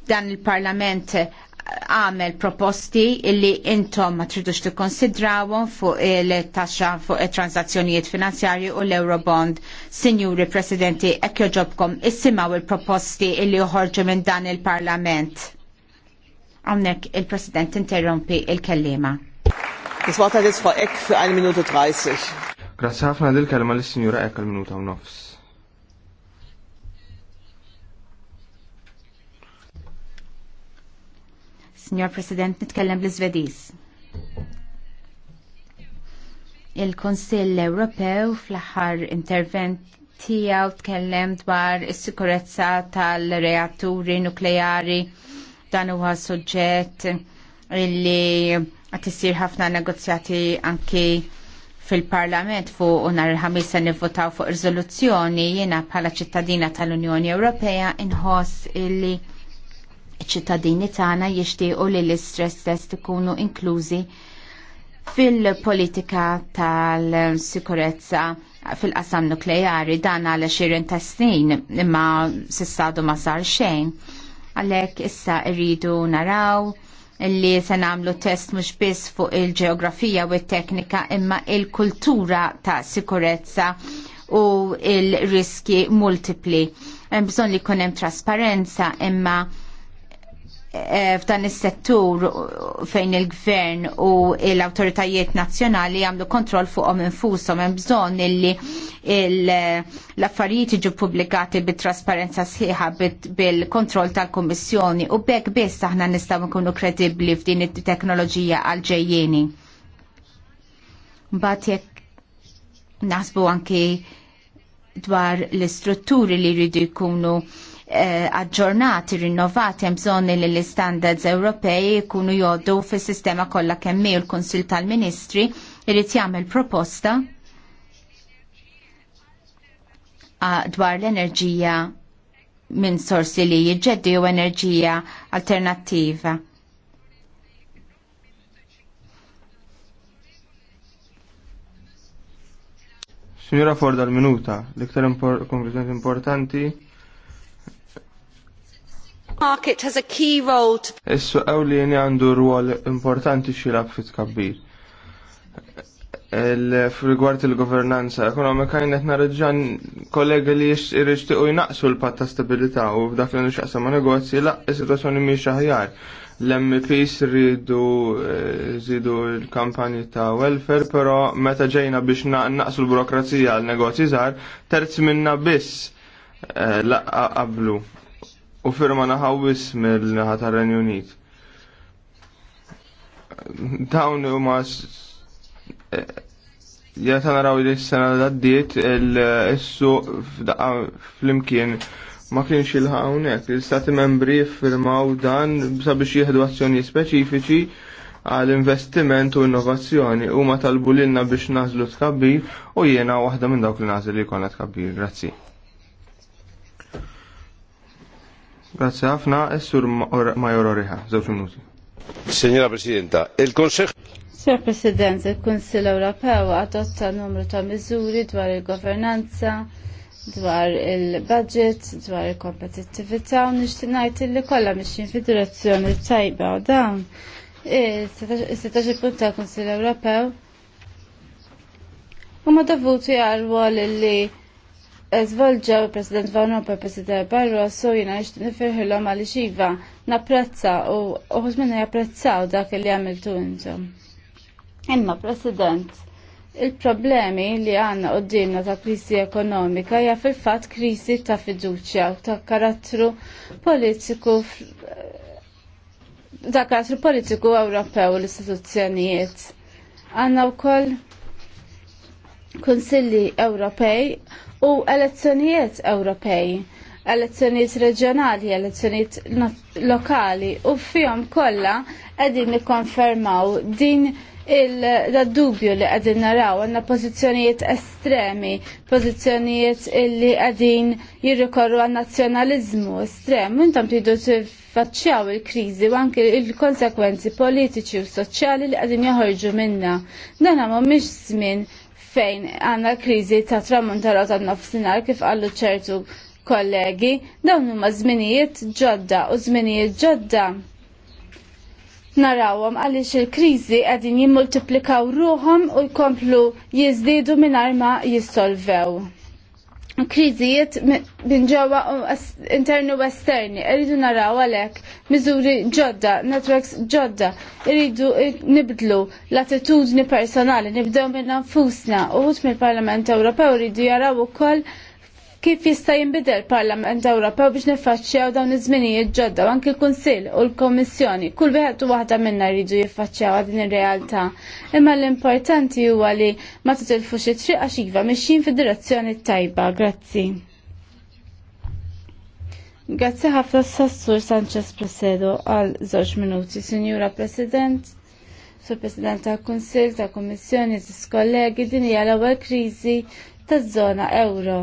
dan il-Parlament għamel proposti illi intom ma tridux tikkonsidrawhom fuq il-taxxa fuq it-transazzjonijiet finanzjarji u l-Eurobond. Sinjuri Presidenti, hekk joġobkom issimaw il-proposti illi uħorġu minn dan il-Parlament. Għamnek il-President interrompi il-kellima. Das l-isfa jetzt Frau 1 30. Grazie ħafna dil-kelma l-Sinjura Eck għal minuta u nofs. Signor President, nitkellem bl-Svediż. Il-Konsill Ewropew fl-aħħar intervent tiegħu tkellem dwar is-sikurezza tal-reatturi nukleari dan huwa suġġett illi qed issir ħafna negozjati anki fil-Parlament fuq nhar il-ħamis se nivvotaw fuq riżoluzzjoni jiena bħala ċittadina tal-Unjoni Ewropea inħoss illi ċittadini tagħna jixtiequ li l-istress test ikunu inklużi fil-politika tal-sikurezza fil-qasam nukleari dan għal 20 ta' snin imma s-sadu ma sar xejn. Għalhekk issa rridu naraw li se nagħmlu test mhux biss fuq il-ġeografija u t-teknika imma il-kultura ta' sikurezza u il-riski multipli. Bżon li kunem trasparenza imma Eh, f'dan is-settur fejn il-gvern u l-awtoritajiet nazzjonali għamlu kontroll fuqhom infushom hemm bżonn illi l-affarijiet iġu pubblikati bit-trasparenza sħiħa bil-kontroll tal-Kummissjoni u bekk biss aħna nistgħu nkunu kredibbli f'din it-teknoloġija għal ġejjieni. Mbagħad jekk naħsbu anki dwar l-istrutturi li jridu jkunu eh, aġġornati, rinnovati, hemm bżonn li l-istandards Ewropej jkunu jgħoddu fis-sistema kollha kemm u l kunsill tal-Ministri irid jagħmel proposta dwar l-enerġija minn sorsi li jiġġeddi u enerġija alternattiva. Signora Ford, al minuta, l-iktar konklużjoni importanti Market has a key role to... Issu ewlieni għandu rwol importanti xilab fit kabbir. Il-frigwart il-governanza ekonomika jnet narraġan kollega li jirriġti u jnaqsu l-patta stabilita u f'dak li nxaqsa ma negozji la situazzjoni mi xaħjar l-MPs rridu eh, zidu l-kampanji ta' welfare, pero meta ġejna biex naqsu l-burokrazija l negozji żgħar, terz minna biss eh, laqqa qablu u firma naħawis mill-naħa ta' renju Unit. Dawn huma e, jeta naraw li s-sena l-addiet il-essu fl-imkien ma kienx il-ħawnek. Il-stati membri firmaw dan sabiex jihdu azzjoni speċifiċi għal investiment u innovazzjoni u ma talbu l biex nażlu tkabbir u jiena waħda minn dawk li nazli li konna tkabbir. Grazzi. Grazie ħafna, Essur Major Oriħa, żewġ minuti. Signora Presidenta, il-Konseħ. Sir President, il-Kunsill Ewropew adotta numru ta' miżuri dwar il-governanza, dwar il-budget, dwar il-kompetittività u nixtieq li illi kollha mixjin fid-direzzjoni tajba u dawn. il 16 punt tal-Kunsill Ewropew huma dovuti għal wol Ezvolġa u president Van per President Barroso, jina jiex nifirħilhom għal xiva, napprezza u uħuż minna japprezzaw dak li għamiltu intom. Imma President, il-problemi li għanna dinna ta' krisi ekonomika hija fil-fatt krisi ta' fiduċja u ta' karattru politiku ta' karattru politiku Ewropew l-istituzzjonijiet. Għanna wkoll Konsilli Ewropej u elezzjonijiet Ewropej, elezzjonijiet reġjonali, elezzjonijiet lokali u fihom kollha qegħdin nikkonfermaw din il-dubju li qegħdin naraw għandna pożizzjonijiet estremi, pożizzjonijiet illi qegħdin jirrikorru għan nazzjonaliżmu estrem, intom tidu tiffaċċjaw il kriżi u anke il-konsekwenzi politiċi u soċjali li qegħdin joħorġu minna. Dan m'humiex miex fejn għanna krizi ta' tramuntara ta' nofsinar kif għallu ċertu kollegi, dawn huma żminijiet ġodda u żminijiet ġodda narawhom għaliex il-kriżi qegħdin jimmultiplikaw ruhom u jkomplu jiżdiedu mingħajr ma jissolvew kriżijiet minn ġewwa interni u esterni, irridu naraw għalhekk miżuri ġodda, networks ġodda, irridu eh, nibdlu l-attitudni personali, nibdew minn nfusna u mill-Parlament Ewropew irridu jaraw ukoll kif jista' jinbidel Parlament Ewropew biex niffaċċjaw dawn iż-żminijiet ġodda anke l-Kunsill u l-Kommissjoni. Kull wieħed u waħda minnha jridu jiffaċċjaw din ir-realtà. Imma l-importanti huwa li ma titilfux it-triq għax iva mixjin fid-direzzjoni tajba. Grazzi. Grazzi ħafna s-sassur Sanchez Presedo għal żewġ minuti, Sinjura President. Sur President tal Kunsil, tal Kommissjoni, tal kollegi, din hija l-ewwel kriżi taż-żona euro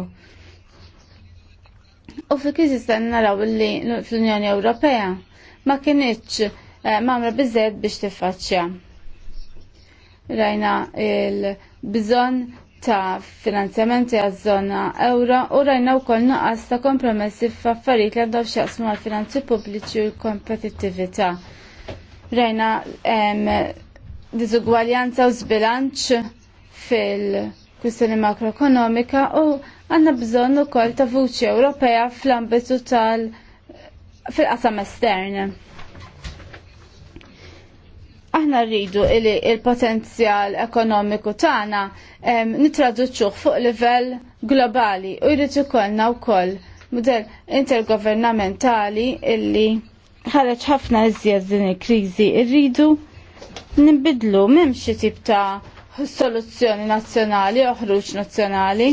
U fi kizi stan naraw li fl-Unjoni Ewropea ma kienieċ eh, mamra bizzed biex tiffaċċja. Rajna il-bżon ta' finanzjamenti għaż-żona euro u rajna wkoll nuqqas ta' kompromessi f'affarijiet li għandhom x'jaqsmu għal finanzi pubbliċi u l-kompetittività. Rajna diżugwaljanza u żbilanċ fil- kwistjoni makroekonomika u għanna bżonn ukoll ta' vuċi Ewropea fl-ambitu tal fil-qasam estern. Aħna rridu li il-potenzjal ekonomiku tagħna nitraduċuh fuq livell globali u jrid ikollna wkoll mudell intergovernamentali illi ħareġ ħafna iżjed din il-kriżi rridu nibidlu m'hemm xi tip ta' soluzzjoni nazzjonali u ħruġ nazzjonali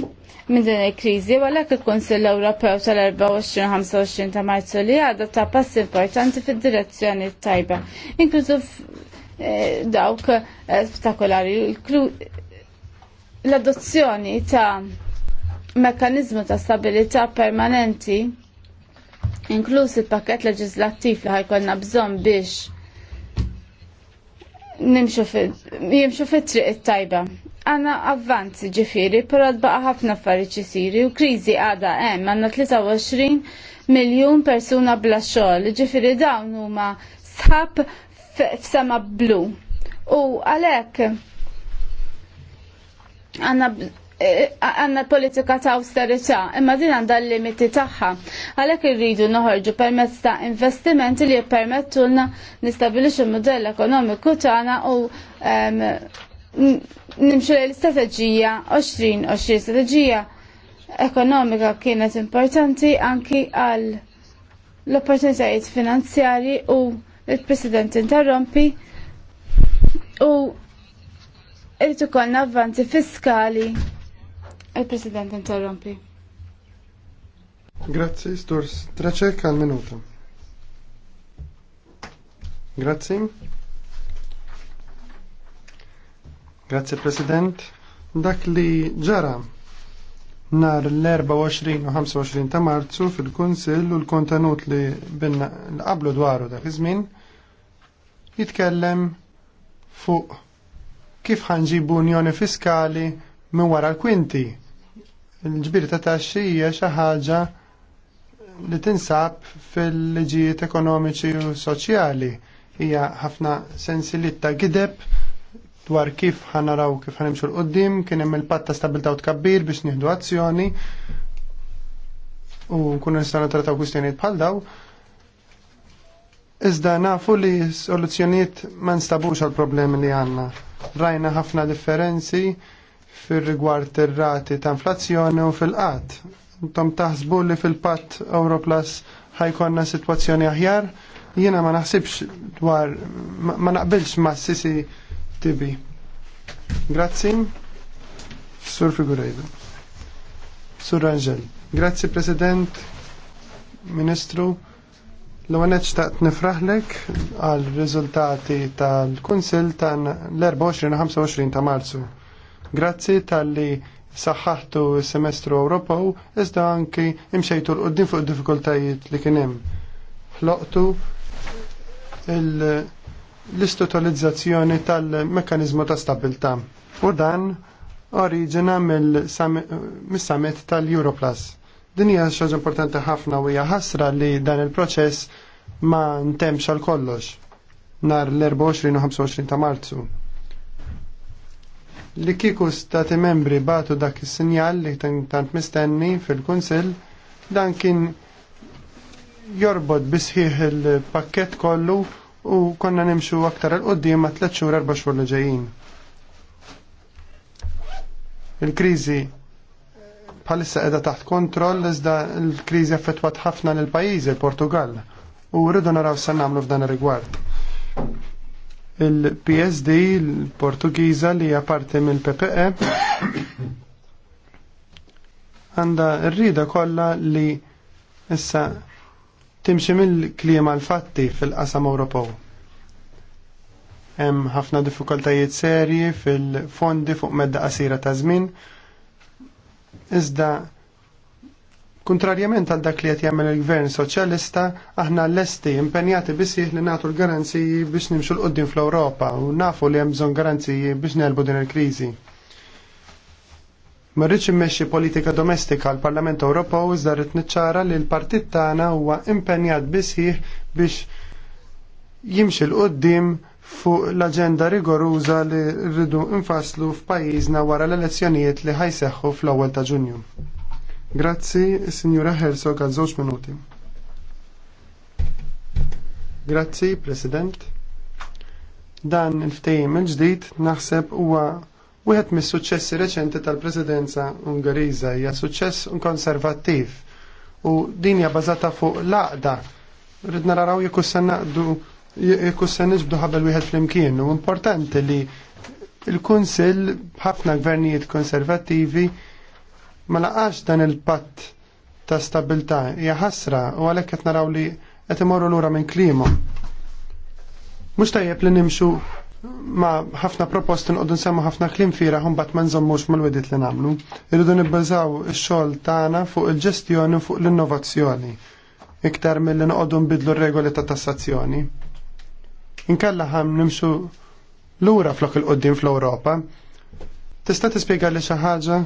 minn din il-kriżi għalhekk il-Kunsill Ewropew tal-24-25 ta' Marzu li għadha ta' pass importanti fid-direzzjoni tajba, inkluzu eh, dawk eh, spettakolari l-adozzjoni ta' mekanizmu ta' stabilità permanenti inkluż il-pakket leġislattiv li ħajkonna bżonn biex nimxu jimxu fit-triq it-tajba. Għanna avvanzi ġifiri, pero baqa ħafna affarijiet isiri eh, u kriżi għada hemm għandna 23 miljun persuna bla xogħol, ġifiri dawn huma sħab f'sema blu. U għalhekk għandna għanna politika ta' austerità, imma din għanda l-limiti taħħa. Għalek irridu noħorġu permezz ta' investimenti li nistabilix il modell ekonomiku tagħna u nimxu l-istrateġija 20-20 strateġija ekonomika kienet importanti anki għal l-opportunitajiet finanzjari u il-President interrompi u irtu konna avvanti fiskali Il-President interrompi. Grazzi, sturz Traċek għal minuta. Grazzi. Grazzi, President. Dak li ġara nar l-24 u 25 ta' marzu fil-Kunsill u l-kontenut li binna l-qablu dwaru dak iż-żmien jitkellem fuq kif ħanġibu unjoni fiskali minn wara l-kwinti il ġbiri ta' taxxija xi ħaġa li tinsab fil-liġijiet ekonomiċi u soċjali. Hija ħafna sensilitta gideb dwar kif ħanaraw kif ħanimxu l-qoddim, kien hemm il patta stabilta' u tkabbir biex nieħdu azzjoni u nkunu nistgħu trataw kwistjonijiet bħal daw. Iżda nafu li soluzzjonijiet ma nstabux għal problemi li għandna. Rajna ħafna differenzi fil-rigward ir-rati ta' inflazzjoni u fil-qat. Intom taħsbu li fil-pat Europlus ħajkonna situazzjoni aħjar, jiena ma naħsibx dwar, ma naqbilx ma sisi tibi. Grazzi, Sur Figurejdu. Sur Angel. Grazzi President, Ministru, l-għanet xtaqt nifraħlek għal rizultati tal-Kunsil tal-24-25 ta' Marzu. Grazzi tal-li saħħaħtu semestru Ewropew iżda anki imxejtu l-qoddim fuq diffikultajiet li kien hemm. Ħloqtu l istutualizzazzjoni tal mekanizmu ta' stabilta. u dan oriġina mill-summit tal-Europlus. Din hija ħaġa importanti ħafna u hija ħasra li dan il-proċess ma ntemx għal kollox nar l-24 u 25 ta' Marzu li kiku stati membri batu dak is-sinjal li tant mistenni fil-Kunsill dan kien jorbot bisħiħ il-pakket kollu u konna nimxu aktar l-qoddim ma' tliet xhur erba' xhur li ġejjin. Il-kriżi bħalissa qiegħda taħt kontroll iżda l-kriżi affettwat ħafna l pajjiżi il-Portugal u rridu naraw se nagħmlu f'dan ir-rigward il-PSD, il-Portugiza li hija mill-PPE, għanda rrida kollha li issa timxi mill-klima l-fatti fil-qasam Ewropew. Hemm ħafna diffikultajiet serji fil-fondi fuq medda qasira ta' żmien, iżda Kontrarjament għal dak li qed jagħmel il-Gvern Soċjalista, aħna lesti impenjati bisih li nagħtu l-garanziji biex nimxu l qudiem fl-Ewropa u nafu li hemm bżonn garanziji biex nelbu din il-kriżi. Ma rridx immexxi politika domestika l parlament Ewropew iżda rrid niċċara li l-partit tagħna huwa impenjat bisih biex jimxi l qudiem fuq l-aġenda rigoruża li rridu nfasslu f'pajjiżna wara l-elezzjonijiet li ħajseħħu fl-ewwel ta' Ġunju. Grazzi, signora Herzog, għal żewġ minuti. Grazzi, President. Dan il-ftehim il-ġdid naħseb huwa wieħed mis-suċċessi reċenti tal-Presidenza Ungariża hija suċċess konservattiv u din hija bażata fuq l-għaqda. Rid naraw jekk se naqdu jekk se niġbdu ħabel wieħed flimkien u importanti li il-Kunsill b'ħafna gvernijiet konservattivi ma laqax dan il-patt ta' stabilta hija ħasra u għalhekk qed naraw li qed imorru lura minn klima. Mhux tajjeb li nimxu ma' ħafna proposti nqogħdu nsemmu ħafna kliem fira mbagħad ma nżommux mal-wedit li nagħmlu. Irridu nibbażaw ix-xogħol tagħna fuq il-ġestjoni fuq l-innovazzjoni iktar milli noqogħdu nbidlu r-regoli ta' tassazzjoni. Inkella ħam nimxu lura flok il-qoddim fl-Ewropa. Tista' tispjega li xi ħaġa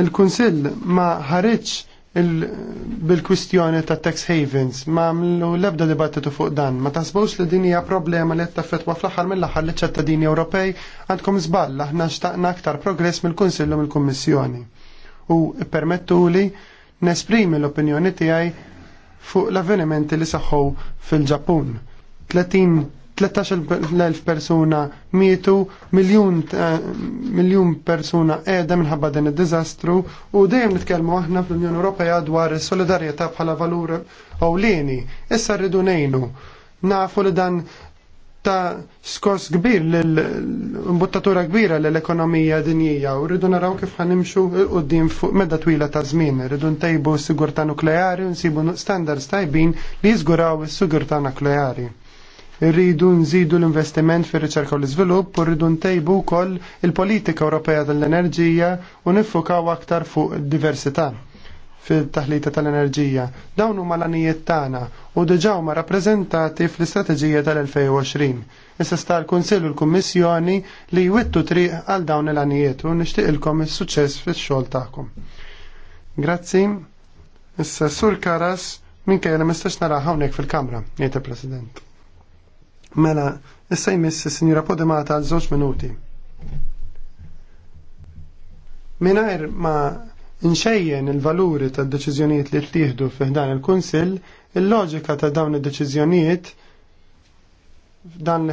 Il-Kunsill ma ħareċ bil-kwistjoni ta' tax havens, ma għamlu lebda dibattitu fuq dan, ma tasbux li din hija problema li taffetwa fl-aħħar mill-aħħar li ċittadini Ewropej għandkom żball aħna xtaqna aktar progress mill-Kunsill u mill-Kummissjoni. U permettu li nesprimi l-opinjoni tiegħi fuq l-avvenimenti li saħħu fil-Ġappun. 30 13.000 persuna mietu, miljun, eh, miljun persuna edha minħabba din id-dizastru u dejjem nitkellmu aħna fl-Unjoni Ewropea dwar is-solidarjetà bħala valur ewlieni. Issa rridu ngħinu. Nafu li dan ta' skos kbir l-imbuttatura kbira l-ekonomija dinjija u rridu naraw kif ħanimxu qudiem fuq medda twila ta' żmien. Rridu ntejbu s ta' nukleari u nsibu standards tajbin li jżguraw is-sigurtà nukleari. Irridu nżidu l-investiment fir riċerka u l-iżvilupp u rridu ntejbu wkoll il-politika Ewropea tal-enerġija u niffukaw aktar fuq diversità fil-taħlita tal-enerġija. Dawn huma l-anijiet tagħna u diġà huma rappreżentati fl-istrateġija tal-2020. Issa sta l-Kunsill u l-Kummissjoni li jwittu triq għal dawn l-anijiet u nixtieqilkom is-suċċess fix-xogħol tagħkom. Grazzi. Issa Sur Karas minn li mistax naraħ hawnhekk fil-Kamra, jgħid il-President. Mela, issa jmiss s sinjura Podemata għal żewġ minuti. Minajr ma nxejjen il-valuri tad deċiżjonijiet li ttieħdu fiħdan il-Kunsill, il-loġika ta' dawn id-deċiżjonijiet f'dan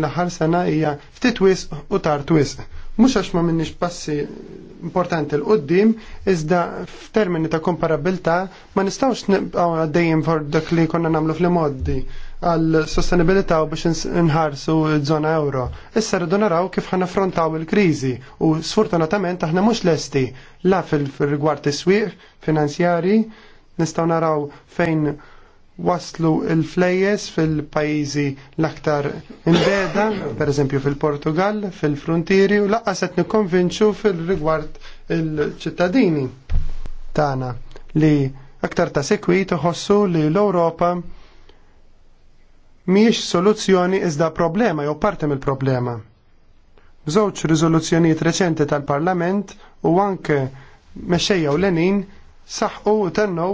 l-ħar sena hija ftit wisq u tar wisq. Mhux għax ma minnix passi importanti l-qoddim, iżda f'termini ta' komparabilità ma nistgħux nibqgħu għaddejjin for dak li konna nagħmlu fl-modi għal sostenibilità u biex nħarsu żona euro. Issa rridu naraw kif ħana affrontaw il-kriżi u sfortunatament aħna mhux lesti la fil-rigward is-swieq finanzjari nistgħu naraw fejn waslu il-flejes fil-pajizi l-aktar imbeda, per eżempju fil-Portugal, fil-frontieri, u laqqa set nikonvinċu fil-rigward il-ċittadini tagħna li aktar ta' sekwit uħossu li l-Europa miex soluzzjoni iżda problema jew parte mill-problema. Bżewġ riżoluzzjonijiet reċenti tal-Parlament u anke mexxejja u lenin saħqu u tennu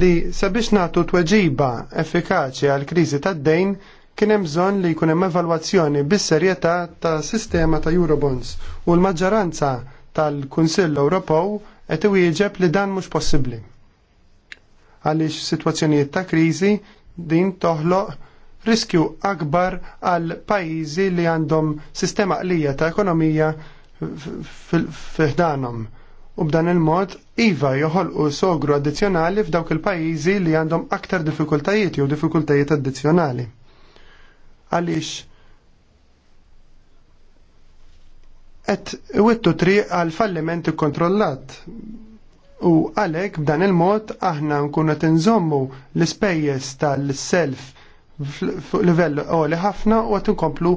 li sabiex nagħtu tweġiba effikaċi għal kriżi tad-dejn kien hemm bżonn li jkun hemm evalwazzjoni bis-serjetà ta' sistema ta' Eurobonds u l-maġġoranza tal-Kunsill Ewropew qed iwieġeb li dan mhux possibbli għaliex situazzjonijiet ta' kriżi din toħloq riskju akbar għal pajjiżi li għandhom sistema qlija ta' ekonomija fiħdanhom. U b'dan il-mod iva joħolqu sogru addizzjonali f'dawk il-pajjiżi li għandhom aktar diffikultajiet jew diffikultajiet addizzjonali. Għaliex qed iwittu triq għal falliment ikkontrollat U għalek b'dan il-mod aħna nkunu tinżommu l-ispejjeż tal-self fuq livell għoli ħafna u għat nkomplu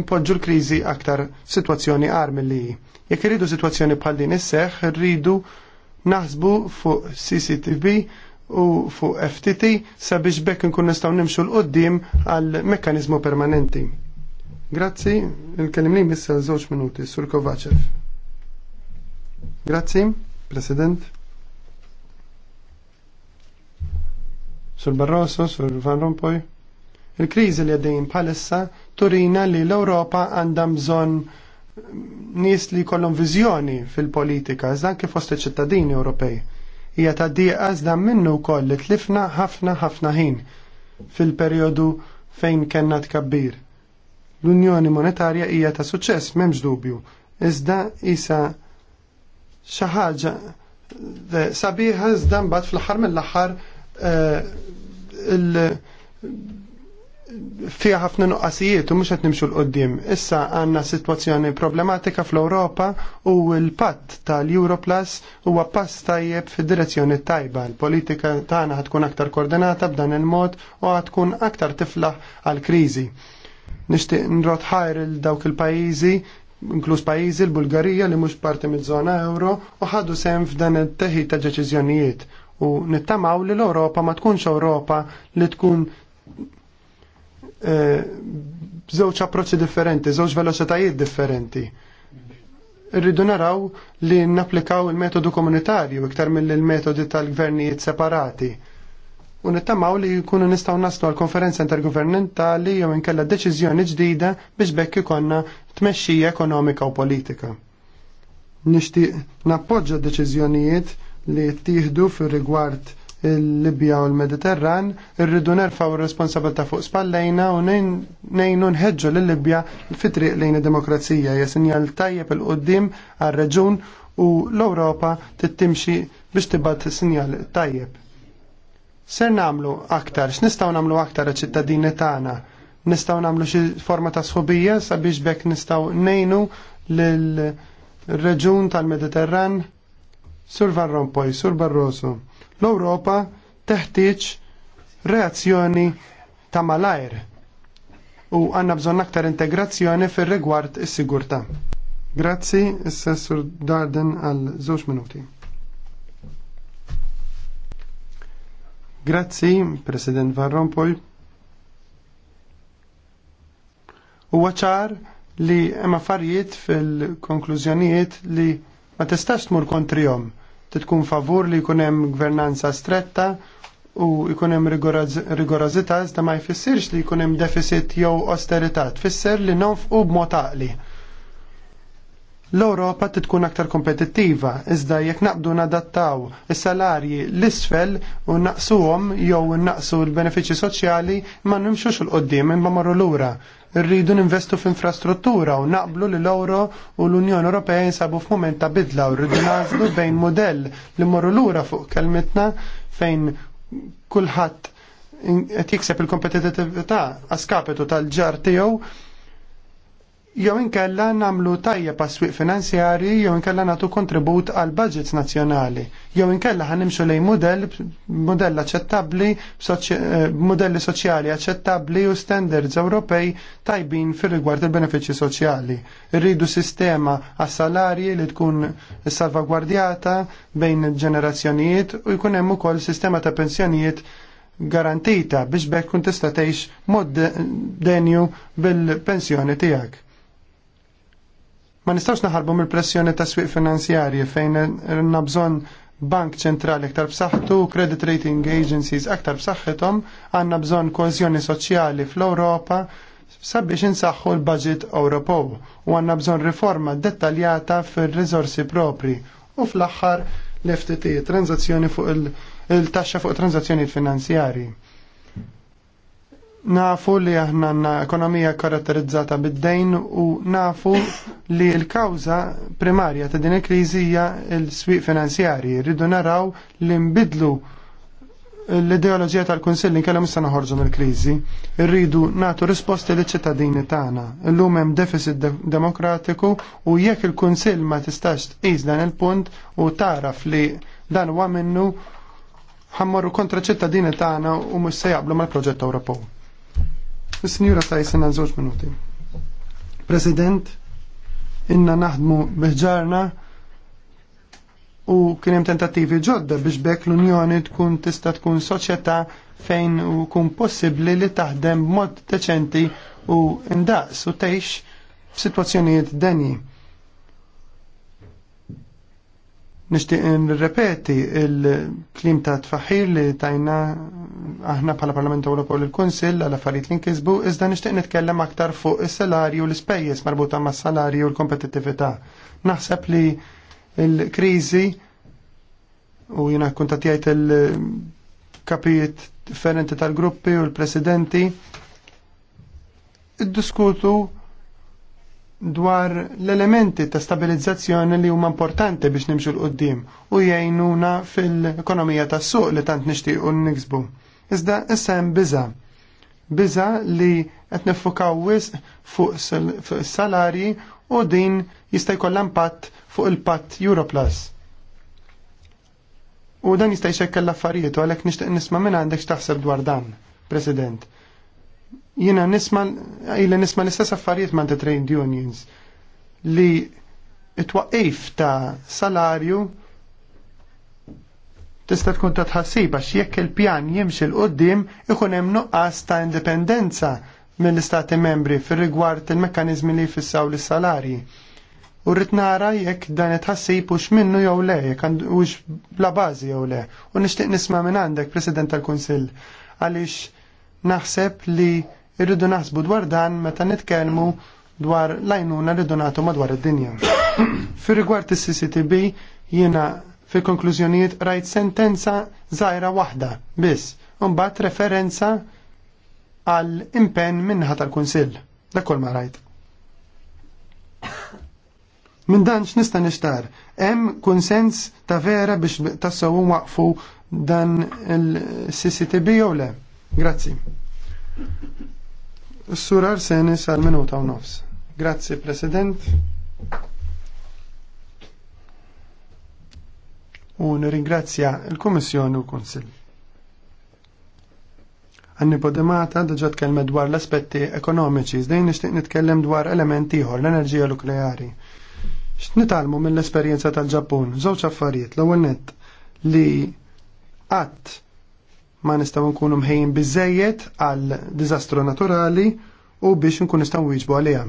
npoġġu l-kriżi aktar situazzjoni għar li Jekk irridu situazzjoni bħal din isseħ, rridu naħsbu fuq CCTV u fuq FTT sabiex bekk nkun nistgħu nimxu l-qoddim għal mekkanizmu permanenti. Grazzi, il-kelim li missa żewġ minuti, Sur Kovacev. Grazzi, President. Sur Barroso, Sur Van Rompuy. Il-kriżi li għaddejn bħalissa turina li l-Ewropa għandha bżonn mm, nies li jkollhom viżjoni fil-politika, iżda kif fost ċittadini Ewropej. Hija ta' diqa iżda minnu wkoll li tlifna ħafna ħafna ħin fil-perjodu fejn kellna tkabbir. L-Unjoni Monetarja hija ta' suċċess m'hemmx dubju, iżda isa xi ħaġa eh, sabiħa iżda mbagħad fl-aħħar mill-aħħar Eh, fija ħafna nuqqasijiet u mhux qed nimxu l-qoddim. Issa għandna sitwazzjoni problematika fl-Ewropa u l-patt tal-Europlus huwa pass tajjeb fid-direzzjoni tajba. L-politika tagħna ħadkun aktar koordinata b'dan il-mod u tkun aktar tiflaħ għal-kriżi. Nixtieq nrod ħajr il dawk il-pajjiżi inkluż pajjiżi l-Bulgarija li mhux parti mid żona euro u ħadu sem f'dan it-teħid ta' deċiżjonijiet u nittamaw li l-Europa ma tkunx Europa li tkun eh, żewġ approċċi differenti, żewġ veloċitajiet differenti. Irridu naraw li napplikaw il-metodu komunitarju iktar mill-metodi tal-gvernijiet separati. U nittamaw li jkunu nistaw naslu għal konferenza intergovernmentali jew inkella deċiżjoni ġdida biex bekk ikonna tmexxija ekonomika u politika. Nixtieq nappoġġa deċiżjonijiet li ttieħdu fir rigward il-Libja u l-Mediterran, irridu nerfaw il-responsabilta fuq spallejna u nejnu nħeġġu l-Libja fitriq lejn id-demokrazija hija sinjal tajjeb il qudiem għar-reġun u l-Ewropa tittimxi biex tibgħat sinjal tajjeb. Ser nagħmlu aktar, x'nistgħu nagħmlu aktar ċittadini tagħna? Nistgħu nagħmlu xi forma ta' sħubija sabiex bekk nistgħu nejnu lil reġun tal-Mediterran Sur Van Rompuy, Sur Barroso, l-Europa teħtieġ reazzjoni ta' malajr u għanna bżon aktar integrazzjoni fir rigward is sigurtà Grazzi, s-sessur Darden għal żewġ minuti. Grazzi, President Van Rompuy. U ċar li hemm affarijiet fil-konklużjonijiet li ma tistax tmur kontrihom titkun favur li jkun hemm gvernanza stretta u jkun hemm rigorożità iżda ma jfissirx li jkun hemm deficit jew austerità, tfisser li nonfqu b'mod għaqli. L-Europa titkun aktar kompetittiva, iżda jekk naqbdu nadattaw is-salarji l-isfel u naqsuhom jew naqsu l-benefiċċji soċjali ma nimxux il qoddim imma marru lura rridu ninvestu f'infrastruttura u naqblu li l-Euro u l-Unjoni Ewropea jinsabu f'mument ta' bidla u rridu nażlu bejn modell li morru lura fuq kelmitna fejn kulħadd qed jikseb il-kompetitività għaskapetu tal-ġar tiegħu jew inkella nagħmlu tajja paswiq finanzjari jew inkella nagħtu kontribut għal budgets nazzjonali. Jew inkella ħanimxu lejn modell modell aċċettabbli, eh, modelli soċjali aċċettabbli u standards Ewropej tajbin fir-rigward il-benefiċċji soċjali. Irridu sistema għas salarji li tkun salvagwardjata bejn ġenerazzjonijiet u jkun hemm ukoll sistema ta' pensjonijiet garantita biex bekk kun tista' tgħix mod denju bil-pensjoni tiegħek Ma nistawx naħarbu mill-pressjoni ta' swieq finanzjarji fejn għandna bżonn bank ċentrali aktar b'saħħtu, credit rating agencies aktar b'saħħithom, għandna bżonn kohezjoni soċjali fl-Ewropa sabiex insaħħu l-budget Ewropew u għandna bżonn riforma dettaljata fir-riżorsi propri u fl-aħħar l-FTT, transazzjoni fuq il-taxxa fuq transazzjoni finanzjarji nafu li aħna għanna ekonomija karatterizzata bid-dejn u nafu li l-kawza primarja ta' din il-krizi hija l-swieq finanzjari. Rridu naraw li nbidlu l-ideoloġija tal-Kunsill li kellhom issa noħorġu mill-kriżi. Rridu nagħtu risposti liċ ċittadini tagħna. Illum hemm deficit demokratiku u jekk il-Kunsill ma tistax tqis dan il-punt u taraf li dan huwa minnu ħammorru kontra ċittadini tagħna u mhux se jaqblu mal-proġett Ewropew. Is-Sinjura Tyson għal żewġ minuti. President, inna naħdmu biħġarna u kien hemm tentattivi ġodda biex bekk l-Unjoni tkun tista' tkun soċjetà fejn u kun possibbli li taħdem mod deċenti u indaqs u tgħix f'sitwazzjonijiet denji. Nishtiq nirrepeti il-klim ta' tfaħir li tajna aħna bħala Parlament Ewropew l kunsill għal affarijiet li nkisbu, iżda nixtieq nitkellem aktar fuq is-salarju u l-ispejjeż marbuta mas-salarju u l-kompetittività. Naħseb li l-kriżi u jiena kuntatijajt il-kapijiet differenti tal-gruppi u l-presidenti iddiskutu dwar l-elementi ta' stabilizzazzjoni li huma importanti biex nimxu l-qoddim u jgħinuna fil-ekonomija tas suq li tant nixtiequ niksbu. Iżda issa hemm biża. Biża li qed nifukaw wisq fuq salari salarji u din jista' jkollha impatt fuq il-patt Europlus. U dan jista' jxekkel l-affarijiet u għalhekk nixtieq nisma' minn għandek x'taħseb dwar dan, President. Jiena nisman jina nisman istess affarijiet ma' trade unions li it-twaqif ta' salarju tista' tkun ta' tħassib għax jekk il-pjan jimxi l qoddim ikun hemm nuqqas ta' indipendenza mill-istati membri fir-rigward il-mekkaniżmi li jfissaw lis salarji U rrit nara jekk dan it-ħassib hux minnu jew le, jekk hux bla bażi jew le. U nixtieq nisma' minn għandek President tal-Kunsill għaliex naħseb li irridu naħsbu dwar dan meta nitkellmu dwar lajnuna li donatu madwar id-dinja. (coughs) Fi rigward is-CCTB jiena fi konklużjonijiet rajt sentenza żgħira waħda biss, mbagħad referenza għal impenn minnaħa tal-Kunsill. Dak kol ma rajt. (coughs) Min dan x'nista' nixtar, hemm kunsens ta' vera biex tassew waqfu dan il-CCTB jew le. Grazzi. Sur Arseni sal-minuta u nofs. Grazzi, President. U nirringrazzja il-Kommissjoni u l-Konsil. Għanni podemata daġa tkellmet dwar l-aspetti ekonomiċi, zdejn nishtiq nitkellem dwar elementi ieħor l-enerġija nukleari. X'nitalmu mill-esperjenza tal-Ġappun, żewġ affarijiet, l-ewwel li qatt ma nistgħu nkunu mħejjin biżejjed għal diżastru naturali u biex nkun nistaw wieġbu għaliha.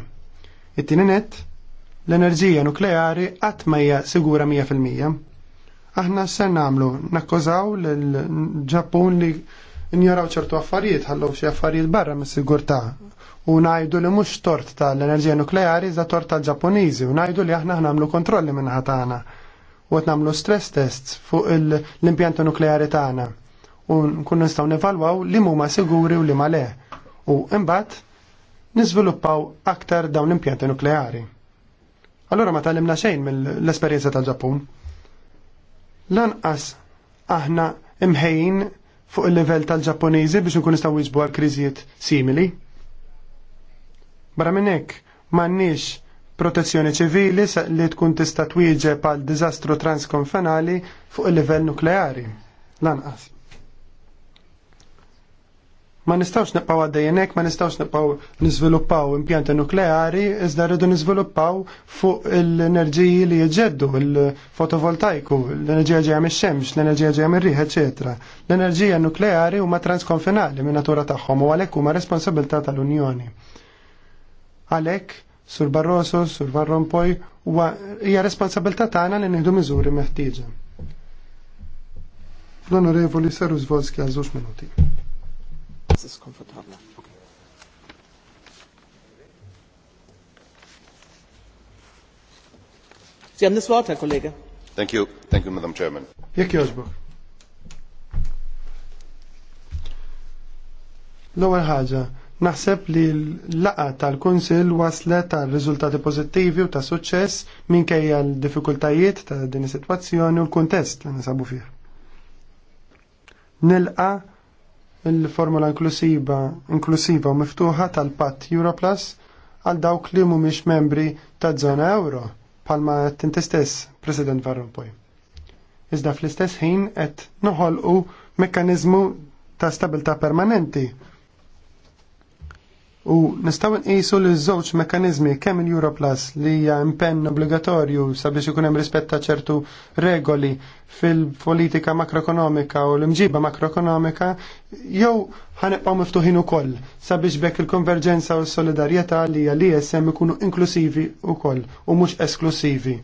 It-tieni nett, l-enerġija nukleari qatt ma hija sigura 100%. Aħna se nagħmlu nakkużaw l-Ġappun li njoraw ċertu affarijiet ħallu xi affarijiet barra mis-sigurtà u najdu li mhux tort tal-enerġija nukleari za tort tal-Ġappuniżi u najdu li aħna nagħmlu kontrolli minn ħatana u qed nagħmlu stress tests fuq l-impjanti nukleari tagħna u nkunu nistgħu nevalwaw li huma siguri u li ma le. U imbagħad niżviluppaw aktar dawn l-impjanti nukleari. Allura ma talimna xejn mill-esperjenza tal-Ġappun. Lanqas aħna imħejn fuq il-level tal ġappuniżi biex nkun nistgħu jiġbu għal kriżijiet simili. Barra minn hekk m'għandniex protezzjoni ċivili li tkun tista' twieġeb għal diżastru transkonfenali fuq il-livell nukleari. Lanqas. Ma nistawx nibqaw għaddejjenek, ma nistawx nibqaw nizviluppaw impjanti nukleari, iżda rridu nizviluppaw fuq l-enerġiji li jġeddu, l-fotovoltaiku, l-enerġija ġeja mis xemx l-enerġija ġeja mir riħ ecc. L-enerġija nukleari huma transkonfinali minn natura tagħhom u għalhekk huma responsabilità tal-Unjoni. Għalhekk Sur Barroso, Sur Van Rompuy, hija responsabilità tagħna li nieħdu miżuri meħtieġa. L-Onorevoli Sarus Volski għal żewġ minuti. Das ist Sie haben das Wort, Herr Kollege. Thank you. Thank you, Madam Chairman. Jekk jogħġbok. L-ewwel ħaġa, naħseb li l-laqa tal-Kunsill waslet tal-riżultati pożittivi u ta' suċċess minkejja l-diffikultajiet ta' din is-sitwazzjoni u l-kuntest li nisabu fih. Nilqa' il-formula inklusiva inklusiva u miftuħa tal pat Europlus għal dawk li mhumiex membri ta' żona euro palma tinti stess, President Van Rompuy. Iżda fl-istess ħin qed noħolqu mekkaniżmu ta' stabilta' permanenti U nistgħu nqisu li żewġ mekkaniżmi kemm il-Europlus li hija impenn obbligatorju sabiex ikun hemm rispetta ċertu regoli fil-politika makroekonomika u l-imġiba makroekonomika, jew ħanibqgħu miftuħin ukoll sabiex bekk il-konverġenza u s-solidarjetà li hija li jessem ikunu inklusivi ukoll u mhux esklusivi.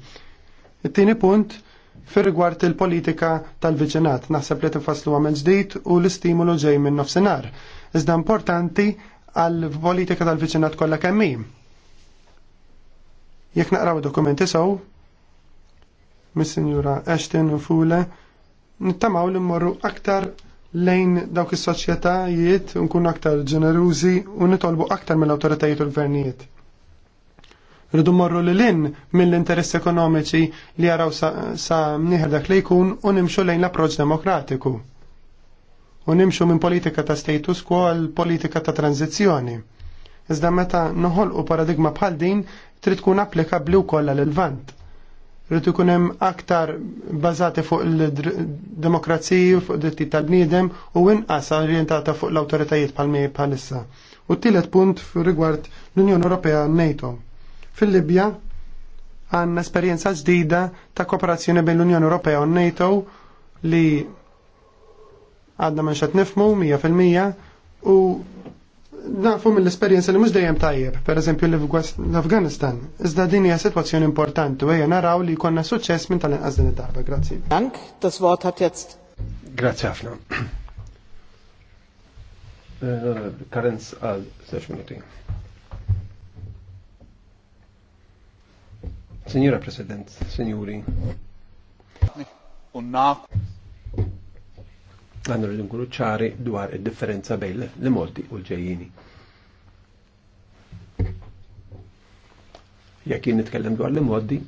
It-tieni punt fir rigward il-politika tal-viċinat naħseb li tinfasslu għamel ġdid u l-istimulu ġej minn nofsinhar. Iżda importanti għal-politika tal-viċinat kollha kemm Jek Jekk naqraw dokumenti sew, mis senjura Ashton u Fule, nittamaw li mmorru aktar lejn dawk is-soċjetajiet nkun aktar ġenerużi u nitolbu aktar mill-awtoritajiet u l vernijiet Rridu morru li lin mill-interess ekonomiċi li jaraw sa, sa dak li jkun u nimxu lejn l-approċ demokratiku u nimxu minn politika ta' status quo għal politika ta' tranzizjoni. Iżda meta noħolqu paradigma bħal din trid tkun applikabli wkoll għal il-vant. Rrid ikun hemm aktar bażati fuq il u fuq id-dritti tal-bniedem u inqas orjentata fuq l-awtoritajiet bħal bħalissa. U t-tielet punt rigward l-Unjoni Ewropea NATO. Fil-Libja għandna esperjenza ġdida ta' kooperazzjoni bejn l-Unjoni Ewropea u NATO li għadna ma nxat nifmu 100% u nafu mill-esperienza li mux dejjem tajjeb, per pereżempju l-Afganistan. Iżda din hija situazzjoni importanti u ejja naraw li konna suċċess minn tal-inqas din id-darba. Grazzi. Dank, das Wort hat jetzt. Grazzi ħafna. Eh, Karenz għal 6 minuti. Signora President, signori. Unnak rridu nkunu ċari dwar id-differenza bejn li modi u l-ġejjini. Jekk jien nitkellem dwar li modi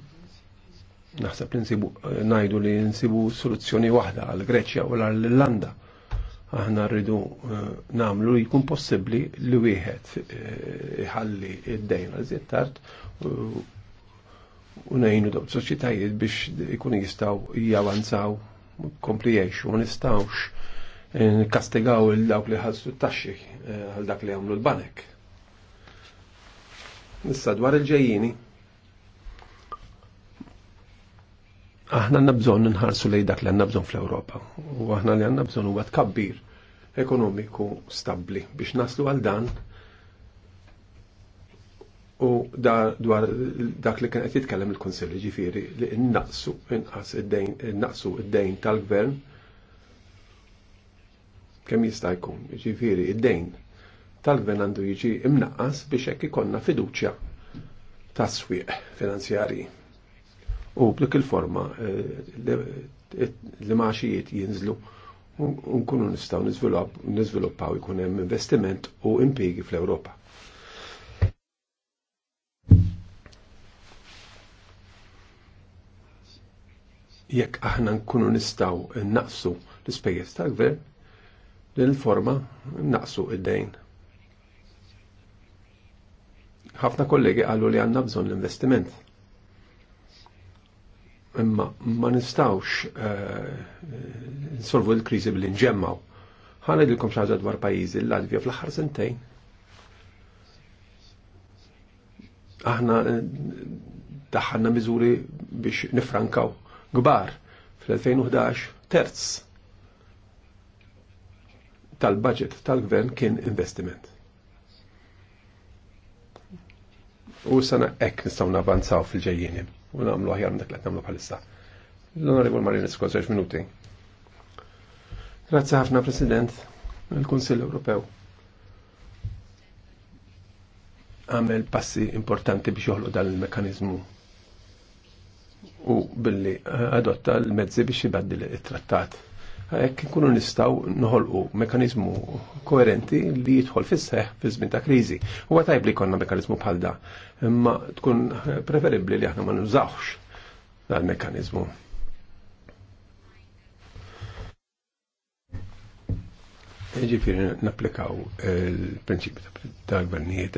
naħseb li nsibu najdu li nsibu soluzzjoni waħda għal Greċja u l-Irlanda. Aħna rridu eh, namlu li jkun possibbli li wieħed eh, iħalli id-dejn għal tard u nejnu daw soċjetajiet biex ikun jistaw jawanzaw kompli jiexu, ma nistawx kastigaw il-dawk li ħassu t-taxxi eh, għal dak li għamlu l-banek. Issa dwar il-ġejjini. Aħna għanna bżon nħarsu lej dak li għanna bżon fl-Europa. U aħna li għanna bżon huwa tkabbir ekonomiku stabli biex naslu għal dan U dwar dak li kien qed jitkellem il-Kunsill ġifieri li innaqsu id-dejn innaqsu id-dejn tal-gvern kemm jista' jkun, jiġifieri id-dejn tal-gvern għandu jiġi imnaqqas biex hekk ikonna fiduċja tas-swieq finanzjarji. U blik il-forma eh, eh, li maxijiet jinżlu nkunu nistgħu niżviluppaw ikun hemm investiment u impjegi fl-Ewropa. Jekk aħna nkunu nistgħu naqsu l-ispejjeż tal-gvern, l-forma naqsu id-dejn. Ħafna kollegi għallu li għanna bżon l-investiment. Imma ma nistawx eh, nsolvu l-krizi bil inġemmaw Ħana id-dilkom xaġa dwar pajizi l-Latvija fl-ħar sentejn. Aħna eh, daħħanna miżuri biex nifrankaw gbar fl-2011 terz tal-budget tal-gvern kien investiment. U sana ek nistaw navanzaw fil-ġejjeni. U namlu ħjar dak li namlu bħalissa. L-Onorevol Marina Skotraġ minuti. Grazie ħafna President, il-Kunsill Ewropew għamel passi importanti biex joħlu dan il-mekanizmu u billi adotta l-mezzi biex jibaddi it-trattat Jekk nkunu nistgħu noħolqu mekanizmu koerenti li jidħol fis fi żmien ta' kriżi. Huwa tajb li konna mekanizmu bħal da, imma tkun preferibbli li aħna ma nużawx dan il-mekanizmu. Ġifiri, napplikaw il prinċipi ta' gvernijiet,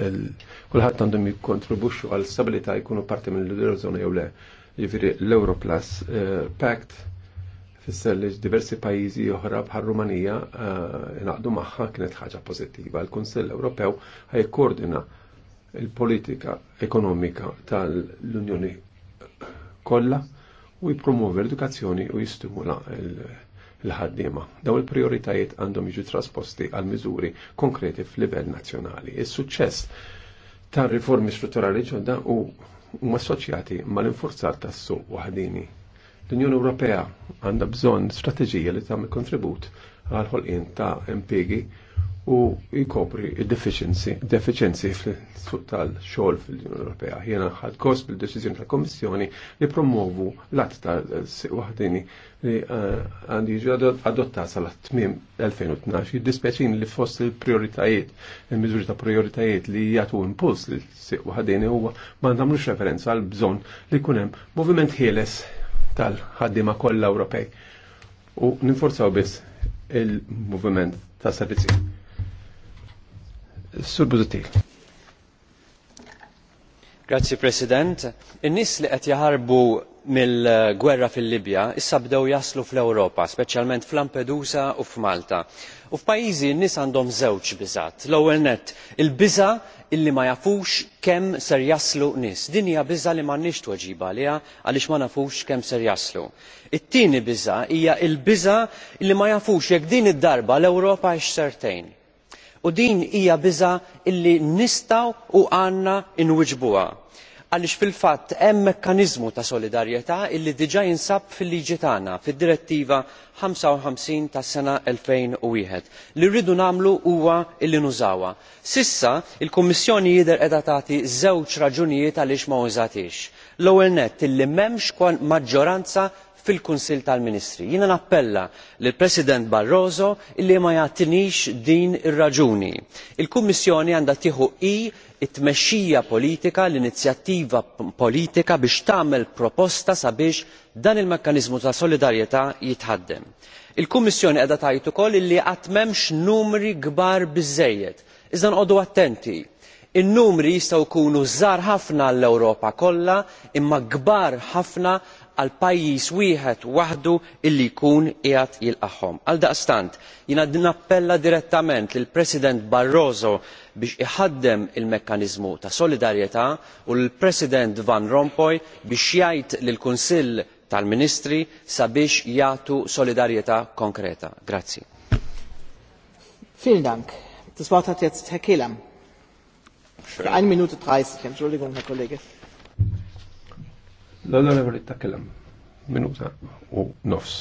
kullħat għandhom jikontribuxu għal stabilita' jkunu parti mill eurozona jew le. Ġifiri, l-Europlus eh, Pact fisser li diversi pajjiżi oħra bħal Rumanija eh, inaqdu magħha kienet ħaġa pożittiva. il kunsell Ewropew ħajkoordina il-politika ekonomika tal-Unjoni kollha u jipromuvi l-edukazzjoni u jistimula l-ħaddiema. Daw il-prioritajiet għandhom jiġu trasposti għal miżuri konkreti f'livell nazzjonali. Is-suċċess tar riformi strutturali ġodda u huma assoċjati mal-infurzar tas-suq waħdini L-Unjoni Ewropea għandha bżonn strateġija li tagħmel kontribut għal ħolqien ta' impjegi u jkopri deficiency fl suq tal-xogħol fil-Unjoni Ewropea. Jiena ħad kost bil-deċiżjoni tal-Kommissjoni li promuvu l-att ta' waħdini li eh, għandi jiġu adottat sal tmiem 2012. Jiddispeċin li fost il-prioritajiet, il-miżuri ta' prioritajiet li jagħtu impuls li s-sieq waħdini huwa ma nagħmlux referenza għal bżonn li jkun hemm moviment ħieles tal-ħaddima kollha Ewropej. U ninforzaw biss il movement ta' servizzi. Sur Buzutil. Grazie President. In-nies li qed jaħarbu mill-gwerra fil-Libja issa bdew jaslu fl-Ewropa, speċjalment f'Lampedusa u f'Malta. U f'pajjiżi n-nies għandhom żewġ biżgħat. L-ewwel nett il-biża' illi ma jafux kemm ser jaslu nies. Din hija biża' li m'għandniex tweġiba għaliha għaliex ma nafux kemm ser jaslu. It-tieni biża' hija l biża' illi ma jafux jekk din id-darba l-Ewropa x'sertejn. tgħin u din hija biża' illi nistgħu u għandna inwiġbuha għaliex fil fatt hemm mekkaniżmu ta' solidarjetà illi diġà jinsab fil-liġi tagħna fid-direttiva 55 tas-sena 2001 li rridu nagħmlu huwa illi nużawha. s'issa l kummissjoni jidher qiegħda tagħti żewġ raġunijiet għaliex ma użatix l-ewwel nett illi m'hemmx maġġoranza fil-kunsill tal-ministri. jiena nappella lill president barroso illi ma jagħtinix din ir-raġuni. il kummissjoni għandha tieħu hi t tmexxija politika l-inizjattiva politika biex tagħmel proposta sabiex dan il mekkaniżmu ta' solidarjetà jitħaddem. il kummissjoni qiegħda tgħid ukoll illi qatt m'hemmx numri kbar biżżejjed iżda nqogħdu attenti in-numri jistgħu jkunu żgħar ħafna għall-ewropa kollha imma kbar ħafna għal pajjiż wieħed waħdu illi jkun qiegħed jilqagħhom. għaldaqstant jiena nappella direttament lill president barroso biex iħaddem il mekkaniżmu ta' solidarjetà u lill president van rompuy biex jgħid lill kunsill tal ministri sabiex jagħtu solidarjetà konkreta. Grazzi. Vielen Dank. Das Wort hat jetzt Herr Kelam. 1 Minute 30. Entschuldigung, Herr Kollege. L-onorevoli takkelem minuta u nofs.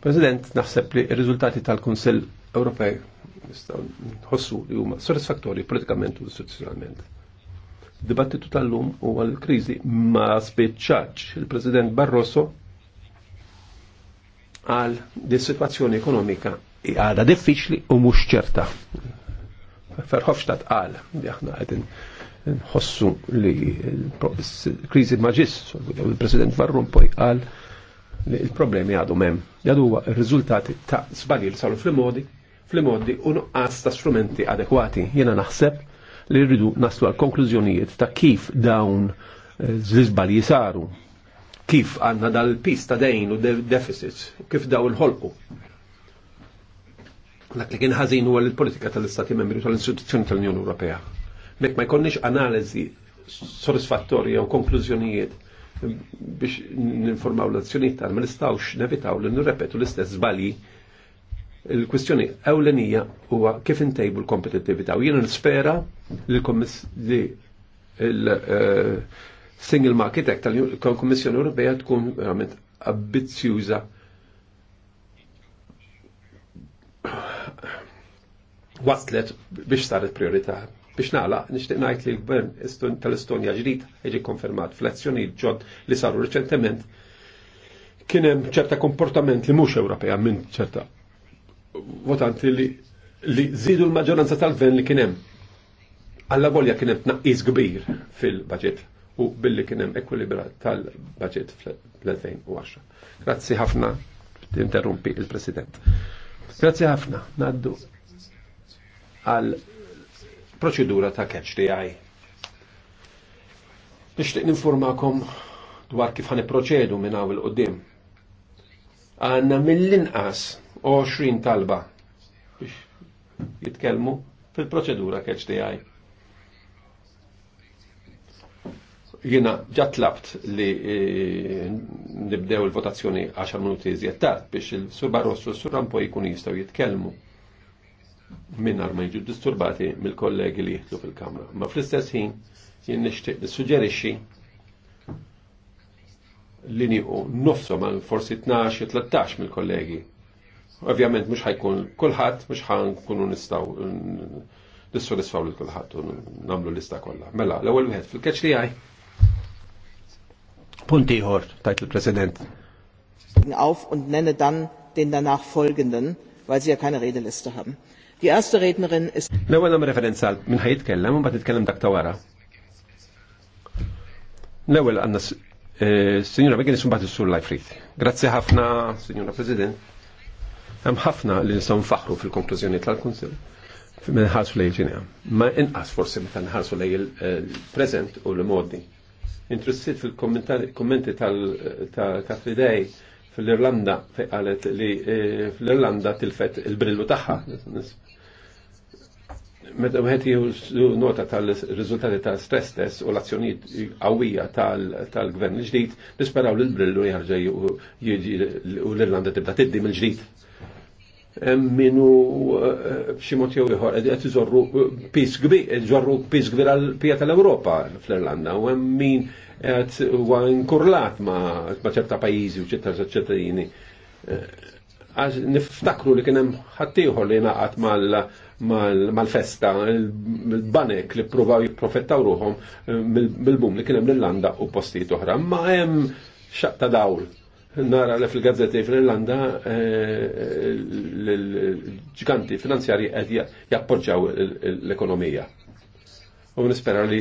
President, naħseb li il-rizultati tal-Kunsill Ewropej nistaw nħossu li huma satisfaktorji politikament u istituzzjonalment. Dibattitu tal-lum u għal-krizi ma speċċaċ il-President Barroso għal di situazzjoni ekonomika għada diffiċli u mux ċerta. Ferħofstadt għal, diħna għedin nħossu li l-krizi maġis, il-President Varrumpoj għal li il-problemi għadu mem. Għadu huwa il-rizultati ta' sbagli li saru fl-modi, fl-modi u nuqqas ta' strumenti adekwati. Jena naħseb li rridu naslu għal konklużjonijiet ta' kif dawn eh, l-izbali jisaru, kif għanna dal-pis ta' dejn u deficits, kif daw il-ħolqu. Dak li kien ħażin huwa l-politika tal-Istati Membri tal-Istituzzjoni tal-Unjoni Ewropea Mek ma jkollniex analiżi soddisfattorja u konklużjonijiet biex ninformaw l-azzjonijiet tal ma nistgħux nevitaw li nirrepetu l-istess żbalji il-kwistjoni ewlenija huwa kif intejbu l-kompetittività u jiena nispera li l-Single eh, Market Act tal-Kommissjoni Ewropea tkun verament ambizzjuża waslet biex saret priorità Biex naqla, nixtieq ngħid li l-gvern tal-Estonja ġdid jiġi konfermat fl azzjoni ġod li saru riċentement kienem hemm ċerta komportament li mhux Ewropea minn ċerta votanti li li zidu l-maġġoranza tal-gvern li kien hemm. Alla volja kien hemm tnaqqis kbir fil budget u billi kien hemm ekwilibra tal budget fl-2010. Grazzi ħafna interrumpi il-President. Grazzi ħafna, naddu għal proċedura ta' catch the eye. Nishtiq ninformakom dwar kif ħani proċedu minn għaw il-qoddim. Għanna mill-inqas 20 talba biex jitkelmu fil-proċedura catch the eye. Jena ġatlabt li eh, nibdew il-votazzjoni 10 minuti zjettat biex il surba rossu s-Sur Rampoj jkun jistaw jitkelmu minnar ma jġu disturbati mill-kollegi li jitlu fil-kamra. Ma fl-istess ħin jien nixtieq nissuġġerixxi li niequ nofsu għal forsi 12-13 mill-kollegi. Ovvjament mhux ħajkun kulħadd mhux ħankunu nistgħu nissodisfaw lil kulħadd u nagħmlu lista kollha. Mela, l-ewwel wieħed fil-catch li għaj. Punt ieħor tajt il-President. Auf und nenne dann den danach folgenden, weil sie ja keine Redeliste haben. Die erste Rednerin ist. Na, ewwel hemm referenza minn ħaj jitkellem u mbagħad titkellem dak ta' wara. L-ewwel għandna eh, Signora Begin sumbat is-sur Lajfrit. Grazie hafna, Signora President. Am hafna, li nistgħu nfaħru fil-konklużjoni tal-Kunsill minħarsu lej il-ġinja. Ma inqas forsi meta nħarsu lej il-prezent eh, u l-modi. Intressit fil-kommenti tal-Katri eh, Dej fil-Irlanda fej qalet li fil-Irlanda tilfet il-brillu tagħha. Meta wieħed jieħu nota tal-riżultati ta' stress test u l-azzjonijiet qawwija tal-gvern il-ġdid, nisperaw l brillu jarġa' jiġi u l-Irlanda tibda tiddi mill-ġdid. Minu eh, b'xi mod jew ieħor qed iżorru eh, pis kbir, iżorru pis kbir għall-pija tal-Ewropa fl-Irlanda u hemm min qed huwa inkurlat ma' ċerta pajjiżi u ċerta ċittadini eh, għax niftakru li kienem ħattijħor li naqat mal mal-festa, il-banek li provaw jipprofettaw ruhom mill-bum eh, li kien hemm l-Irlanda u postijiet oħra. Ma hemm xaqta dawl. Nara li fil-gazzetti fil-Irlanda eh, eh, l-ġiganti finanzjarji qed jappoġġaw l-ekonomija. U nispera li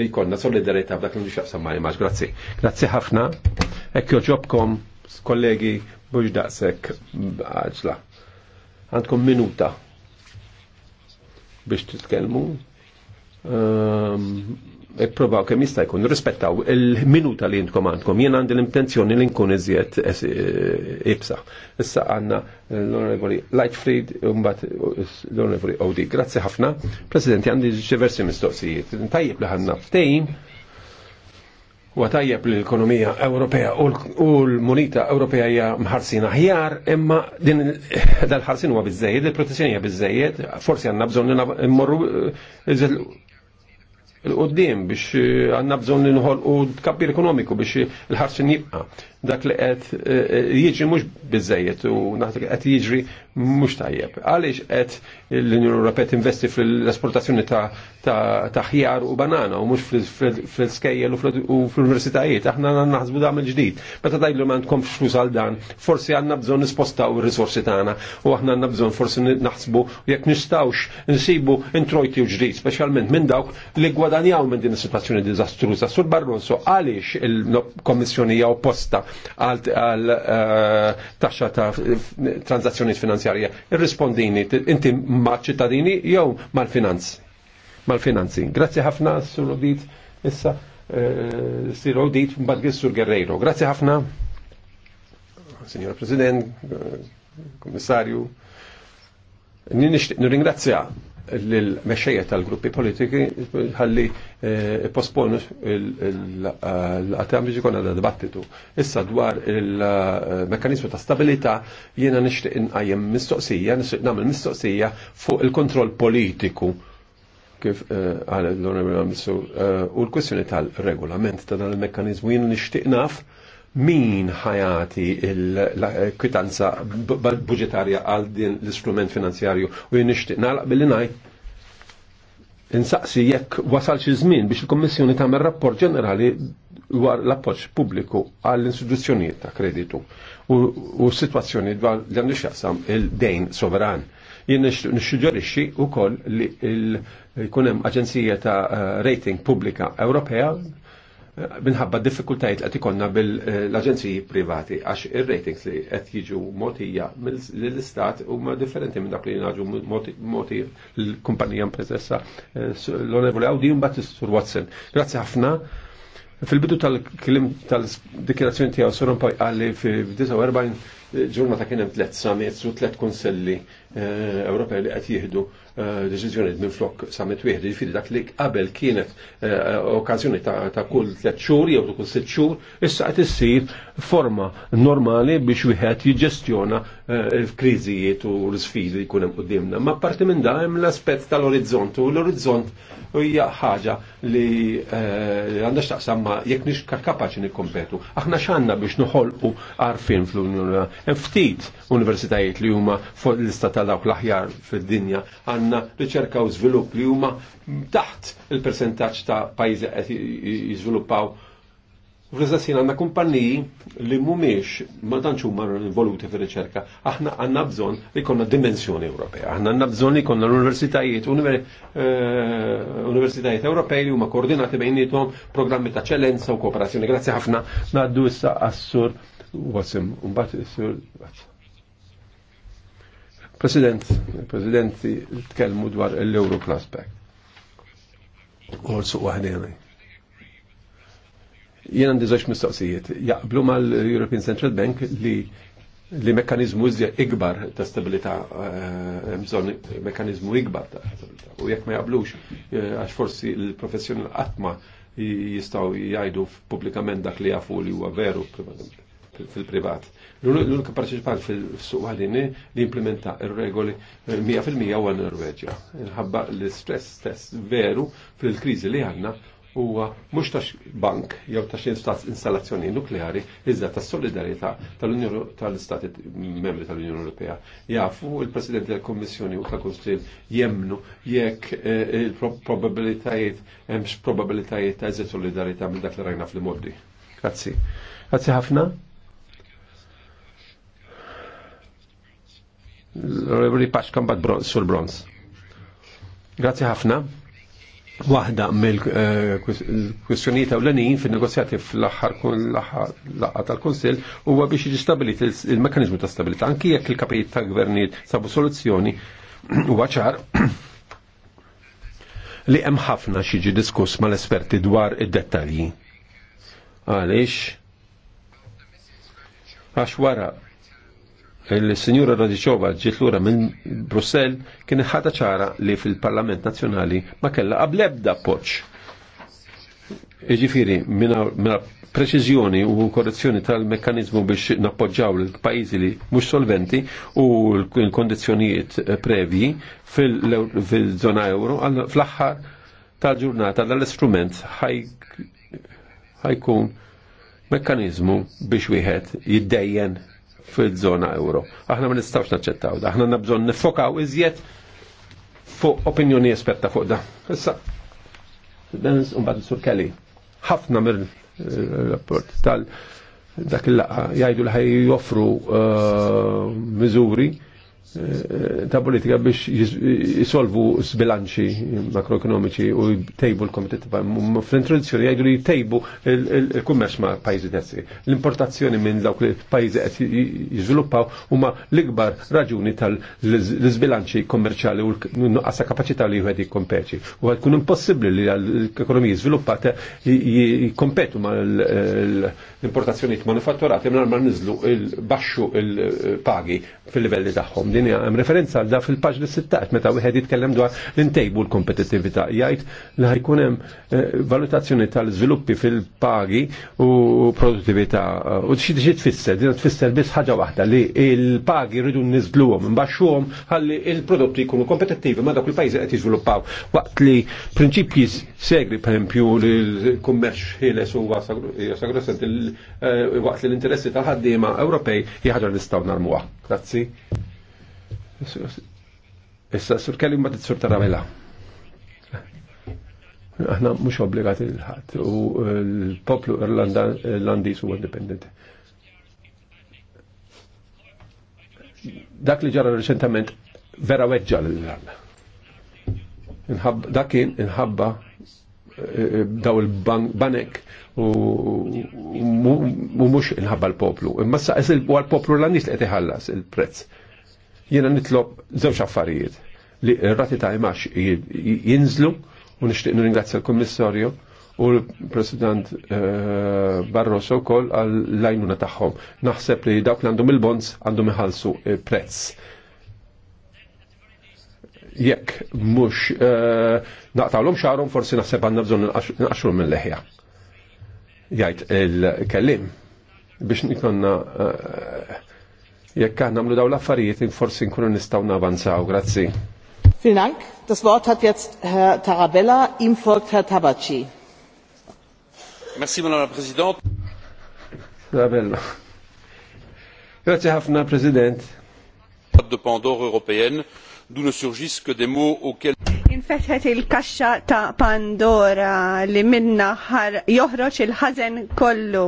li konna solidarieta b'dak li nixaqsam ma' imax. Grazzi. Grazzi ħafna. Ekkjo ġobkom, kollegi, bux daqsek Għandkom minuta biex titkellmu. Ehm, ipprovaw kemm jista' jkun rispettaw il-minuta li jintkom għandkom. Jien għandi l-intenzjoni li nkun iżjed eh, ibsa. Issa għandna l-Onorevoli Lightfried umbat eh, l-Onorevoli Odi. Grazzi ħafna. Presidenti għandi ġeversi mistoqsijiet. Tajjeb li ftejn Huwa tajjeb li l-ekonomija Ewropea u l-munita Ewropea hija mħarsin aħjar, imma din (laughs) dal-ħarsin huwa biżejjed, il-protezzjoni hija biżejjed, forsi għandna bżonn immorru eh, l-qoddim biex eh, għandna bżonn inħolqu tkabbir ekonomiku biex il-ħarsin jibqa' dak li qed eh, eh, jiġri mhux biżejjed u naħseb qed jiġri mhux tajjeb. Għaliex qed l-Unjoni Ewropea tinvesti fl-esportazzjoni ta' ħjar u banana u mhux fl-iskejjel u fl-universitajiet. Aħna naħsbu il ġdid. Meta tajlu ma għandkom flus għal dan, forsi għandna bżonn nispostaw ir-risorsi tagħna u aħna għandna bżonn forsi naħsbu jekk nistgħux insibu introjti u ġdid, speċjalment minn dawk li gwadanjaw minn din is-sitwazzjoni diżastruża. Sur Barroso għaliex il-Kommissjoni hija opposta għal eh, taxxa ta' transazzjonijiet finanzjarja. Irrispondini, inti ma' ċittadini jew mal-finanz? Mal-finanzi. Grazzi ħafna, Sur Odit, issa, eh, Sir Odit, mbagħad Sur Guerreiro. Grazzi ħafna, Signor President, eh, Kommissarju. Nirringrazzja l-mexxejja tal-gruppi politiki ħalli eh, posponu l-għatam biex ikun għadha dibattitu. Issa dwar il-mekkanizmu ta' stabilità jiena nixtieq inqajjem mistoqsija, nixtieq nagħmel mistoqsija fuq il-kontroll politiku kif eh, għal l-onorevoli eh, u l-kwestjoni tal-regolament ta' dan il-mekkanizmu jiena nixtieq naf min ħajati il-kwitanza budgetarja għal din l-istrument finanzjarju u jinnishtiq nagħlaq billi ngħid Insaqsi jekk wasal xi żmien biex il-Kommissjoni tagħmel rapport ġenerali dwar l-appoġġ pubbliku għall istituzzjonijiet ta' kreditu u s-sitwazzjoni dwar li għandu xjaqsam il-dejn soveran. Jien nixxuġġerixxi wkoll li jkun hemm aġenzija ta' eh, rating pubblika Ewropea minħabba diffikultajiet qed ikonna bil-aġenziji privati għax ir-ratings li qed jiġu motija mill-istat huma differenti minn dak li jingħaġu moti l-kumpanija mprezessa l-Onorevoli Audi mbagħad Sur Watson. Grazzi ħafna. Fil-bidu tal-klim tal-dikjerazzjoni tiegħu Sur Rompoj għalli fi-49 ġurnata kien hemm tliet summits u tliet kunselli eh, Ewropej li qed jieħdu Eh, deċizjoni minn flok samet wieħed, jiġifieri dak li qabel kienet eh, okkażjoni ta' kull tliet xhur jew kull sitt xhur, issa qed issir forma normali biex wieħed jiġġestjona eh, l-kriżijiet u l-sfidi li jkun hemm qudiemna. Ma parti minn da hemm l-aspett tal-orizzont u l-orizzont hija ħaġa li eh, għandha x'taqsam ma jekk nix kapaċi nikkompetu. Aħna x'għandna biex noħolqu għarfien fl-Unjoni Hemm ftit universitajiet li huma fuq l istat ta' dawk l-aħjar fid-dinja għandna riċerka u żvilupp li huma taħt il-persentaġġ ta' pajjiżi qed jiżviluppaw Fl-istessin għanna kumpanniji li mumiex ma tantx huma involuti fir-riċerka. Aħna għanna bżon li konna dimensjoni Ewropea. Aħna għanna bżon li konna l-universitajiet, eh, universitajiet Ewropej li huma koordinati bejnietom programmi ta' ċellenza u kooperazzjoni. Grazie ħafna ngħaddu issa għas-sur Wasim. Mbagħad is-sur President, Presidenti t-kelmu dwar l-Euro Prospect. Orsu waħdejna Jien għandi żewġ mistoqsijiet. Jaqblu mal-European Central Bank li li mekkanizmu ikbar ta' stabilità, eh, bżon mekkanizmu ikbar ta' stabilità. U jekk ma jaqblux, eh, għax forsi l-professjonal għatma jistaw jgħidu publikament dak li jafu li huwa veru fil-privat. L-unika parċiċipant fil-suq għalini li implementa il-regoli 100% għu għan Norveġja. Nħabba l-stress test veru fil-krizi li għanna huwa mhux tax bank jew ta' xi installazzjoni nukleari iżda ta' solidarjetà tal-Unjoni tal-Istati membri tal-Unjoni Ewropea. Jafu il-President tal kommissjoni u tal-Kunsill jemnu jekk eh, il-probabilitajiet hemmx probabilitajiet ta' iżda solidarjetà minn dak li rajna fl-modi. Grazzi. Grazzi ħafna. Reveri Paxkan sul-bronz. Grazzi ħafna. Waħda mill-kwistjonijiet ewlenin fin-negozjati fl-aħħar laqgħa tal-Kunsill huwa biex jiġi stabilit il-mekkaniżmu ta' stabilità anki jekk il-kapijiet ta' gvernijiet sabu soluzzjoni (clears throat) huwa ċar (clears throat) li hemm ħafna xiġi diskuss mal-esperti dwar id-dettalji. Għaliex għax wara il-Sinjura Radiċova ġiet lura minn Brussell kien il-ħata ċara li fil-Parlament Nazzjonali ma kellha qablebda poċ. Iġifiri, minna preċiżjoni u korrezzjoni tal-mekkanizmu biex nappoġġaw l-pajizi li mhux solventi u l-kondizjonijiet previ fil-zona euro fl-aħħar tal-ġurnata dal-istrument ħajkun mekkanizmu biex wieħed jiddejjen fil zona euro. Aħna ma nistawx naċċettaw da, aħna nabżon nifokaw iżjed fuq opinjoni esperta fuq da. Issa, un bad sur Kelly. Ħafna mir-rapport eh, tal dak il-laqa jgħidu li ħaj joffru eh, miżuri Eh, ta' politika biex jisolvu s-bilanċi makroekonomiċi u jtejbu l-komitet fl-introduzzjoni jgħidu li jtejbu il-kummerċ ma' pajzi terzi. L-importazzjoni minn dawk li pajzi qed jiżviluppaw huma l-ikbar raġuni tal-sbilanċi kommerċali u nuqqasa kapaċità li wieħed jikkompeċi. U għad kun impossibbli li l-ekonomiji żviluppata jikkompetu ma' l t manufatturati minn ma niżlu il-baxxu il-pagi fil-livelli tagħhom din hemm referenza għal da fil-paġni 16 meta wieħed jitkellem dwar l-intejbu l-kompetittività. Jgħid li ħajkun hemm eh, valutazzjoni tal-żviluppi fil-pagi u produttività. Eh, u xi tfisser, din tfisser biss ħaġa waħda li il-pagi rridu niżdluhom, imbaxxuhom ħalli il-prodotti jkunu kompetittivi ma dak il pajjiż qed jiżviluppaw. Waqt li prinċipji segri pereżempju li l-kummerċ ħieles huwa sagrosent eh, waqt li l-interessi tal-ħaddiema Ewropej jħaġa nistgħu narmuha. Grazzi. Issa, sur kelli ma t-sur taramela. Aħna mux obbligati l-ħat u eh, l-poplu irlandis u independenti. Dak li ġara recentament vera weġġa l-Irlanda. Dakin inħabba eh, daw il-banek u mux inħabba l-poplu. Imma sa' il-poplu l-għandis li għetiħallas il-prezz Jiena nitlob żewġ affarijiet li r-rati ta' imax jinżlu u nixtieq ringrazzja l-Kummissarju u l-President eh, Barroso wkoll għall-lajnuna tagħhom. Naħseb li dawk li għandhom il-bonds għandhom iħallsu prezz jekk mux eh, l-om xarum forsi naħseb għanna bżon naqxru minn leħja. Jajt il-kellim biex nikonna eh, Jekk aħna nagħmlu dawn l-affarijiet forsi nkunu nistgħu navanzaw. Grazzi. Vielen Dank. Das Wort hat jetzt Herr Tarabella, ihm folgt Herr Tabacci. Merci, Madame la Présidente. Tarabella. Grazie, Hafna, President. De Pandore européenne, d'où ne surgissent que des mots auxquels infetħet il-kaxxa ta' Pandora li minna joħroġ il-ħażen kollu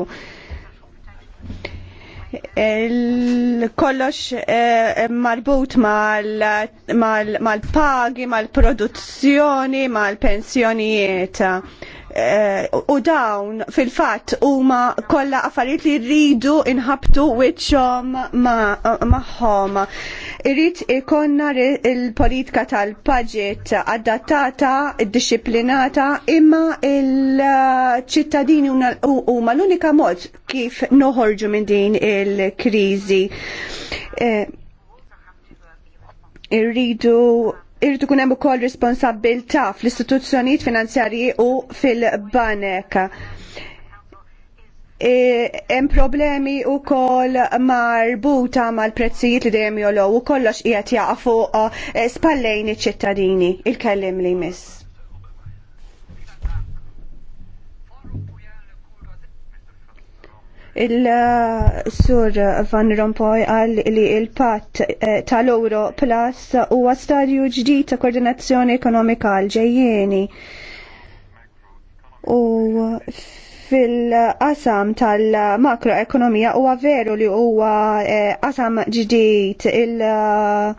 kollox eh, marbut mal-pagi, mal, mal-produzzjoni, mal produzzjoni mal pensjonijiet eh, u dawn fil-fatt huma kollha affarijiet li rridu inħabtu wiċċhom magħhom. Ma Irrit ikonna il-politika tal-budget adattata, disciplinata, imma il-ċittadini huma l-unika mod kif noħorġu minn din il-krizi. Eh, irridu irridu kunem hemm ukoll responsabilta fl-istituzzjonijiet finanzjarji u fil-banek E, hemm e, problemi wkoll marbuta mal-prezzijiet li dejjem jolow u kollox qiegħed jaqfu fuq e, spallejn iċ-ċittadini. Il-kellim li miss. Il-sur e, Van Rompuy għal li il-pat tal-Euro Plus huwa stadju ġdid ta' koordinazzjoni ekonomika għal ġejjeni. U fil-qasam tal-makroekonomija huwa veru li huwa eh, qasam ġdid il-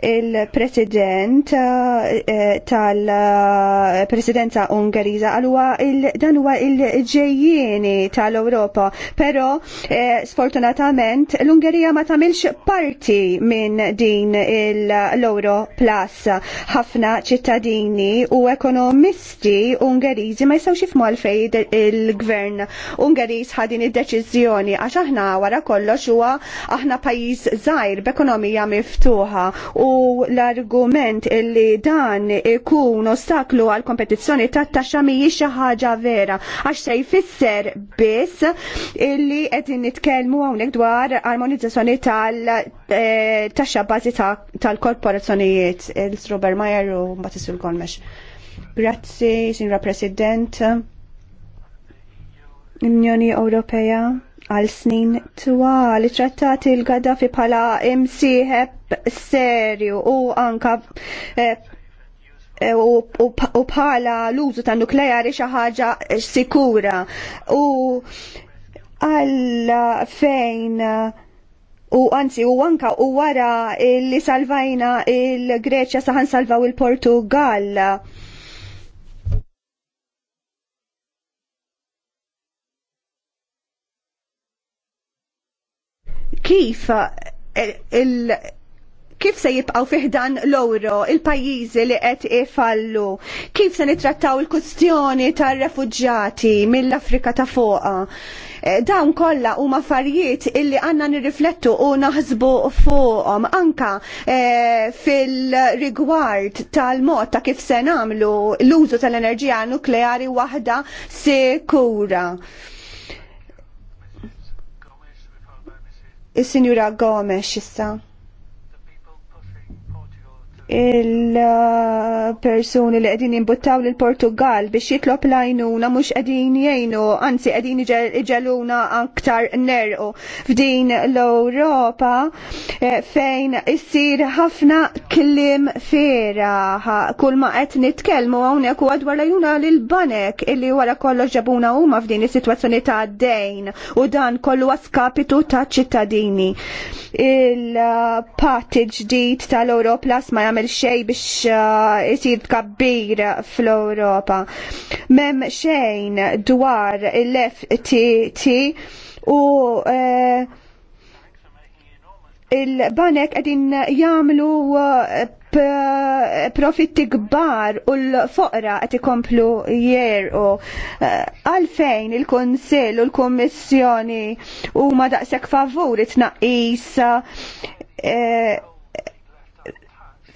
il-president eh, tal-presidenza Ungeriża għalwa dan huwa il-ġejjieni tal-Ewropa, però eh, sfortunatament l-Ungerija ma tagħmilx parti minn din l-Euro Plus. Ħafna ċittadini u ekonomisti Ungeriżi ma jistgħux jifhmu għalfejn il-gvern Ungeriż ħadin id-deċiżjoni għax aħna wara kollox huwa aħna pajjiż żgħir b'ekonomija miftuħa u u l-argument li dan ikun ostaklu għal kompetizzjoni tat taxxa mhijiex xi ħaġa vera għax se jfisser biss illi qegħdin nitkellmu hawnhekk dwar armonizzazzjoni tal-taxxa eh, bażi tal-korporazzjonijiet eh, il-Struber Majer u mbagħad isul Golmex. Grazzi, Sinra President. Unjoni Ewropea għal snin li trattati l-Gaddafi bħala imsieħeb serju u anka eh, eh, u bħala l-użu ta' nukleari xi ħaġa sikura u għal fejn u anzi u anka u wara li salvajna il-Greċja saħan salvaw il-Portugal. Kif eh, il- kif se jibqaw fiħdan l ewro il-pajjiżi li qed ifallu, kif se nittrattaw il-kustjoni tar-refuġġati mill-Afrika ta' foqa. Eh, dawn kollha huma affarijiet illi għandna nirriflettu u naħsbu fuqhom anka eh, fil-rigward tal-mod ta' kif se nagħmlu l-użu tal-enerġija nukleari waħda sikura. Is-Sinjura Gomes issa il-persuni li qegħdin imbuttaw lil Portugal biex jitlob lajnuna mhux qegħdin jgħinu, anzi qegħdin iġaluna aktar nerqu f'din l-Ewropa eh, fejn issir ħafna klim fera. Kull ma qed nitkellmu hawnhekk huwa dwar lajnuna lil banek illi wara kollox ġabuna huma f'din is-sitwazzjoni ta' dejn u dan kollu għaskapitu ta' ċittadini. Il-patti ġdid tal-Europlas ma jagħmel xejn biex uh, isir tkabbir fl-Ewropa. Mem xejn dwar l-FTT u uh, il-banek qegħdin jagħmlu uh, profitti kbar u l-foqra għet ikomplu jer u għalfejn il-Konsil u l-Kommissjoni u ma daqsek favur it-naqis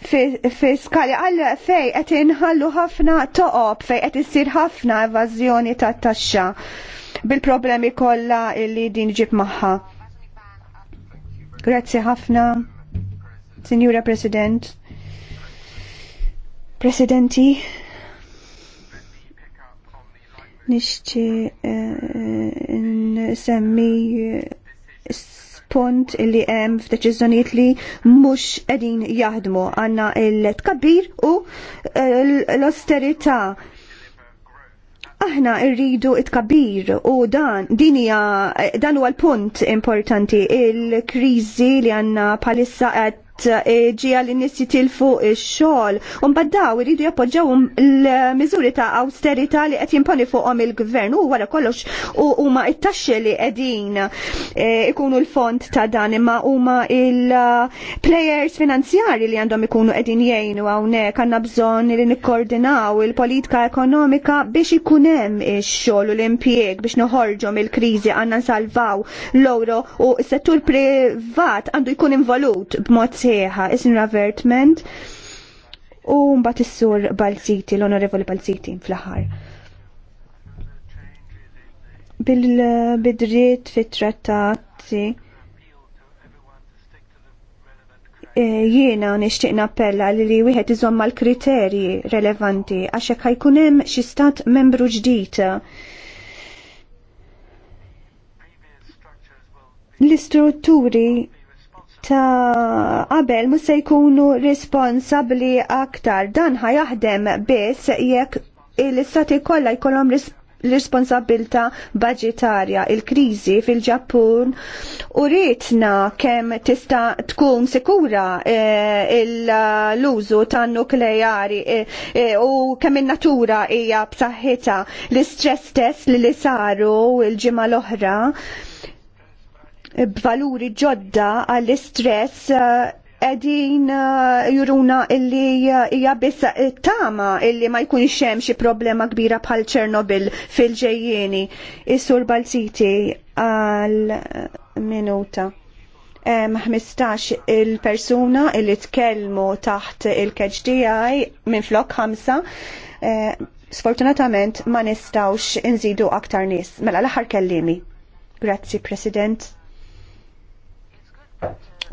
fiskali għal fej qed inħallu ħafna toqob fej qed issir ħafna evażjoni tat-taxxa bil-problemi kollha li din ġib magħha. Grazzi ħafna, Sinjura President. Presidenti, nixti uh, eh, nsemmi punt li hemm f'deċiżjonijiet li mhux qegħdin jaħdmu għandna l-tkabbir u eh, l osterità Aħna rridu it-kabir u dan dinja dan huwa l-punt importanti il-kriżi li għandna palissa qed ġija e, li nissi tilfu xol. Unbad daw iridu jappoġġaw l-mizuri ta' austerita li qed jimponi fuqhom il-gvern u wara kollox u huma it-taxxi li qegħdin e, ikunu l-fond ta' dan imma huma il-plejers finanzjari li għandhom ikunu qegħdin jgħinu hawnhekk għandna bżonn li nikkoordinaw il-politika ekonomika biex ikun hemm ix-xogħol u l-impjieg biex noħorġu mill-kriżi għandna nsalvaw l-oro u s-settur privat għandu jkun involut b'mod sħiħa, isin ravertment u mbagħad is-sur Balziti, l-Onorevoli Balziti fl-aħħar. bil bidrit fit-trattati eh, jiena nixtieq nappella li li wieħed iżomm mal-kriterji relevanti għax hekk ħajkun hemm xi stat membru ġdid. L-istrutturi ta' qabel mus se jkunu responsabbli aktar. Dan ħajaħdem biss jekk l-istati kollha jkollhom responsabilta budgetarja il-kriżi fil-Ġappun u rietna kemm tista' tkun sikura e, l-użu tan nukleari e, e, u kemm in-natura hija b'saħħitha l-istress test li saru l-ġimgħa l-oħra b'valuri ġodda għall-istress eh, edin eh, juruna illi eh, hija biss tama illi ma jkunx hemm xi problema kbira bħal Ċernobil fil-ġejjieni. Is-sur Balziti għal minuta. 15 il-persuna illi tkellmu taħt il-KHDI minn flok 5 sfortunatament ma nistawx inżidu aktar nis. Mela l-aħħar kellimi. Grazzi, President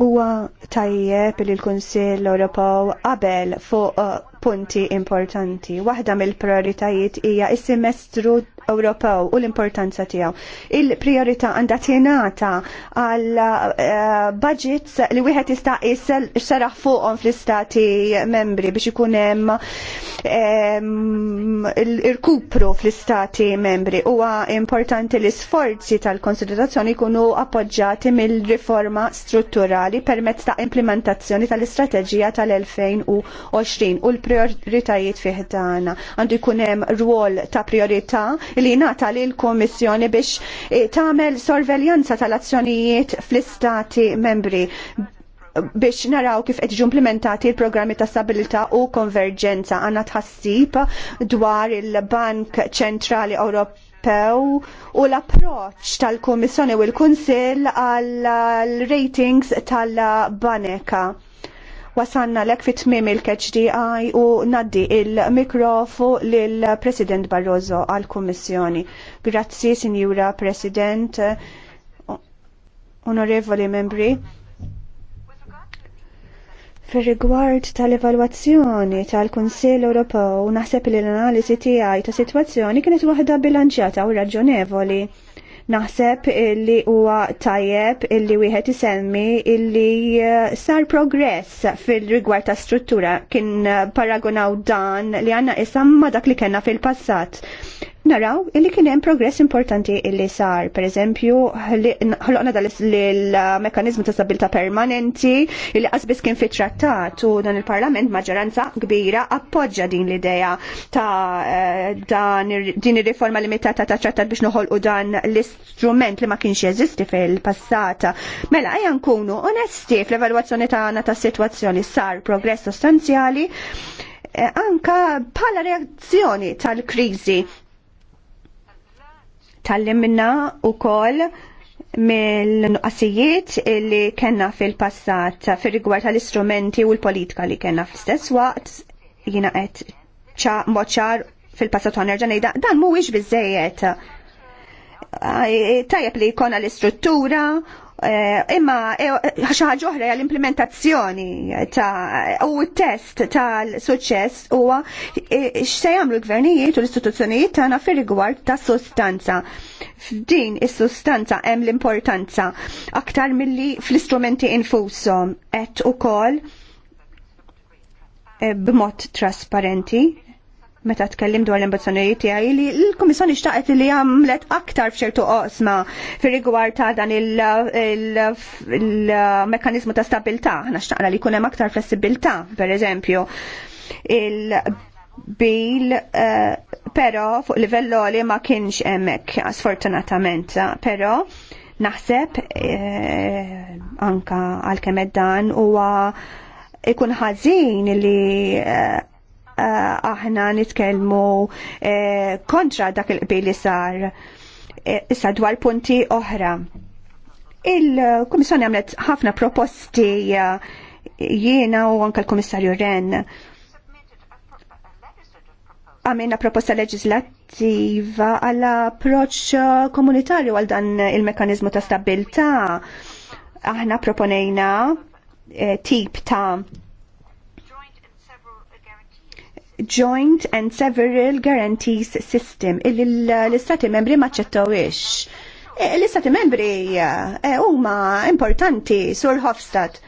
huwa tajjeb li l-Kunsill Ewropew qabel fuq uh, punti importanti. Waħda mill-prioritajiet hija is-semestru Ewropew u l-importanza tiegħu. Il-priorità għandha tingħata għal eh, budgets li wieħed jista' xaraħ fuqhom fl-istati membri biex ikun hemm eh, il-kupru fl-istati membri. Huwa importanti l isforzi tal-konsiderazzjoni jkunu appoġġjati mill-riforma strutturali permezz ta' implementazzjoni tal-istrateġija tal-2020 u l prioritajiet fih dana. Għandu jkun hemm rwol ta' priorità li jingħata lil kummissjoni biex e, tagħmel sorveljanza tal-azzjonijiet fl-istati membri biex naraw kif qed implementati l-programmi ta' stabilità u konverġenza għandna tħassib dwar il-Bank Ċentrali Ewropew u l-approċ tal kummissjoni u l-Kunsill għal ratings tal-Baneka. Wasanna lek fit tmim il-KHDI u naddi il-mikrofu lill-President Barroso għal-Kummissjoni. Grazzi, Signora President, onorevoli membri. Fir rigward tal-evalwazzjoni tal kunsell Ewropew naħseb li l-analiżi tiegħi ta' sitwazzjoni kienet waħda bilanċjata u raġonevoli. Naħseb illi huwa tajjeb illi wieħed isemmi illi eh, sar progress fil-rigward ta' struttura kien eh, paragonaw dan li għanna isam ma dak li kena fil-passat naraw illi kien hemm progress importanti illi sar. Per eżempju, ħloqna dal l-mekanizmu ta' stabilità permanenti illi qasbis kien fit-trattat u dan il-Parlament maġġoranza kbira appoġġa din l-idea ta' eh, din ir-riforma limitata ta' trattat biex noħolqu dan l-istrument li ma kienx jeżisti fil-passata. Mela ejja nkunu onesti fl-evalwazzjoni tagħna tas-sitwazzjoni sar progress sostanzjali eh, anka bħala reazzjoni tal-kriżi Tallimna u kol mill-nuqqasijiet li kena fil-passat fil-rigward tal-istrumenti u l-politika li kena fl-istess waqt jina għet moċar fil-passat għanerġa nejda dan mhuwiex biżejjed tajjeb li jkun l-istruttura Eh, imma eh, ħaġa oħra l-implementazzjoni ta' u test tal-suċċess huwa eh, x'se jagħmlu l-gvernijiet u l-istituzzjonijiet tagħna fir-rigward ta' sustanza. F'din is-sustanza hemm l-importanza aktar milli fl-istrumenti infushom qed ukoll b'mod trasparenti meta tkellim dwar l-ambizzjonijiet tiegħi li l-Kummissjoni xtaqet li għamlet aktar f'ċertu qosma fir-rigward ta' dan il-mekkaniżmu ta' stabilità. Aħna xtaqna li jkun hemm aktar flessibilità, pereżempju. Il bil eh, però fuq livell li ma kienx hemmhekk sfortunatament, però naħseb eh, anka għal kemm dan huwa ikun ħażin li eh, Eh, aħna nitkellmu eh, kontra dak il-qbil li sar eh, issa dwar punti oħra. Il-Kummissjoni għamlet ħafna proposti jiena u anka l-Kummissarju Ren għamilna proposta leġislattiva għal approċ komunitarju għal dan il-mekanizmu ta' stabilta. Aħna proponejna tip ta' Joint and Several Guarantees System illi l-istati membri maċċettawix. E, l-istati membri e, e, huma importanti sur Hofstad.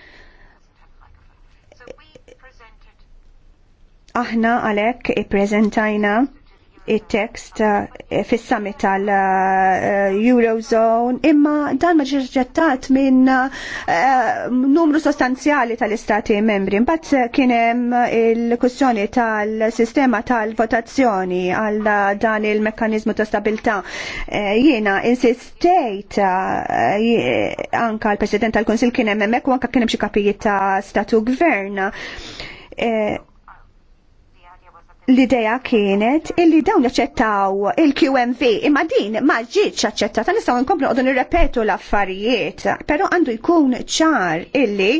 Aħna għalek i prezentajna il-tekst eh, fis summit tal-Eurozone, eh, imma dan ma ġirġettat minn eh, numru sostanzjali tal-Istati membri. Mbatt kienem il-kussjoni tal-sistema tal-votazzjoni għal dan il-mekkanizmu ta' stabilta. Jiena insistejt anka l-President tal-Konsil kienem emmek u anka kienem xie kapijiet ta' statu gvern l-ideja kienet illi dawn jaċċettaw il-QMV imma din ma ġietx aċċettata nistgħu nkomplu qogħdu nirrepetu l-affarijiet, però għandu jkun ċar illi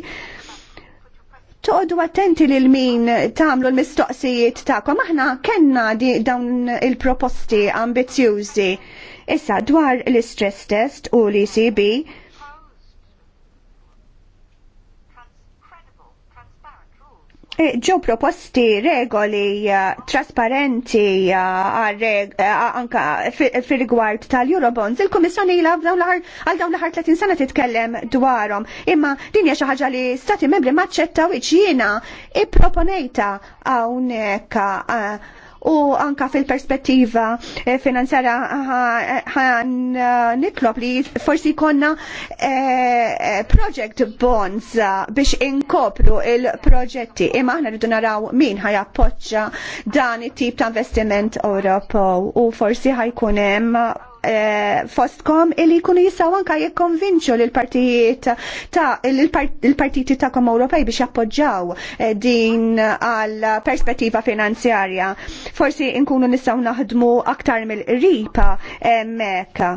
Toqdu attenti lil min tagħmlu l-mistoqsijiet tagħkom aħna kellna dawn il-proposti ambizjużi. Issa dwar l-istress test u l-ECB Eh, ġew proposti regoli eh, trasparenti eh, anka fil-rigward tal-Eurobonds. Il-Komissjoni għal dawn l-ħar 30 sena titkellem dwarhom, imma din hija xi ħaġa li stati membri maċċettaw iċ jiena ipproponejta hawnhekk u anka fil-perspettiva eh, finanzjara eh, ħan eh, niklop li forsi konna project bonds biex inkopru il-proġetti imma aħna rridu naraw min ħajappoġġa dan it-tip ta' investiment Ewropew u forsi ħajkun hemm Eh, fostkom illi jkunu jisaw anka jikkonvinċu l-partijiet ta' l ta' kom Ewropej biex jappoġġaw eh, din għal perspettiva finanzjarja. Forsi nkunu nistaw naħdmu aktar mill-ripa meka.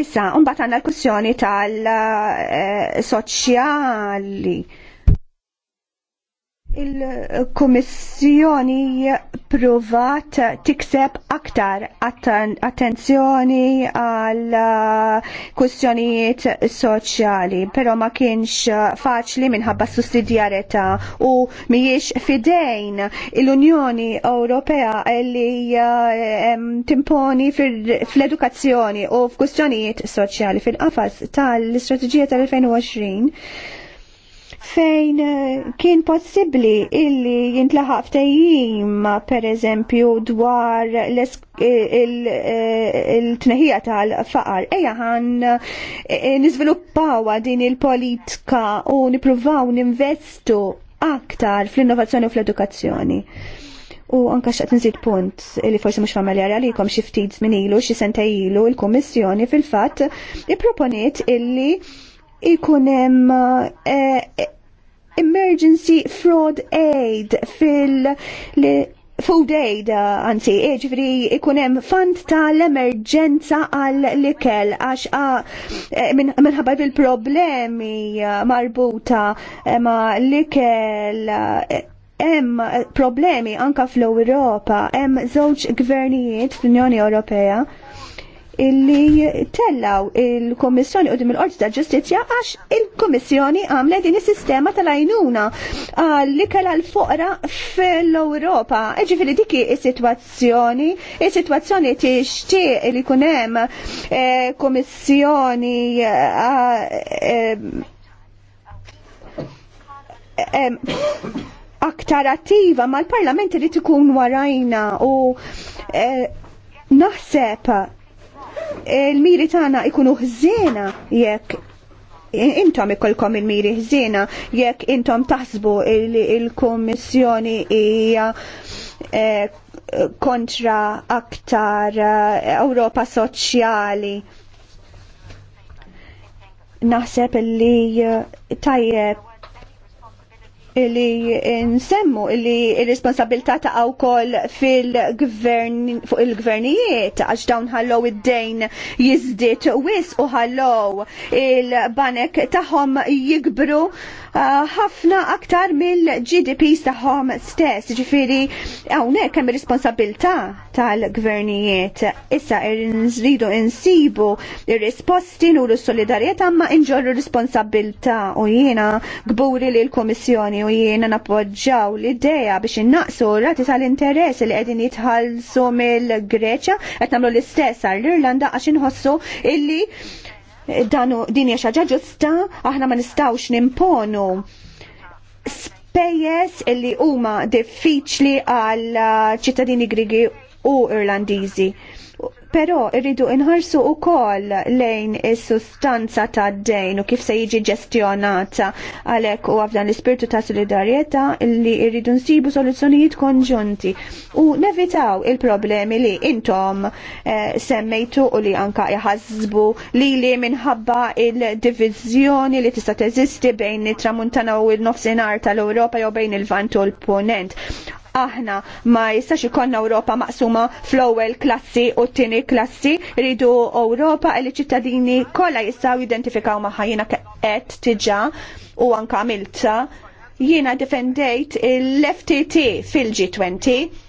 Issa, un-bat għanna l-kussjoni tal-soċjali. Eh, Il-Kummissjoni provat tikseb aktar attenzjoni għal uh, kwestjonijiet soċjali, pero ma kienx faċli minħabba sussidjarjetà u mhijiex fidejn l-Unjoni Ewropea li uh, timponi fl-edukazzjoni u f'kwestjonijiet soċjali fil-qafas tal istrategija tal-2020 fejn eh, kien possibbli illi jintlaħaq ftejjim per eżempju dwar eh, eh, il-tneħija tal-faqar. Eja ħan nizviluppawa din il-politika u nipruvaw ninvestu aktar fl-innovazzjoni u fl-edukazzjoni. U anka xaqt nżid punt li forsi mhux familjari għalikom xi ftit minn ilu xi ilu il-Kummissjoni fil-fatt proponiet illi ikunem uh, eh, eh, Emergency Fraud Aid fil- Food Aid, eh, anzi, ġifri ikunem fund tal-emerġenza għal-likel, għax minħabba bil-problemi marbuta ma' likel hemm problemi anka fl-Ewropa, hemm żewġ gvernijiet fl-Unjoni Ewropea illi tellaw il-Kommissjoni u il-Qorti ta' Ġustizzja għax il-Kommissjoni għamle din is-sistema tal-għajnuna li kella l-foqra fl-Ewropa. Ġifieri dik is-sitwazzjoni, is-sitwazzjoni tixtieq li jkun hemm eh, Kommissjoni eh, eh, aktar attiva mal-Parlament irid ikun warajna u naħseb il-miri tagħna ikunu ħżiena jekk intom ikolkom il-miri ħżiena jekk intom taħsbu il-Kummissjoni hija eh, kontra aktar eh, Ewropa Soċjali naħseb li eh, tajjeb Illi nsemmu li il-responsabilità ta' wkoll fil-gvern fuq il-gvernijiet għax dawn ħallow id-dejn jiżdied wis u ħallow il-banek tagħhom jikbru Ah, ħafna uh, aktar mill-GDP tagħhom stess, ġifiri hawnhekk hemm ir tal-gvernijiet. Issa nridu insibu ir-risposti nuru s-solidarjetà ma inġorru responsabilità u jiena gburi li l-Komissjoni u jiena nappoġġaw l-idea biex innaqsu rati tal-interess li qegħdin jitħallsu mill-Greċja qed nagħmlu l-istess għall-Irlanda għax inħossu illi danu din hija xaġa ġusta, aħna ma nistgħux nimponu spejjeż illi huma diffiċli għal ċittadini Grigi u Irlandiżi. Però irridu inħarsu u koll lejn is-sustanza ta' d-dejn u kif se jiġi ġestjonata għalek u għafdan l-ispirtu ta' solidarieta li irridu nsibu soluzzjonijiet konġunti u nevitaw il-problemi li intom eh, semmejtu u li anka jħazbu li li minħabba il-divizjoni li tista' teżisti bejn it-tramuntana u il-nofsinhar tal-Ewropa jew bejn il-vant u l-punent. Aħna ma jistax ikonna Ewropa maqsuma fl-ewwel klassi u t-tieni klassi, rridu Ewropa li ċittadini kollha jistgħu jidentifikaw magħha jiena qed tiġa u anke għamilta. Jiena defendejt il-FTT fil-G20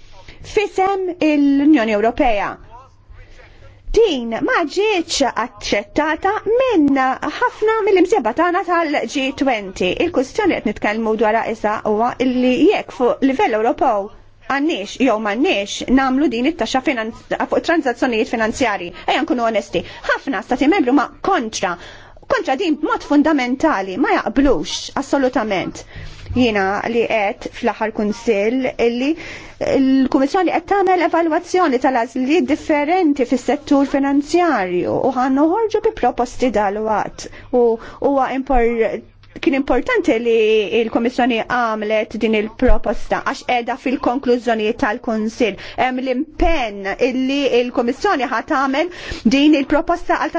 fisem l-Unjoni Ewropea din ma ġietx aċċettata minn ħafna mill-imsieba tagħna tal-G20. Il-kwistjoni qed nitkellmu dwar isa huwa li jekk fuq livell Ewropew għannix, jew m'għandniex namlu din it-taxxa fuq transazzjonijiet finanzjarji. Ejja nkunu onesti, ħafna stati membru ma kontra kontra din b'mod fundamentali ma jaqblux assolutament jiena li għed fl-aħħar kunsill illi il-Kummissjoni qed tagħmel evalwazzjoni tal-għażli differenti fis-settur finanzjarju u ħannu ħorġu bi proposti dal u huwa importanti kien importanti li il-Komissjoni għamlet din il-proposta għax edha fil-konklużjoni tal-Konsil. Hemm l-impenn illi il-Komissjoni ħat għamel din il-proposta għal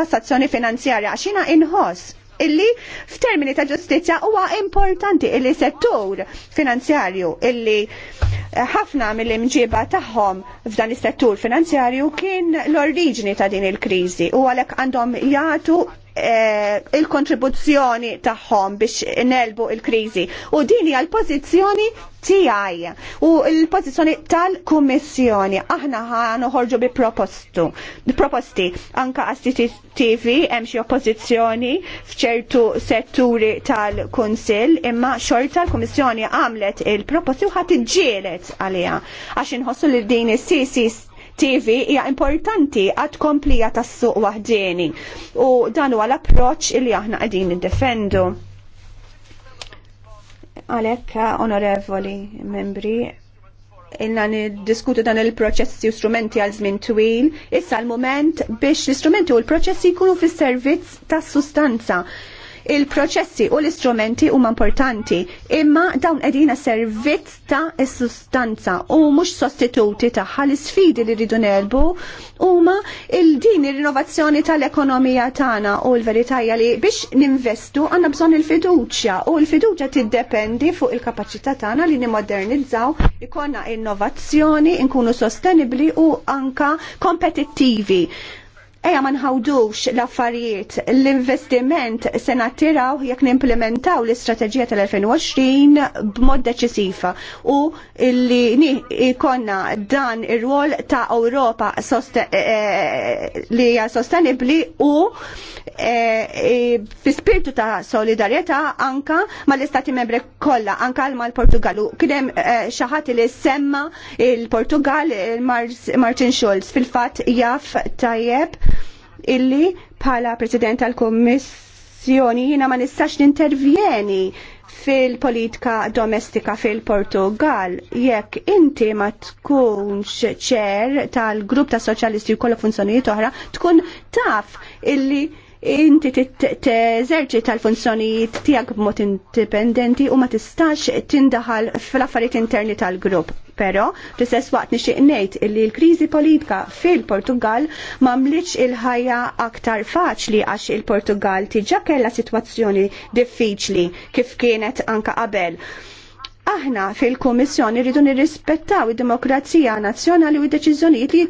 tassazzjoni finanzjarja għax jiena inħoss illi f'termini ta' ġustizja huwa importanti illi settur finanzjarju illi eh, ħafna mill-imġiba tagħhom f'dan is-settur finanzjarju kien l-oriġini ta' din il-kriżi u għalhekk għandhom jagħtu Eh, il-kontribuzzjoni tagħhom biex nelbu il-kriżi. U din hija l-pożizzjoni tiegħi u l-pożizzjoni tal-Kummissjoni. Aħna ħanoħorġu bi propostu. Proposti anka TV hemm xi oppożizzjoni f'ċertu setturi tal-Kunsill imma xorta l-Kummissjoni għamlet il-proposti u ħadd iġġielet għaliha għax inħossu li din is-CCC TV hija importanti għad komplija tas-suq waħdieni u dan huwa l-approċċ li aħna qegħdin niddefendu. Għalhekk, onorevoli membri, ilna niddiskutu dan il-proċessi u strumenti għal żmien twil, issa l-moment biex l-istrumenti u l-proċessi jkunu fis-servizz tas-sustanza Il-proċessi u l-istrumenti huma importanti, imma dawn qegħdin servizz ta' is-sustanza u mhux sostituti tagħha l-isfidi li rridu nerbu huma il-din ir-rinnovazzjoni tal-ekonomija tagħna u l-veritajja li biex ninvestu għandna bżonn il-fiduċja u l-fiduċja tiddependi fuq il-kapaċità tagħna li nimmodernizzaw ikonna innovazzjoni, inkunu sostenibli u anka kompetittivi. Eja ma nħawdux l-affarijiet, l-investiment se jek jekk nimplementaw l-istrateġija tal-2020 b'mod deċisifa u li ikonna dan ir-rol ta' Ewropa eh, eh, li hija sostenibbli u eh, fi spirtu ta' solidarjetà anka mal-istati membri kollha, anka mal-Portugalu. Kien hemm xi ħadd li semma il-Portugal Martin Schulz fil-fatt jaf tajjeb illi bħala President tal-Kommissjoni jina ma nistax nintervjeni fil-politika domestika fil-Portugal jekk inti ma tkunx ċer tal-grupp ta' soċjalisti u kollu funzjonijiet oħra tkun taf illi inti teżerġi tal-funzjonijiet tiegħek b'mod indipendenti u ma tistax tindaħal fl-affarijiet interni tal-grupp. Però, fl-istess waqt nixtieq ngħid li l-kriżi politika fil-Portugal m'għamlitx il-ħajja aktar faċli għax il-Portugal tiġa kellha sitwazzjoni diffiċli kif kienet anka qabel. Aħna fil-Komissjoni rridu nirrispettaw id-demokrazija nazzjonali u d-deċiżjonijiet li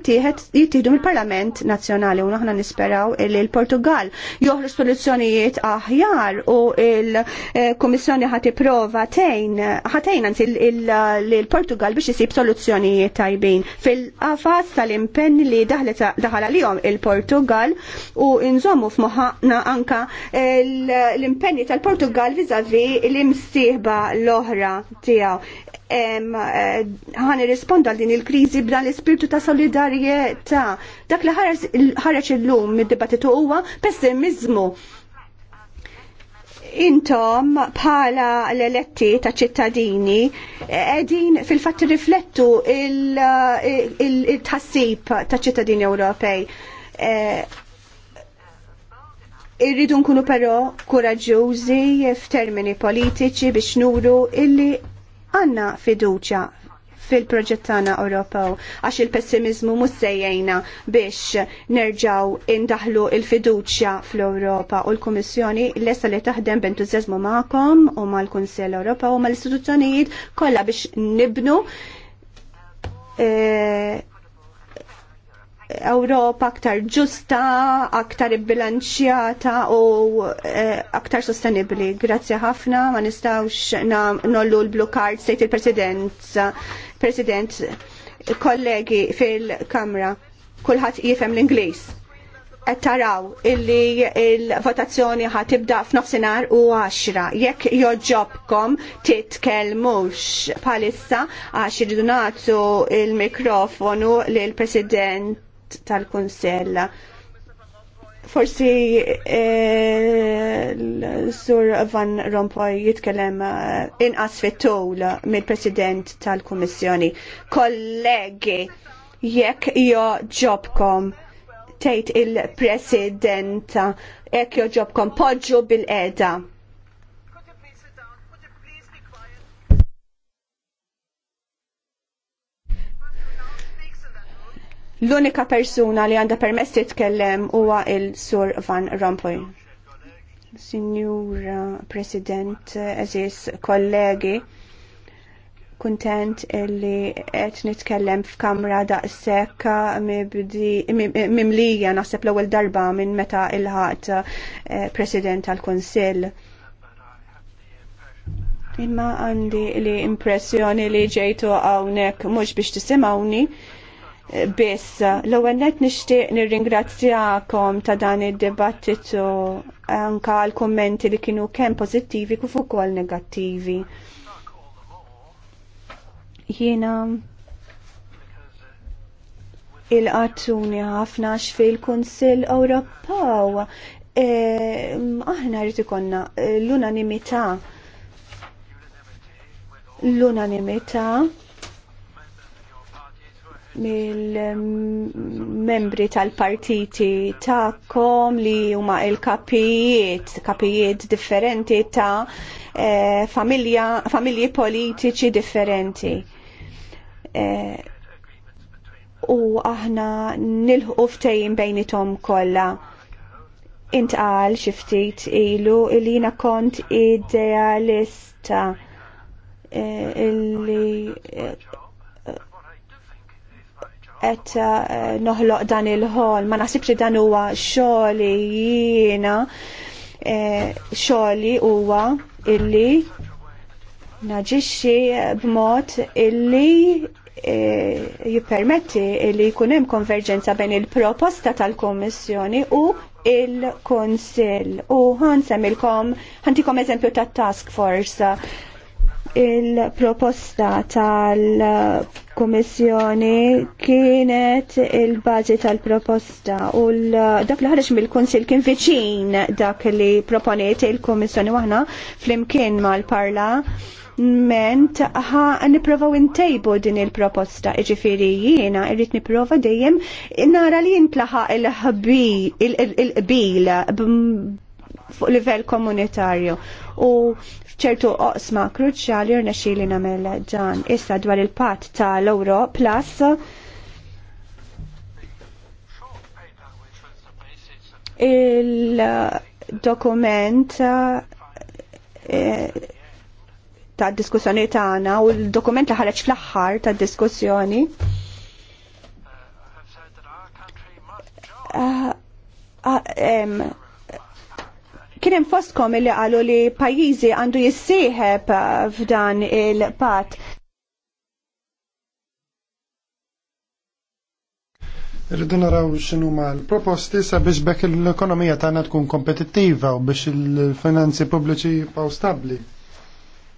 jittieħdu mill-Parlament Nazzjonali u aħna nisperaw li l-Portugal joħroġ soluzzjonijiet aħjar u l-Komissjoni ħadd ipprova tejn ħatejn anzi l-Portugal biex isib soluzzjonijiet tajbin. Fil-qafas tal-impenn li daħal għalihom il-Portugal u nżommu f'moħħna anka l-impenni tal-Portugal viżavi l-imsieħba l-oħra tijaw. Għani eh, rispondu għal din il-kriżi b'dan l-ispirtu ta' solidarjetà. Dak li ħareġ illum mid-dibattitu huwa pessimizmu intom bħala l-eletti ta' ċittadini edin fil-fat riflettu il-tħassib ta' ċittadini Ewropej. Eh, irridu nkunu però kuraġużi f'termini politiċi biex nuru illi għanna fiduċja fil-proġett tagħna Ewropew għax il-pessimizmu mhux sejjejna biex nerġgħu indaħlu il-fiduċja fl-Ewropa u l-Kummissjoni lesa li taħdem b'entużjażmu magħkom u mal-Kunsell Ewropew u mal-istituzzjonijiet kollha biex nibnu eh, Ewropa aktar ġusta, aktar ibbilanċjata u eh, aktar sostenibli. Grazzi ħafna, ma nistawx nollu l-blu card, sejt il-president, president, kollegi fil-kamra, kullħat jifem l-Inglis. Ettaraw illi il-votazzjoni ħat tibda f'nofsinhar u għaxra. jekk joġobkom titkellmux palissa għax irridu nagħtu il-mikrofonu lill-President tal kunsella Forsi eh, l-Sur Van Rompuy jitkellem eh, inqas fit mill-President tal-Kummissjoni. Kollegi, jekk jo ġobkom tgħid il presidenta jekk jo ġobkom poġġu bil-qeda L-unika persuna li għanda permess titkellem huwa il-Sur Van Rompuy. Signora President, eżis kollegi, kuntent illi qed nitkellem f'kamra daqshekk mimlija naħseb l-ewwel darba minn meta ilħat eh, President tal-Kunsill. Imma għandi li impressjoni li ġejtu hawnhekk mhux biex tisimgħuni, biss. L-ewwel net nixtieq nirringrazzjakom ta' dan id-dibattitu anka għal kummenti li kienu kemm pożittivi kif ukoll negattivi. Jiena il-qattuni ħafna fil-Kunsill Ewropew. E, aħna rrid ikonna l-unanimità l-unanimità mill-membri tal-partiti ta'kom li huma il-kapijiet, kapijiet differenti ta' eh, familja, familji politiċi differenti. Eh, u aħna nilħu ftejn bejnitom kollha. Intqal xi ftit ilu li jiena kont idealista eh, illi qed eh, noħloq dan il-ħol, ma naħsibx li dan huwa xogħli jiena eh, xogħli huwa illi naġixxi b'mod illi eh, jippermetti illi jkun hemm konverġenza bejn il-proposta tal-Kummissjoni u il kunsill U ħansemmilkom ħantikom eżempju tat-task force il-proposta tal-Komissjoni kienet il-bazi tal-proposta u dak li ħarġ mill-Kunsil kien viċin dak li proponiet il-Komissjoni waħna fl-imkien mal-parla ment ħa niprofaw intejbu din il-proposta iġifiri jiena irrit niprofa dejjem nara li jintlaħa il-ħbil ħbi il-qbil fuq livell komunitarju u fċertu oqsma kruċjali xili namel dan. Issa dwar il pat tal-Euro Plus il-dokument eh, ta' diskussjoni tagħna u l-dokument li ħareġ fl-aħħar ta' diskussjoni. Eh, eh, Kien hemm fostkom li qalu li pajjiżi għandu jissieħeb uh, f'dan il-pat. Irridu naraw x'inhu l-proposti sabiex bekk l-ekonomija tagħna tkun kompetittiva u biex il-finanzi pubbliċi jibqgħu stabbli.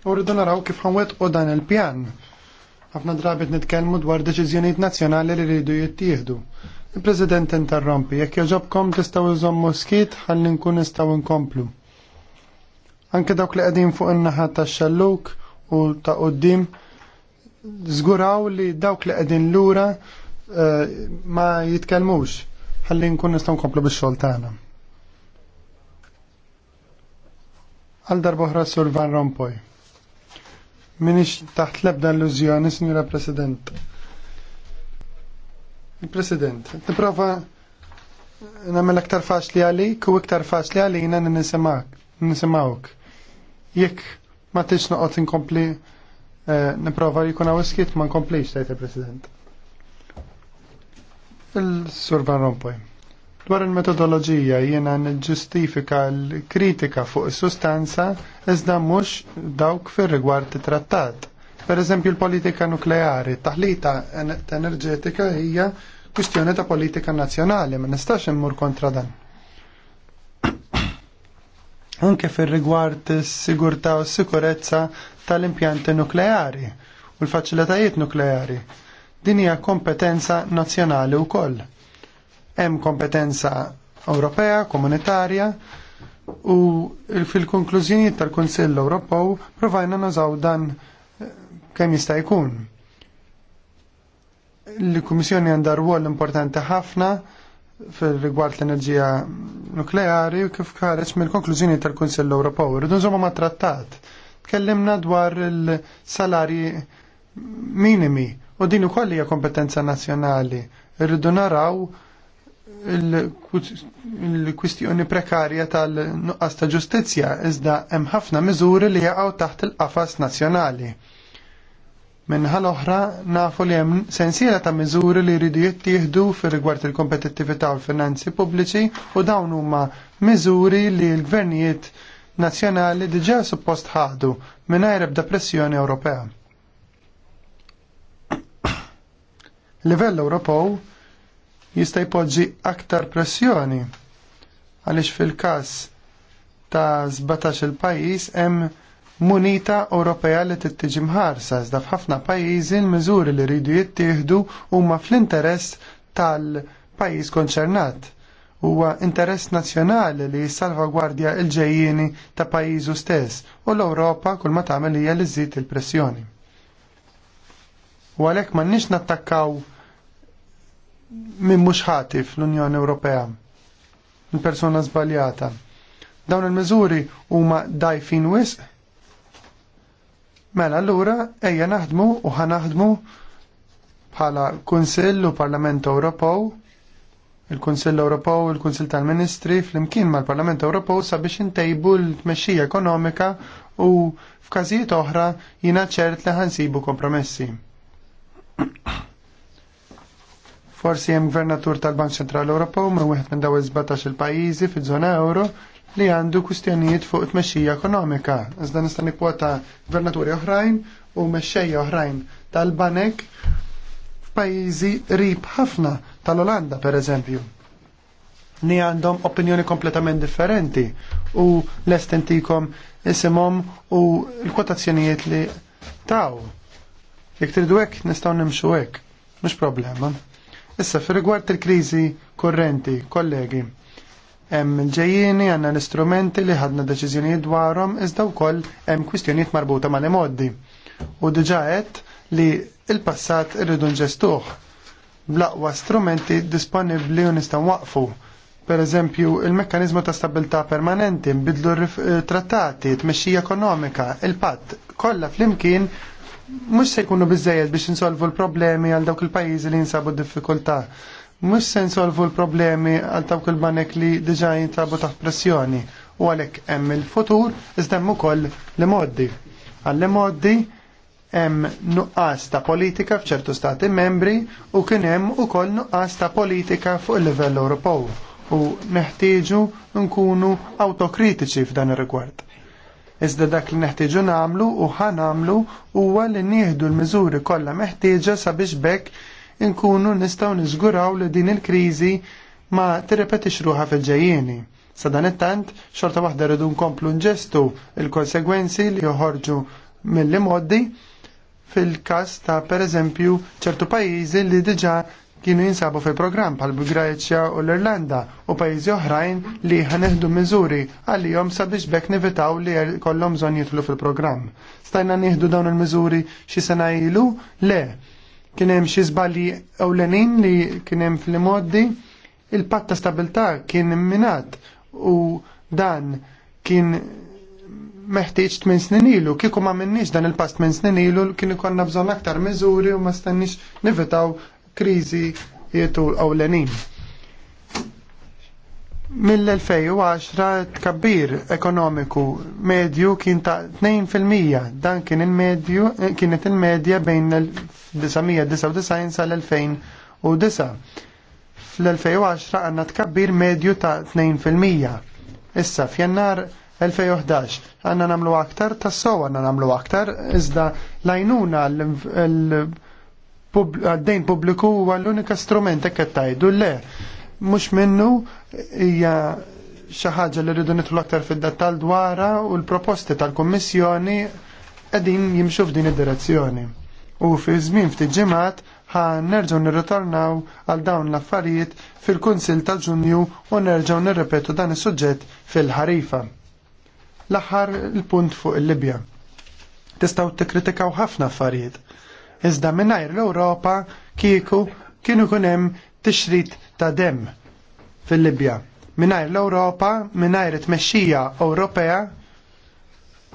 U rridu naraw kif u dan il-pjan. Ħafna drabi nitkellmu dwar deċiżjonijiet nazzjonali li rridu jittieħdu. Il-President interrompi, jekk joġobkom tistaw iżommu moskit, ħalli nkun nistaw nkomplu. Anke dawk li qegħdin fuq in-naħa tax-xalluk u ta' qudiem żguraw li dawk li qegħdin lura eh, ma jitkellmux ħalli nkun nistgħu nkomplu bix-xogħol tagħna. Għal darboħra oħra Sur Van Rompuy. Minix taħt lebda illużjoni, Sinjura President. President, niprofa namel aktar faċli għalik u iktar faċli għalina nisimawk. Jekk ma tix noqot inkompli eh, niprofa jikun għawiskit ma nkomplix xtajt il-President. Il-Sur Van Rompuy. Dwar il-metodologija jiena ġustifika l-kritika fuq is-sustanza iżda mhux dawk fir-rigward it-trattat. Per eżempju l-politika nukleari, taħlita enerġetika hija kwistjoni ta' politika nazzjonali, ma nistax immur kontra dan. (clears throat) Anke fir-rigward sigurtà u sikurezza tal-impjanti nukleari u l-faċilitajiet nukleari. Din hija kompetenza nazzjonali wkoll. Hemm kompetenza Ewropea, komunitarja, u fil konklużjoni tal-Kunsill Ewropew provajna nażaw dan eh, kemm jista' jkun l-Kummissjoni għandha rwol importanti ħafna fil-rigward l-enerġija nukleari u kif ħareġ mill-konklużjoni tal-Kunsill Ewropew. Irridu nżomma ma' trattat. Tkellimna dwar il-salarji minimi u din ukoll hija kompetenza nazzjonali. Irridu naraw il-kwistjoni prekarja tal-nuqqas ta' ġustizzja iżda hemm ħafna miżuri li jaqgħu taħt il-qafas nazzjonali Minħal oħra nafu li hemm sensiela ta' miżuri li jridu jittieħdu fir rigward il-kompetittività u l-finanzi pubbliċi u dawn huma miżuri li l-gvernijiet nazzjonali diġà suppost ħadu mingħajr ebda pressjoni Ewropea. (coughs) Livell Ewropew jista' jpoġġi aktar pressjoni għaliex fil-każ ta' 17 il-pajjiż hemm munita Ewropea li tittiġi mħarsa iżda f'ħafna pajjiżi l-miżuri li rridu jittieħdu huma fl-interess tal-pajjiż konċernat. Huwa interess nazzjonali li jissalvagwardja l-ġejjieni ta' pajjiżu stess u l-Ewropa kull ma tagħmel hija li żżid il-pressjoni. U għalhekk m'għandniex nattakkaw minn mhux ħatif l-Unjoni Ewropea. Il-persuna żbaljata. Dawn il-miżuri huma dajfin wisq Mela allura ejja naħdmu u ħanaħdmu bħala Kunsill u Parlament Ewropew, il-Kunsill Ewropew, il-Kunsill tal-Ministri flimkien mal-Parlament Ewropew sabiex intejbu l-tmexxija ekonomika u f'każijiet oħra jina ċert li ħansibu kompromessi. Forsi hemm gvernatur tal-Bank Ċentrali Ewropew ma wieħed minn daw 17 il-pajjiżi fiż-żona euro li għandu kustjonijiet fuq it-mexxija ekonomika. Iżda nista' nikkwota gvernaturi oħrajn u mexxejja oħrajn tal-banek f'pajjiżi rib ħafna tal-Olanda pereżempju Ni għandhom opinjoni kompletament differenti u l-estentikom isimhom u l-kwotazzjonijiet li taw. Jek tridu hekk nistgħu nimxu hekk, mhux problema. Issa fir rigward il-kriżi korrenti, kollegi, Hemm il-ġejjieni għandna l-istrumenti li ħadna deċiżjonijiet dwarhom iżda wkoll hemm kwistjonijiet marbuta mal-imoddi. U diġà li il-passat irridu nġestuh bl-aqwa strumenti disponibbli u nistgħu waqfu. Per eżempju, il-mekkanizmu ta' stabilità permanenti, nbidlu eh, trattati, tmexxija ekonomika, il-patt, kollha flimkien mhux se jkunu bizzejed biex insolvu l-problemi għal dawk il pajjiżi li jinsabu d-diffikultà mhux se nsolvu l-problemi għal dawk kull banek li diġà jintrabu taħt pressjoni u għalhekk hemm il-futur iżda hemm ukoll moddi. għal li moddi hemm nuqqas ta' politika f'ċertu stati membri u kien hemm ukoll nuqqas ta' politika fuq il-livell Ewropew u neħtieġu nkunu autokritiċi f'dan ir-rigward. Iżda dak li neħtieġu nagħmlu u ħanamlu huwa li nieħdu l-miżuri kollha meħtieġa sabiex bekk Inkunu nistgħu niżguraw li din il-kriżi ma tirrepetix ruħa fil-ġejjieni. Sadan it-tant, xorta waħda rridu nkomplu nġestu il-konsegwenzi li joħorġu mill moddi fil-kas ta' per eżempju ċertu pajjiżi li diġa kienu jinsabu fil programm pal greċja u l-Irlanda u pajjiżi oħrajn li ħaneħdu miżuri jom sabiex bekk nivitaw li kollom bżonn jidħlu fil programm Stajna nieħdu dawn il-miżuri xi sena ilu? Le, Kien hemm xi żbalji ewlenin li kien hemm fil-modi il-patt ta' stabilità kien imminat u dan kien meħtieġ tmien snin ilu, kieku ma minnix dan il-pass tmien snin ilu kien ikonna bżonn aktar miżuri u ma stennix nivitaw kriżi jietu ewlenin. Mill-2010 tkabbir ekonomiku medju kien ta' 2% dan kien il-medju kienet il-medja bejn l-1999 sal-2009. Fl-2010 għanna tkabbir medju ta' 2%. Issa f'jannar 2011 għanna namlu aktar, tassow għanna namlu aktar, iżda lajnuna l-dejn pubbliku huwa l-unika strument ekk tajdu le mhux minnu hija xi ħaġa li rridu nidħlu aktar fid-dettall dwarha u l-proposti tal-Kummissjoni qegħdin jimxu f'din id-direzzjoni. U fi żmien ftit ġimgħat ħan nerġgħu nirritornaw għal dawn l-affarijiet fil-Kunsil ta' Ġunju u nerġgħu nirrepetu dan is-suġġett fil-ħarifa. L-aħħar il-punt fuq il-Libja. Tistgħu tikkritikaw ħafna affarijiet. Iżda mingħajr l-Ewropa kieku kienu kun hemm tixrid ta' dem fil-Libja. Minajr l-Europa, minajr it-mexxija Ewropea,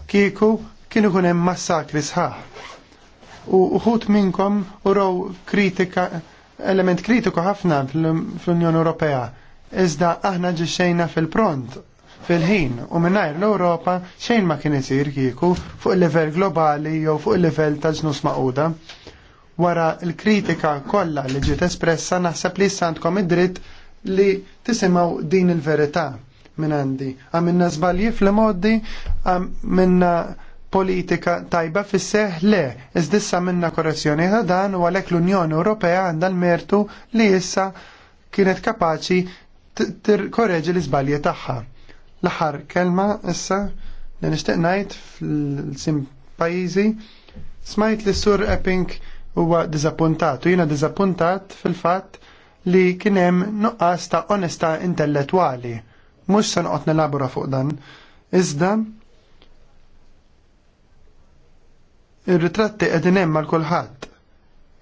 kieku kienu kunem massakri sħaħ. U uħut minnkom uraw kritika, element kritiku ħafna fl-Unjoni Ewropea. Iżda aħna ġiċċejna fil-pront, fil-ħin, u minnajr l-Europa xejn ma kien isir kieku fuq il-level globali jew fuq il-level ta' ġnus maquda. Wara l-kritika kollha li ġiet espressa naħseb li għandkom id-dritt li tisimgħu din il-verità minn għandi. Għamilna żbalji fl-modi, għamilna politika tajba fisseħ le, iżdissa minna korrezzjoni ta' dan u għalhekk l-Unjoni Ewropea għandha l-mertu li issa kienet kapaċi tirkoreġi l-iżbalji tagħha. L-aħħar kelma issa li nixtieq ngħid fl-sim pajjiżi smajt li sur Epping huwa dizappuntat. u jiena diżappuntat fil-fatt li kien hemm nuqqas ta' onesta intellettwali. Mhux se noqgħod nelabura fuq dan, iżda ir-ritratti qegħdin hemm mal kulħadd.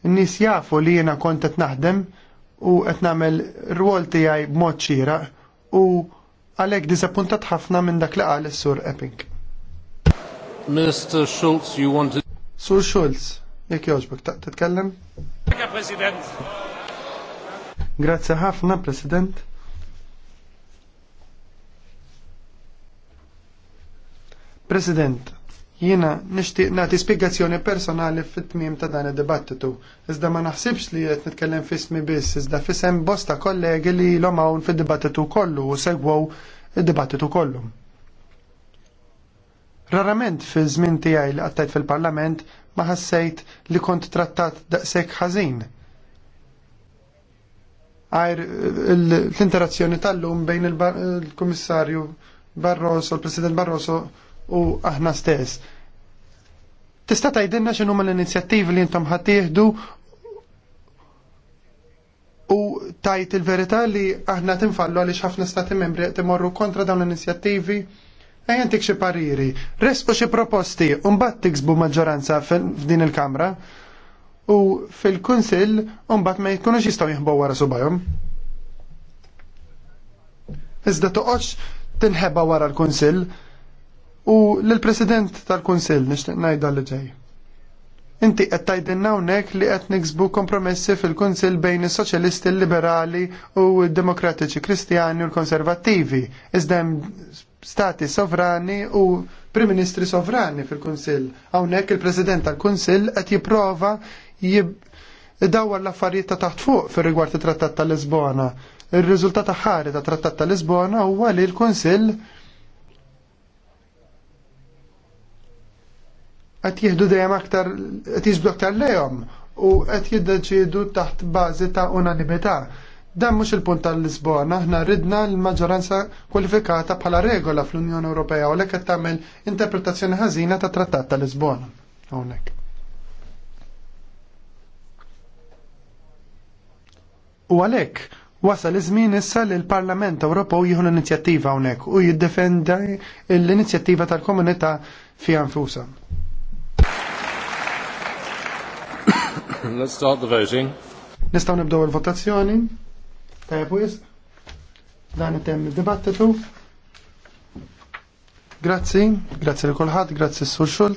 In-nies jafu li jiena kont qed naħdem u qed nagħmel rwol tiegħi b'mod xieraq u għalhekk diżappuntat ħafna minn dak li qal is-sur Epping. Mr. Schultz, you wanted... Sur Schultz, Jek joġbek, titkellem? President. Grazie ħafna, President. President, jiena nixtieq nagħti spjegazzjoni personali fit-tmiem ta' dan id-dibattitu. Iżda ma naħsibx li qed nitkellem fismi biss, iżda fisem bosta kollegi li l-omawn fid-dibattitu kollu u segwow id-dibattitu kollu. Rarament fi żmien tiegħi li qattajt fil-Parlament ma ħassejt li kont trattat daqshekk ħażin. Għajr l-interazzjoni tal-lum bejn il-Kummissarju Barroso, l president Barroso u aħna stess. Tista' tgħidilna x'inhu l-inizjattivi li intom ħaddieħdu u tajt il-verità li aħna tinfallu għaliex ħafna stati membri qed imorru kontra dawn l-inizjattivi Ejjen xi pariri, resqu xi proposti, u tiksbu maġġoranza f'din il-Kamra u fil-Kunsill u mbagħad ma jkunux jistgħu jieħbu wara subajhom. Iżda toqgħodx tinħeba wara l-Kunsill u lill-President tal-Kunsill nixtieq ngħidha l ġej. Inti qed tgħidilna hawnhekk li qed niksbu kompromessi fil-Kunsill bejn is-Soċjalisti Liberali u d Demokratiċi Kristjani u l-Konservattivi. Iżda hemm stati sovrani u prim ministri sovrani fil-Kunsill. Hawnhekk il-President tal-Kunsill qed jipprova dawwar l-affarijiet ta' taħt fuq fir-rigward it-Trattat tal Lisbona. Ir-riżultat ħari ta' Trattat tal Lisbona huwa li l-Kunsill qed jieħdu dejjem aktar qed jiżbdu aktar lejhom u qed jiddeċiedu taħt bażi ta' unanimità Dan mhux il-punt tal-Lisbona, aħna ridna l-maġġoranza kwalifikata bħala regola fl-Unjoni Ewropea u lek qed tagħmel interpretazzjoni ħażina ta' Trattat tal-Lisbona. Hawnhekk. U għalhekk wasal iż-żmien issa li l-Parlament Ewropew jieħu l-inizjattiva hawnhekk u jiddefenda l-inizjattiva tal-komunità fiha nfusha. (coughs) Let's start the voting. Nistgħu nibdew il-votazzjoni. Tajab wisq. Dan item dibattitu. Grazzi, grazzi l kulħadd, grazzi s-sur